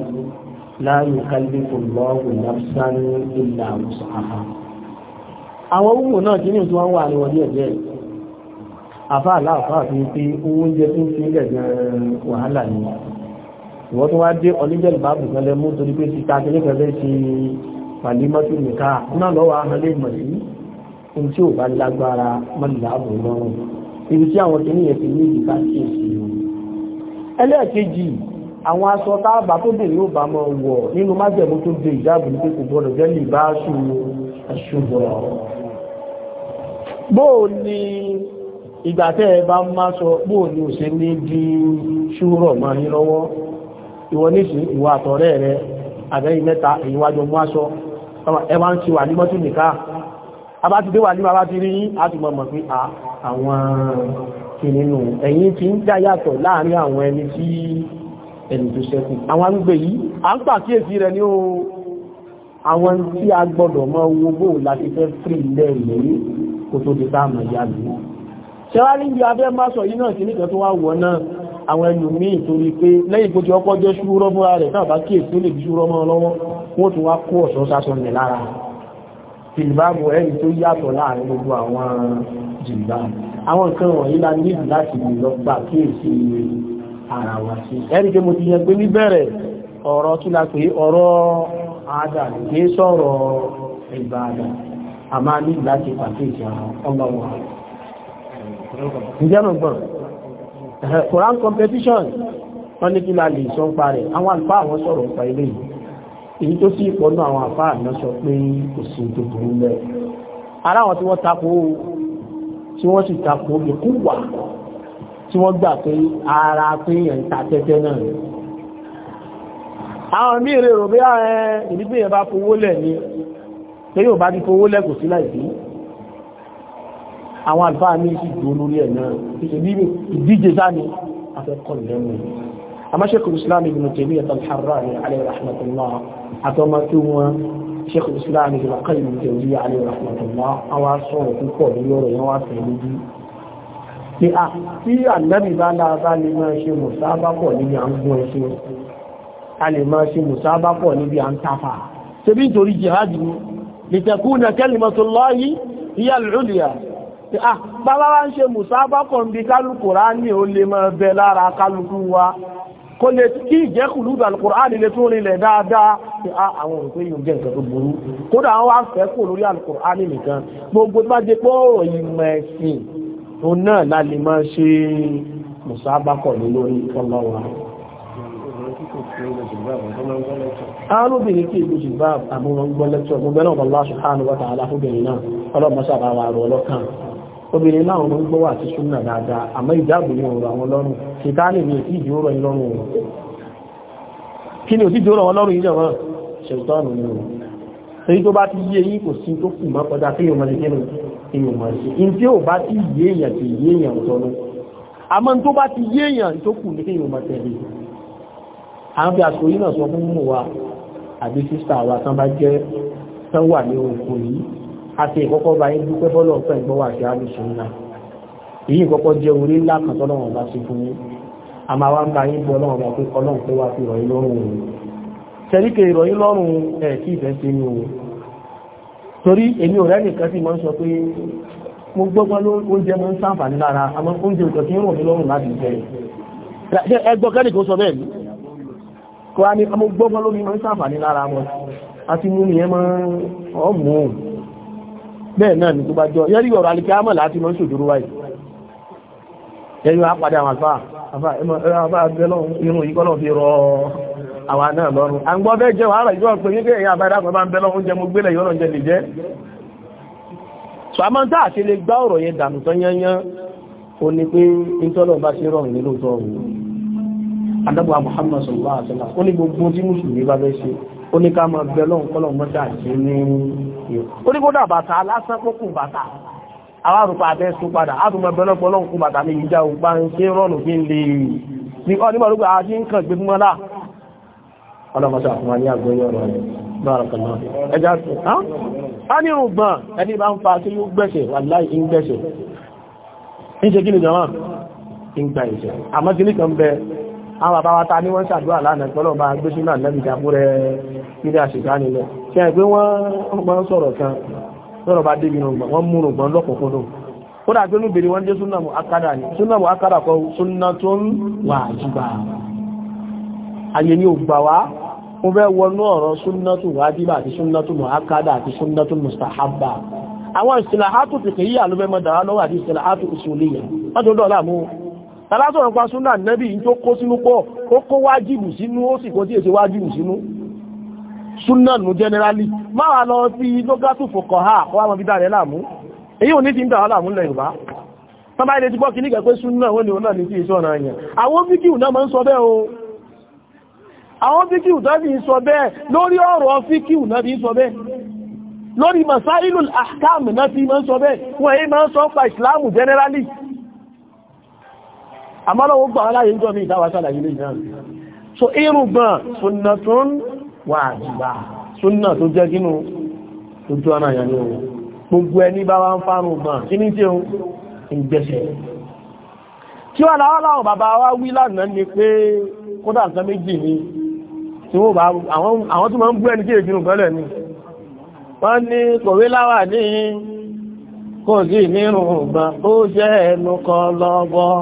láàyè kálí kò lọ́wọ́ lásán ìlà àmùsàáfà àwọn ohun náà kí ní ìtú wọn wà ní wọn díẹ̀ díẹ̀ àfá àláàfá fi pé oúnjẹ tó ń fi ilẹ̀ gan wàhálà ni ìwọ́n tó wá dé ọlíjẹ́ ìbáàbù kan lẹ́mú torí pé ti ta kéré kan fẹ́ ṣe pàlímọ́tò nìka náà lọ́wọ́ ahọ́n mọ̀ sí ní tí ò bá lágbára mọ́lìlá ààbò lọ́rùn ibi tí àwọn kìíní ti ní èsì ẹlẹ́ẹ̀kejì àwọn aṣọ táàbà tó bèèrè ó bá máa wọ̀ nínú májẹ̀mú tó de ìjáàbù ní jẹ́ lè bá ò ṣúrọ̀ ìwọ níṣì ìwọ àtọ̀rẹ́ mẹ́ta mú aṣọ ń wà ní àbá ti dé wà níwà bá ti rí àti mọ̀mọ̀ pé ah, àwọn kìnnìnù ẹ̀yìn ti ń dá yàtọ̀ láàrin àwọn ẹni tí ẹni tó ṣẹ́kù àwọn agbègbè yìí a ń pàkíyèsí rẹ̀ ní o àwọn tí a gbọ́dọ̀ mọ́ owó bó láti fẹ́ frí ilẹ̀ ìlérí kò tó ti sáàmà ìyá mi ṣẹ́wárí ibi abẹ́ má sọ yìí náà sí nìkan tó wá wọ náà àwọn ẹlòmíì torí pé lẹ́yìn kó ti ọkọ́ jẹ́ ṣúrọ́ mọ́ra bá kíyèsí ó lè jìlìbáàbù ẹ̀rí tó yàtọ̀ láàrin gbogbo àwọn jìlìbáàbù àwọn nǹkan wọ̀nyí la nílùú láti lè lọ gbà kí èsì ara wa sí ẹ̀rí pé mo ti yẹ pé níbẹ̀rẹ̀ ọ̀rọ̀ kí la pé ọ̀rọ̀ àádà sọ̀rọ̀ ìgbà a máa nílùú láti wọn èyí tó sì pọ̀ náà àwọn àfáà àná sọ pé kò sí tó burú mẹ́ ara àwọn tí wọ́n tako tí wọ́n sì tako lè kú wà tí wọ́n gbà pé ara pé ẹ̀ ta tẹ́tẹ́ náà ni àwọn míì rè rò bí àwọn ìdíbò yẹn bá fowó lẹ̀ ni pé yóò bá ti fowó lẹ̀ kò sí láìsí àwọn àlùfáà ní sì dúró lórí ẹ̀ náà ìdíje sáà ni afẹ́kọ̀ọ́ lẹ́nu àmọ́ Sheikhul Islam Ibn Taymiyyah al-Harrani alayhi rahmatullah àtọmọ tí wọn sheikh islam ní ìgbà kan ìlú ìjẹun yìí alẹ́ rahmatullah àwọn sọ̀rọ̀ púpọ̀ lórí ọ̀rọ̀ yẹn wá sí lójú pé a ah, tí ànábì bá láàbá lè máa ṣe mùsábápọ̀ níbi à ń gún ẹṣin a lè máa ṣe mùsábápọ̀ níbi à ń tafà ṣe bí nítorí jihadi ni litakuna kalimatullahi hiya al-ulya ah, bàbá wa ń ṣe mùsábápọ̀ níbi kálukú rá ní ó lè máa bẹ lára wa kó lè kí ìjẹ́kùlú alukur'ani lè tún rinlẹ̀ dáadáa pé á ah, àwọn òrùn pé yóò jẹ́ nǹkan tó burú kódà àwọn wá fẹ́ kó lórí alukur'ani nìkan gbogbo bá jẹ pé ọ̀rọ̀ ìmọ̀ ẹ̀sìn òun náà la lè máa ṣe mùsàbákọ̀ ní lórí ọlọ́wà arúbìnrin kí ìlú jìbá àmúràn gbọ́lẹ́tọ̀ gbogbo náà Allah subhanahu wa ta'ala fúnbìnrin náà ọlọ́mọsára wà rọ̀ ọlọ́kàn obìnrin láwọn ọmọ gbọ́wà ti súnmọ̀ dáadáa àmọ́ ìjáàbò ní ọ̀rọ̀ àwọn lọ́rùn ṣètánì ní òtí ìjì òrọ̀ ìlọ́rùn wọn kí ni òtí ìjì òrọ̀ ọlọ́rùn ilẹ̀ wọn ṣètánì ní ọ̀rọ̀ èyí tó bá ti yé yí kò sí tó kù mọ́ kọjá pé ìmọ̀ ṣe èèyàn mọ̀ sí in tí ò bá ti yé èèyàn ti yé èèyàn tọ́nu àmọ́ tó bá ti yé èèyàn tó kù ní kí èèyàn mọ̀ àti ìkọ́kọ́ bá yín dúpẹ́ fọ́lọ́ pẹ̀ gbọ́wọ́ àti alùsùn náà èyí ìkọ́kọ́ jẹ́ orí ńlá kan tọ́lọ́wọ̀n bá sí fún yín a máa wá ń ba yín bọ́ ọlọ́run bá pé ọlọ́run tó wá fi rọ̀yìn lọ́rùn òun tẹ̀ríkẹ̀ ìrọ̀yìn lọ́rùn ẹ̀ tí ìfẹ́ sí ní òun torí èmi ò rẹ́nìkan sì gbọ́gbọ́ oúnjẹ ni kó a ní ọmọ gbọ́gbọ́ lómi lára wọn àti mú mi ẹ ọmọ òun bẹ́ẹ̀ náà ní tó bá jọ yẹ́rí ọ̀rọ̀ alìkíámọ̀ láti mọ́ ṣòdúró wáyé yẹ́rí wá padà àwọn àfáà àfáà irun yìí kọ́lọ̀ fi rọ àwa náà lọ́rùn à ń gbọ́ bẹ́ẹ̀ jẹ́ wàhálà ìjọ pé yíké èyàn àbáyé dákọ̀ bá ń bẹ́lọ́ oúnjẹ mo gbélẹ̀ yọ́rọ̀ oúnjẹ lè jẹ́ sọ àmọ́ tá àti lè gbá ọ̀rọ̀ yẹn dànù tán yányán ó ní pé ìtọ́lọ̀ Muhammad sallallahu alaihi wasallam ó ní gbogbo tí mùsùlùmí bá ó ní ká máa bẹ lọ́hùn kọ́lọ̀ mọ́tà sí ní ìyó ó ní kódà bàtà lásán kókùn bàtà àwọn àrùpà abẹ́ sún padà á tún máa bẹ lọ́pọ̀ lọ́hùn kó bàtà mi ìjà òpá ń ṣe rọ́ọ̀nù kí n lè ní ọ nígbà lóko àti ń kàn gbé fún ni jọmọ́ àwọn bàbá wa ta ní wọ́n ṣàdúrà lánàá tọ́lọ̀ bá gbé sínú àlẹ́bì ìjàmúrẹ́ nílé àṣìká nílẹ̀ tí a gbé wọ́n gbọ́n sọ̀rọ̀ kan sọ̀rọ̀ bá débi rùngbọ̀n wọ́n mú rùngbọ̀n lọ́kùnkúndùn ó dàgbé ní obìnrin wọ́n dé súnàmù akádà ní súnàmù akádà kọ súnà tó ń wà jìbà ayé ní ògbà wá mo fẹ́ wọnú ọ̀rọ̀ súnà tó wà jìbà àti súnà tó mọ̀ akádà tàbátọ̀ nípa súnà nẹ́bì tó kó sínú pọ̀ ó kó wájìbù sínú ó sì kó tí èsè wájìbù sínú súnà nù generally máa lọ sí lógásù fòkàn ha kọ́ wá mọ́ bí dáre láàmú èyí ò ní ti ń dàwọ́ láàmú lẹ̀ yorùbá tọ́bá ilé ti gbọ́ kìíní gẹ̀ẹ́ pé súnà wọn ni wọn náà ní sí ìṣọ́nà yẹn àwọn fíkìú náà máa ń sọ bẹ́ẹ̀ masailul ahkam náà ti máa ń sọ generally àmọ́lọ́wọ́ gbà aláyé ń jọ ní ìdáwà sàlàyé lè so irùngbọ̀n súnnà tó ń wà àjìbà súnnà tó jẹ́ gínú tó jọ náà yà ní ohun gbogbo ẹni bá wá ń fárùn gbọ̀n kí ní jẹun ìgbẹ̀ṣẹ̀ kí wà láwọn bàbá wa wí lánàá ni pé kódà nǹkan méjì ni tí wọ́n bá àwọn tó máa ń bú ẹni kí èjìnú gbọ́lẹ̀ ni wọ́n ní kòwé láwà ní kò sí nírùn gbọ̀n ó jẹ́ ẹnu kan lọ́gbọ́n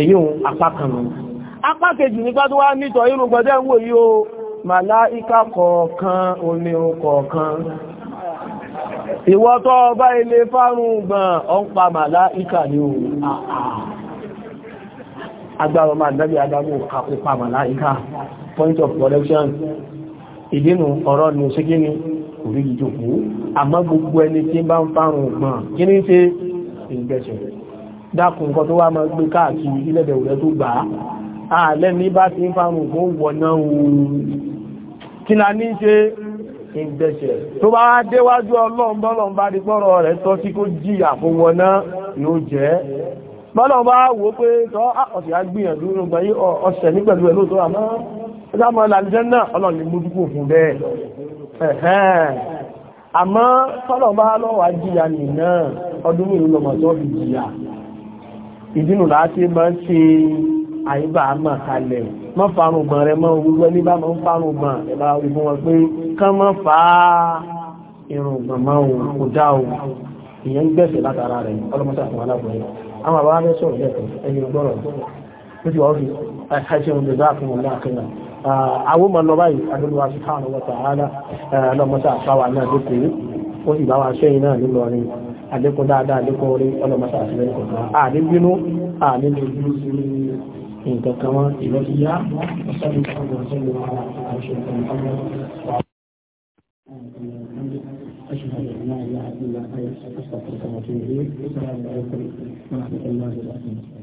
èyí òun apá kan nù apá kejì nípa tó wá nítọ̀ inú gbọ́dẹ̀ ń wò yí o màláíkà kọ̀ọ̀kan onírun kọ̀ọ̀kan ìwọ tó ọba ilé fárún gbọ̀n ọ ń pa màláíkà ní o agbára ọmọ àdábí adágbó kàkópa màláíkà point of collection ìdínú ọ̀rọ̀ ni ó ṣe kí ni orí ìjòkó àmọ́ gbogbo ẹni tí bá ń fárún gbọ̀n kí ní ṣe ìgbẹ̀ṣẹ̀ dákùn nǹkan tó wá máa gbé káàkiri ilẹ̀bẹ̀ òrẹ́ tó gbà á lẹ́ni bá ti ń fárùn kó wọ̀nà oòrùn kí la ní ṣe ìgbẹ̀ṣẹ̀ tó bá déwájú ọlọ́run bọ́lọ́run bá di pọ́rọ̀ rẹ̀ tọ́ sí kó jìyà fún wọ̀nà yóò jẹ́ bọ́lọ̀ bá wò pé tọ́ ọ̀sẹ̀ agbìyànjú rúgbà yí ọ̀sẹ̀ ní pẹ̀lú ẹ̀lú tó àmọ́ ẹ̀sàmọ́ làlìjẹ́nà ọlọ́run lè mójúkò fún bẹ́ẹ̀ ẹ̀hẹ́n àmọ́ tọ́lọ̀ lọ́wọ́ ajíyà nìyàn ọdún mìírànlọ́mọ̀ tó fi jìyà ìdínú láti máa ń ṣe àyíbá àmà kalẹ̀ mọ́ farun gbọ̀n rẹ mọ́ gbogbo ní bá mọ́ farun gbọ̀n ẹ̀bá orí fún wọn pé kán mọ́ fa irun gbọ̀n mọ́ òun kò dá o ìyẹn ń gbẹ̀sẹ̀ látara rẹ̀ ọlọ́mọsá fún aláboyè àwọn àbáwá fẹ́ sọ̀rọ̀ lẹ́kọ̀ọ́ ẹni gbọ́rọ̀ ó ti wà ó fi ẹ̀ṣẹ̀ òun lè bá fún òun láàkínà àwọn ọmọ lọ́wọ́ yìí adúlọ́wà sí káàrùn-ún wọ́ta ààlà ọlọ́mọsá àfáwà náà lókèrè ó sì bá wa ṣẹ́yìn náà nílọrin àlékún dáadáa àlékún orí ọlọ́mọta àti lẹ́yìn kọ̀ọ̀kan àní bínú àní lè bí sí nǹkan kan wọn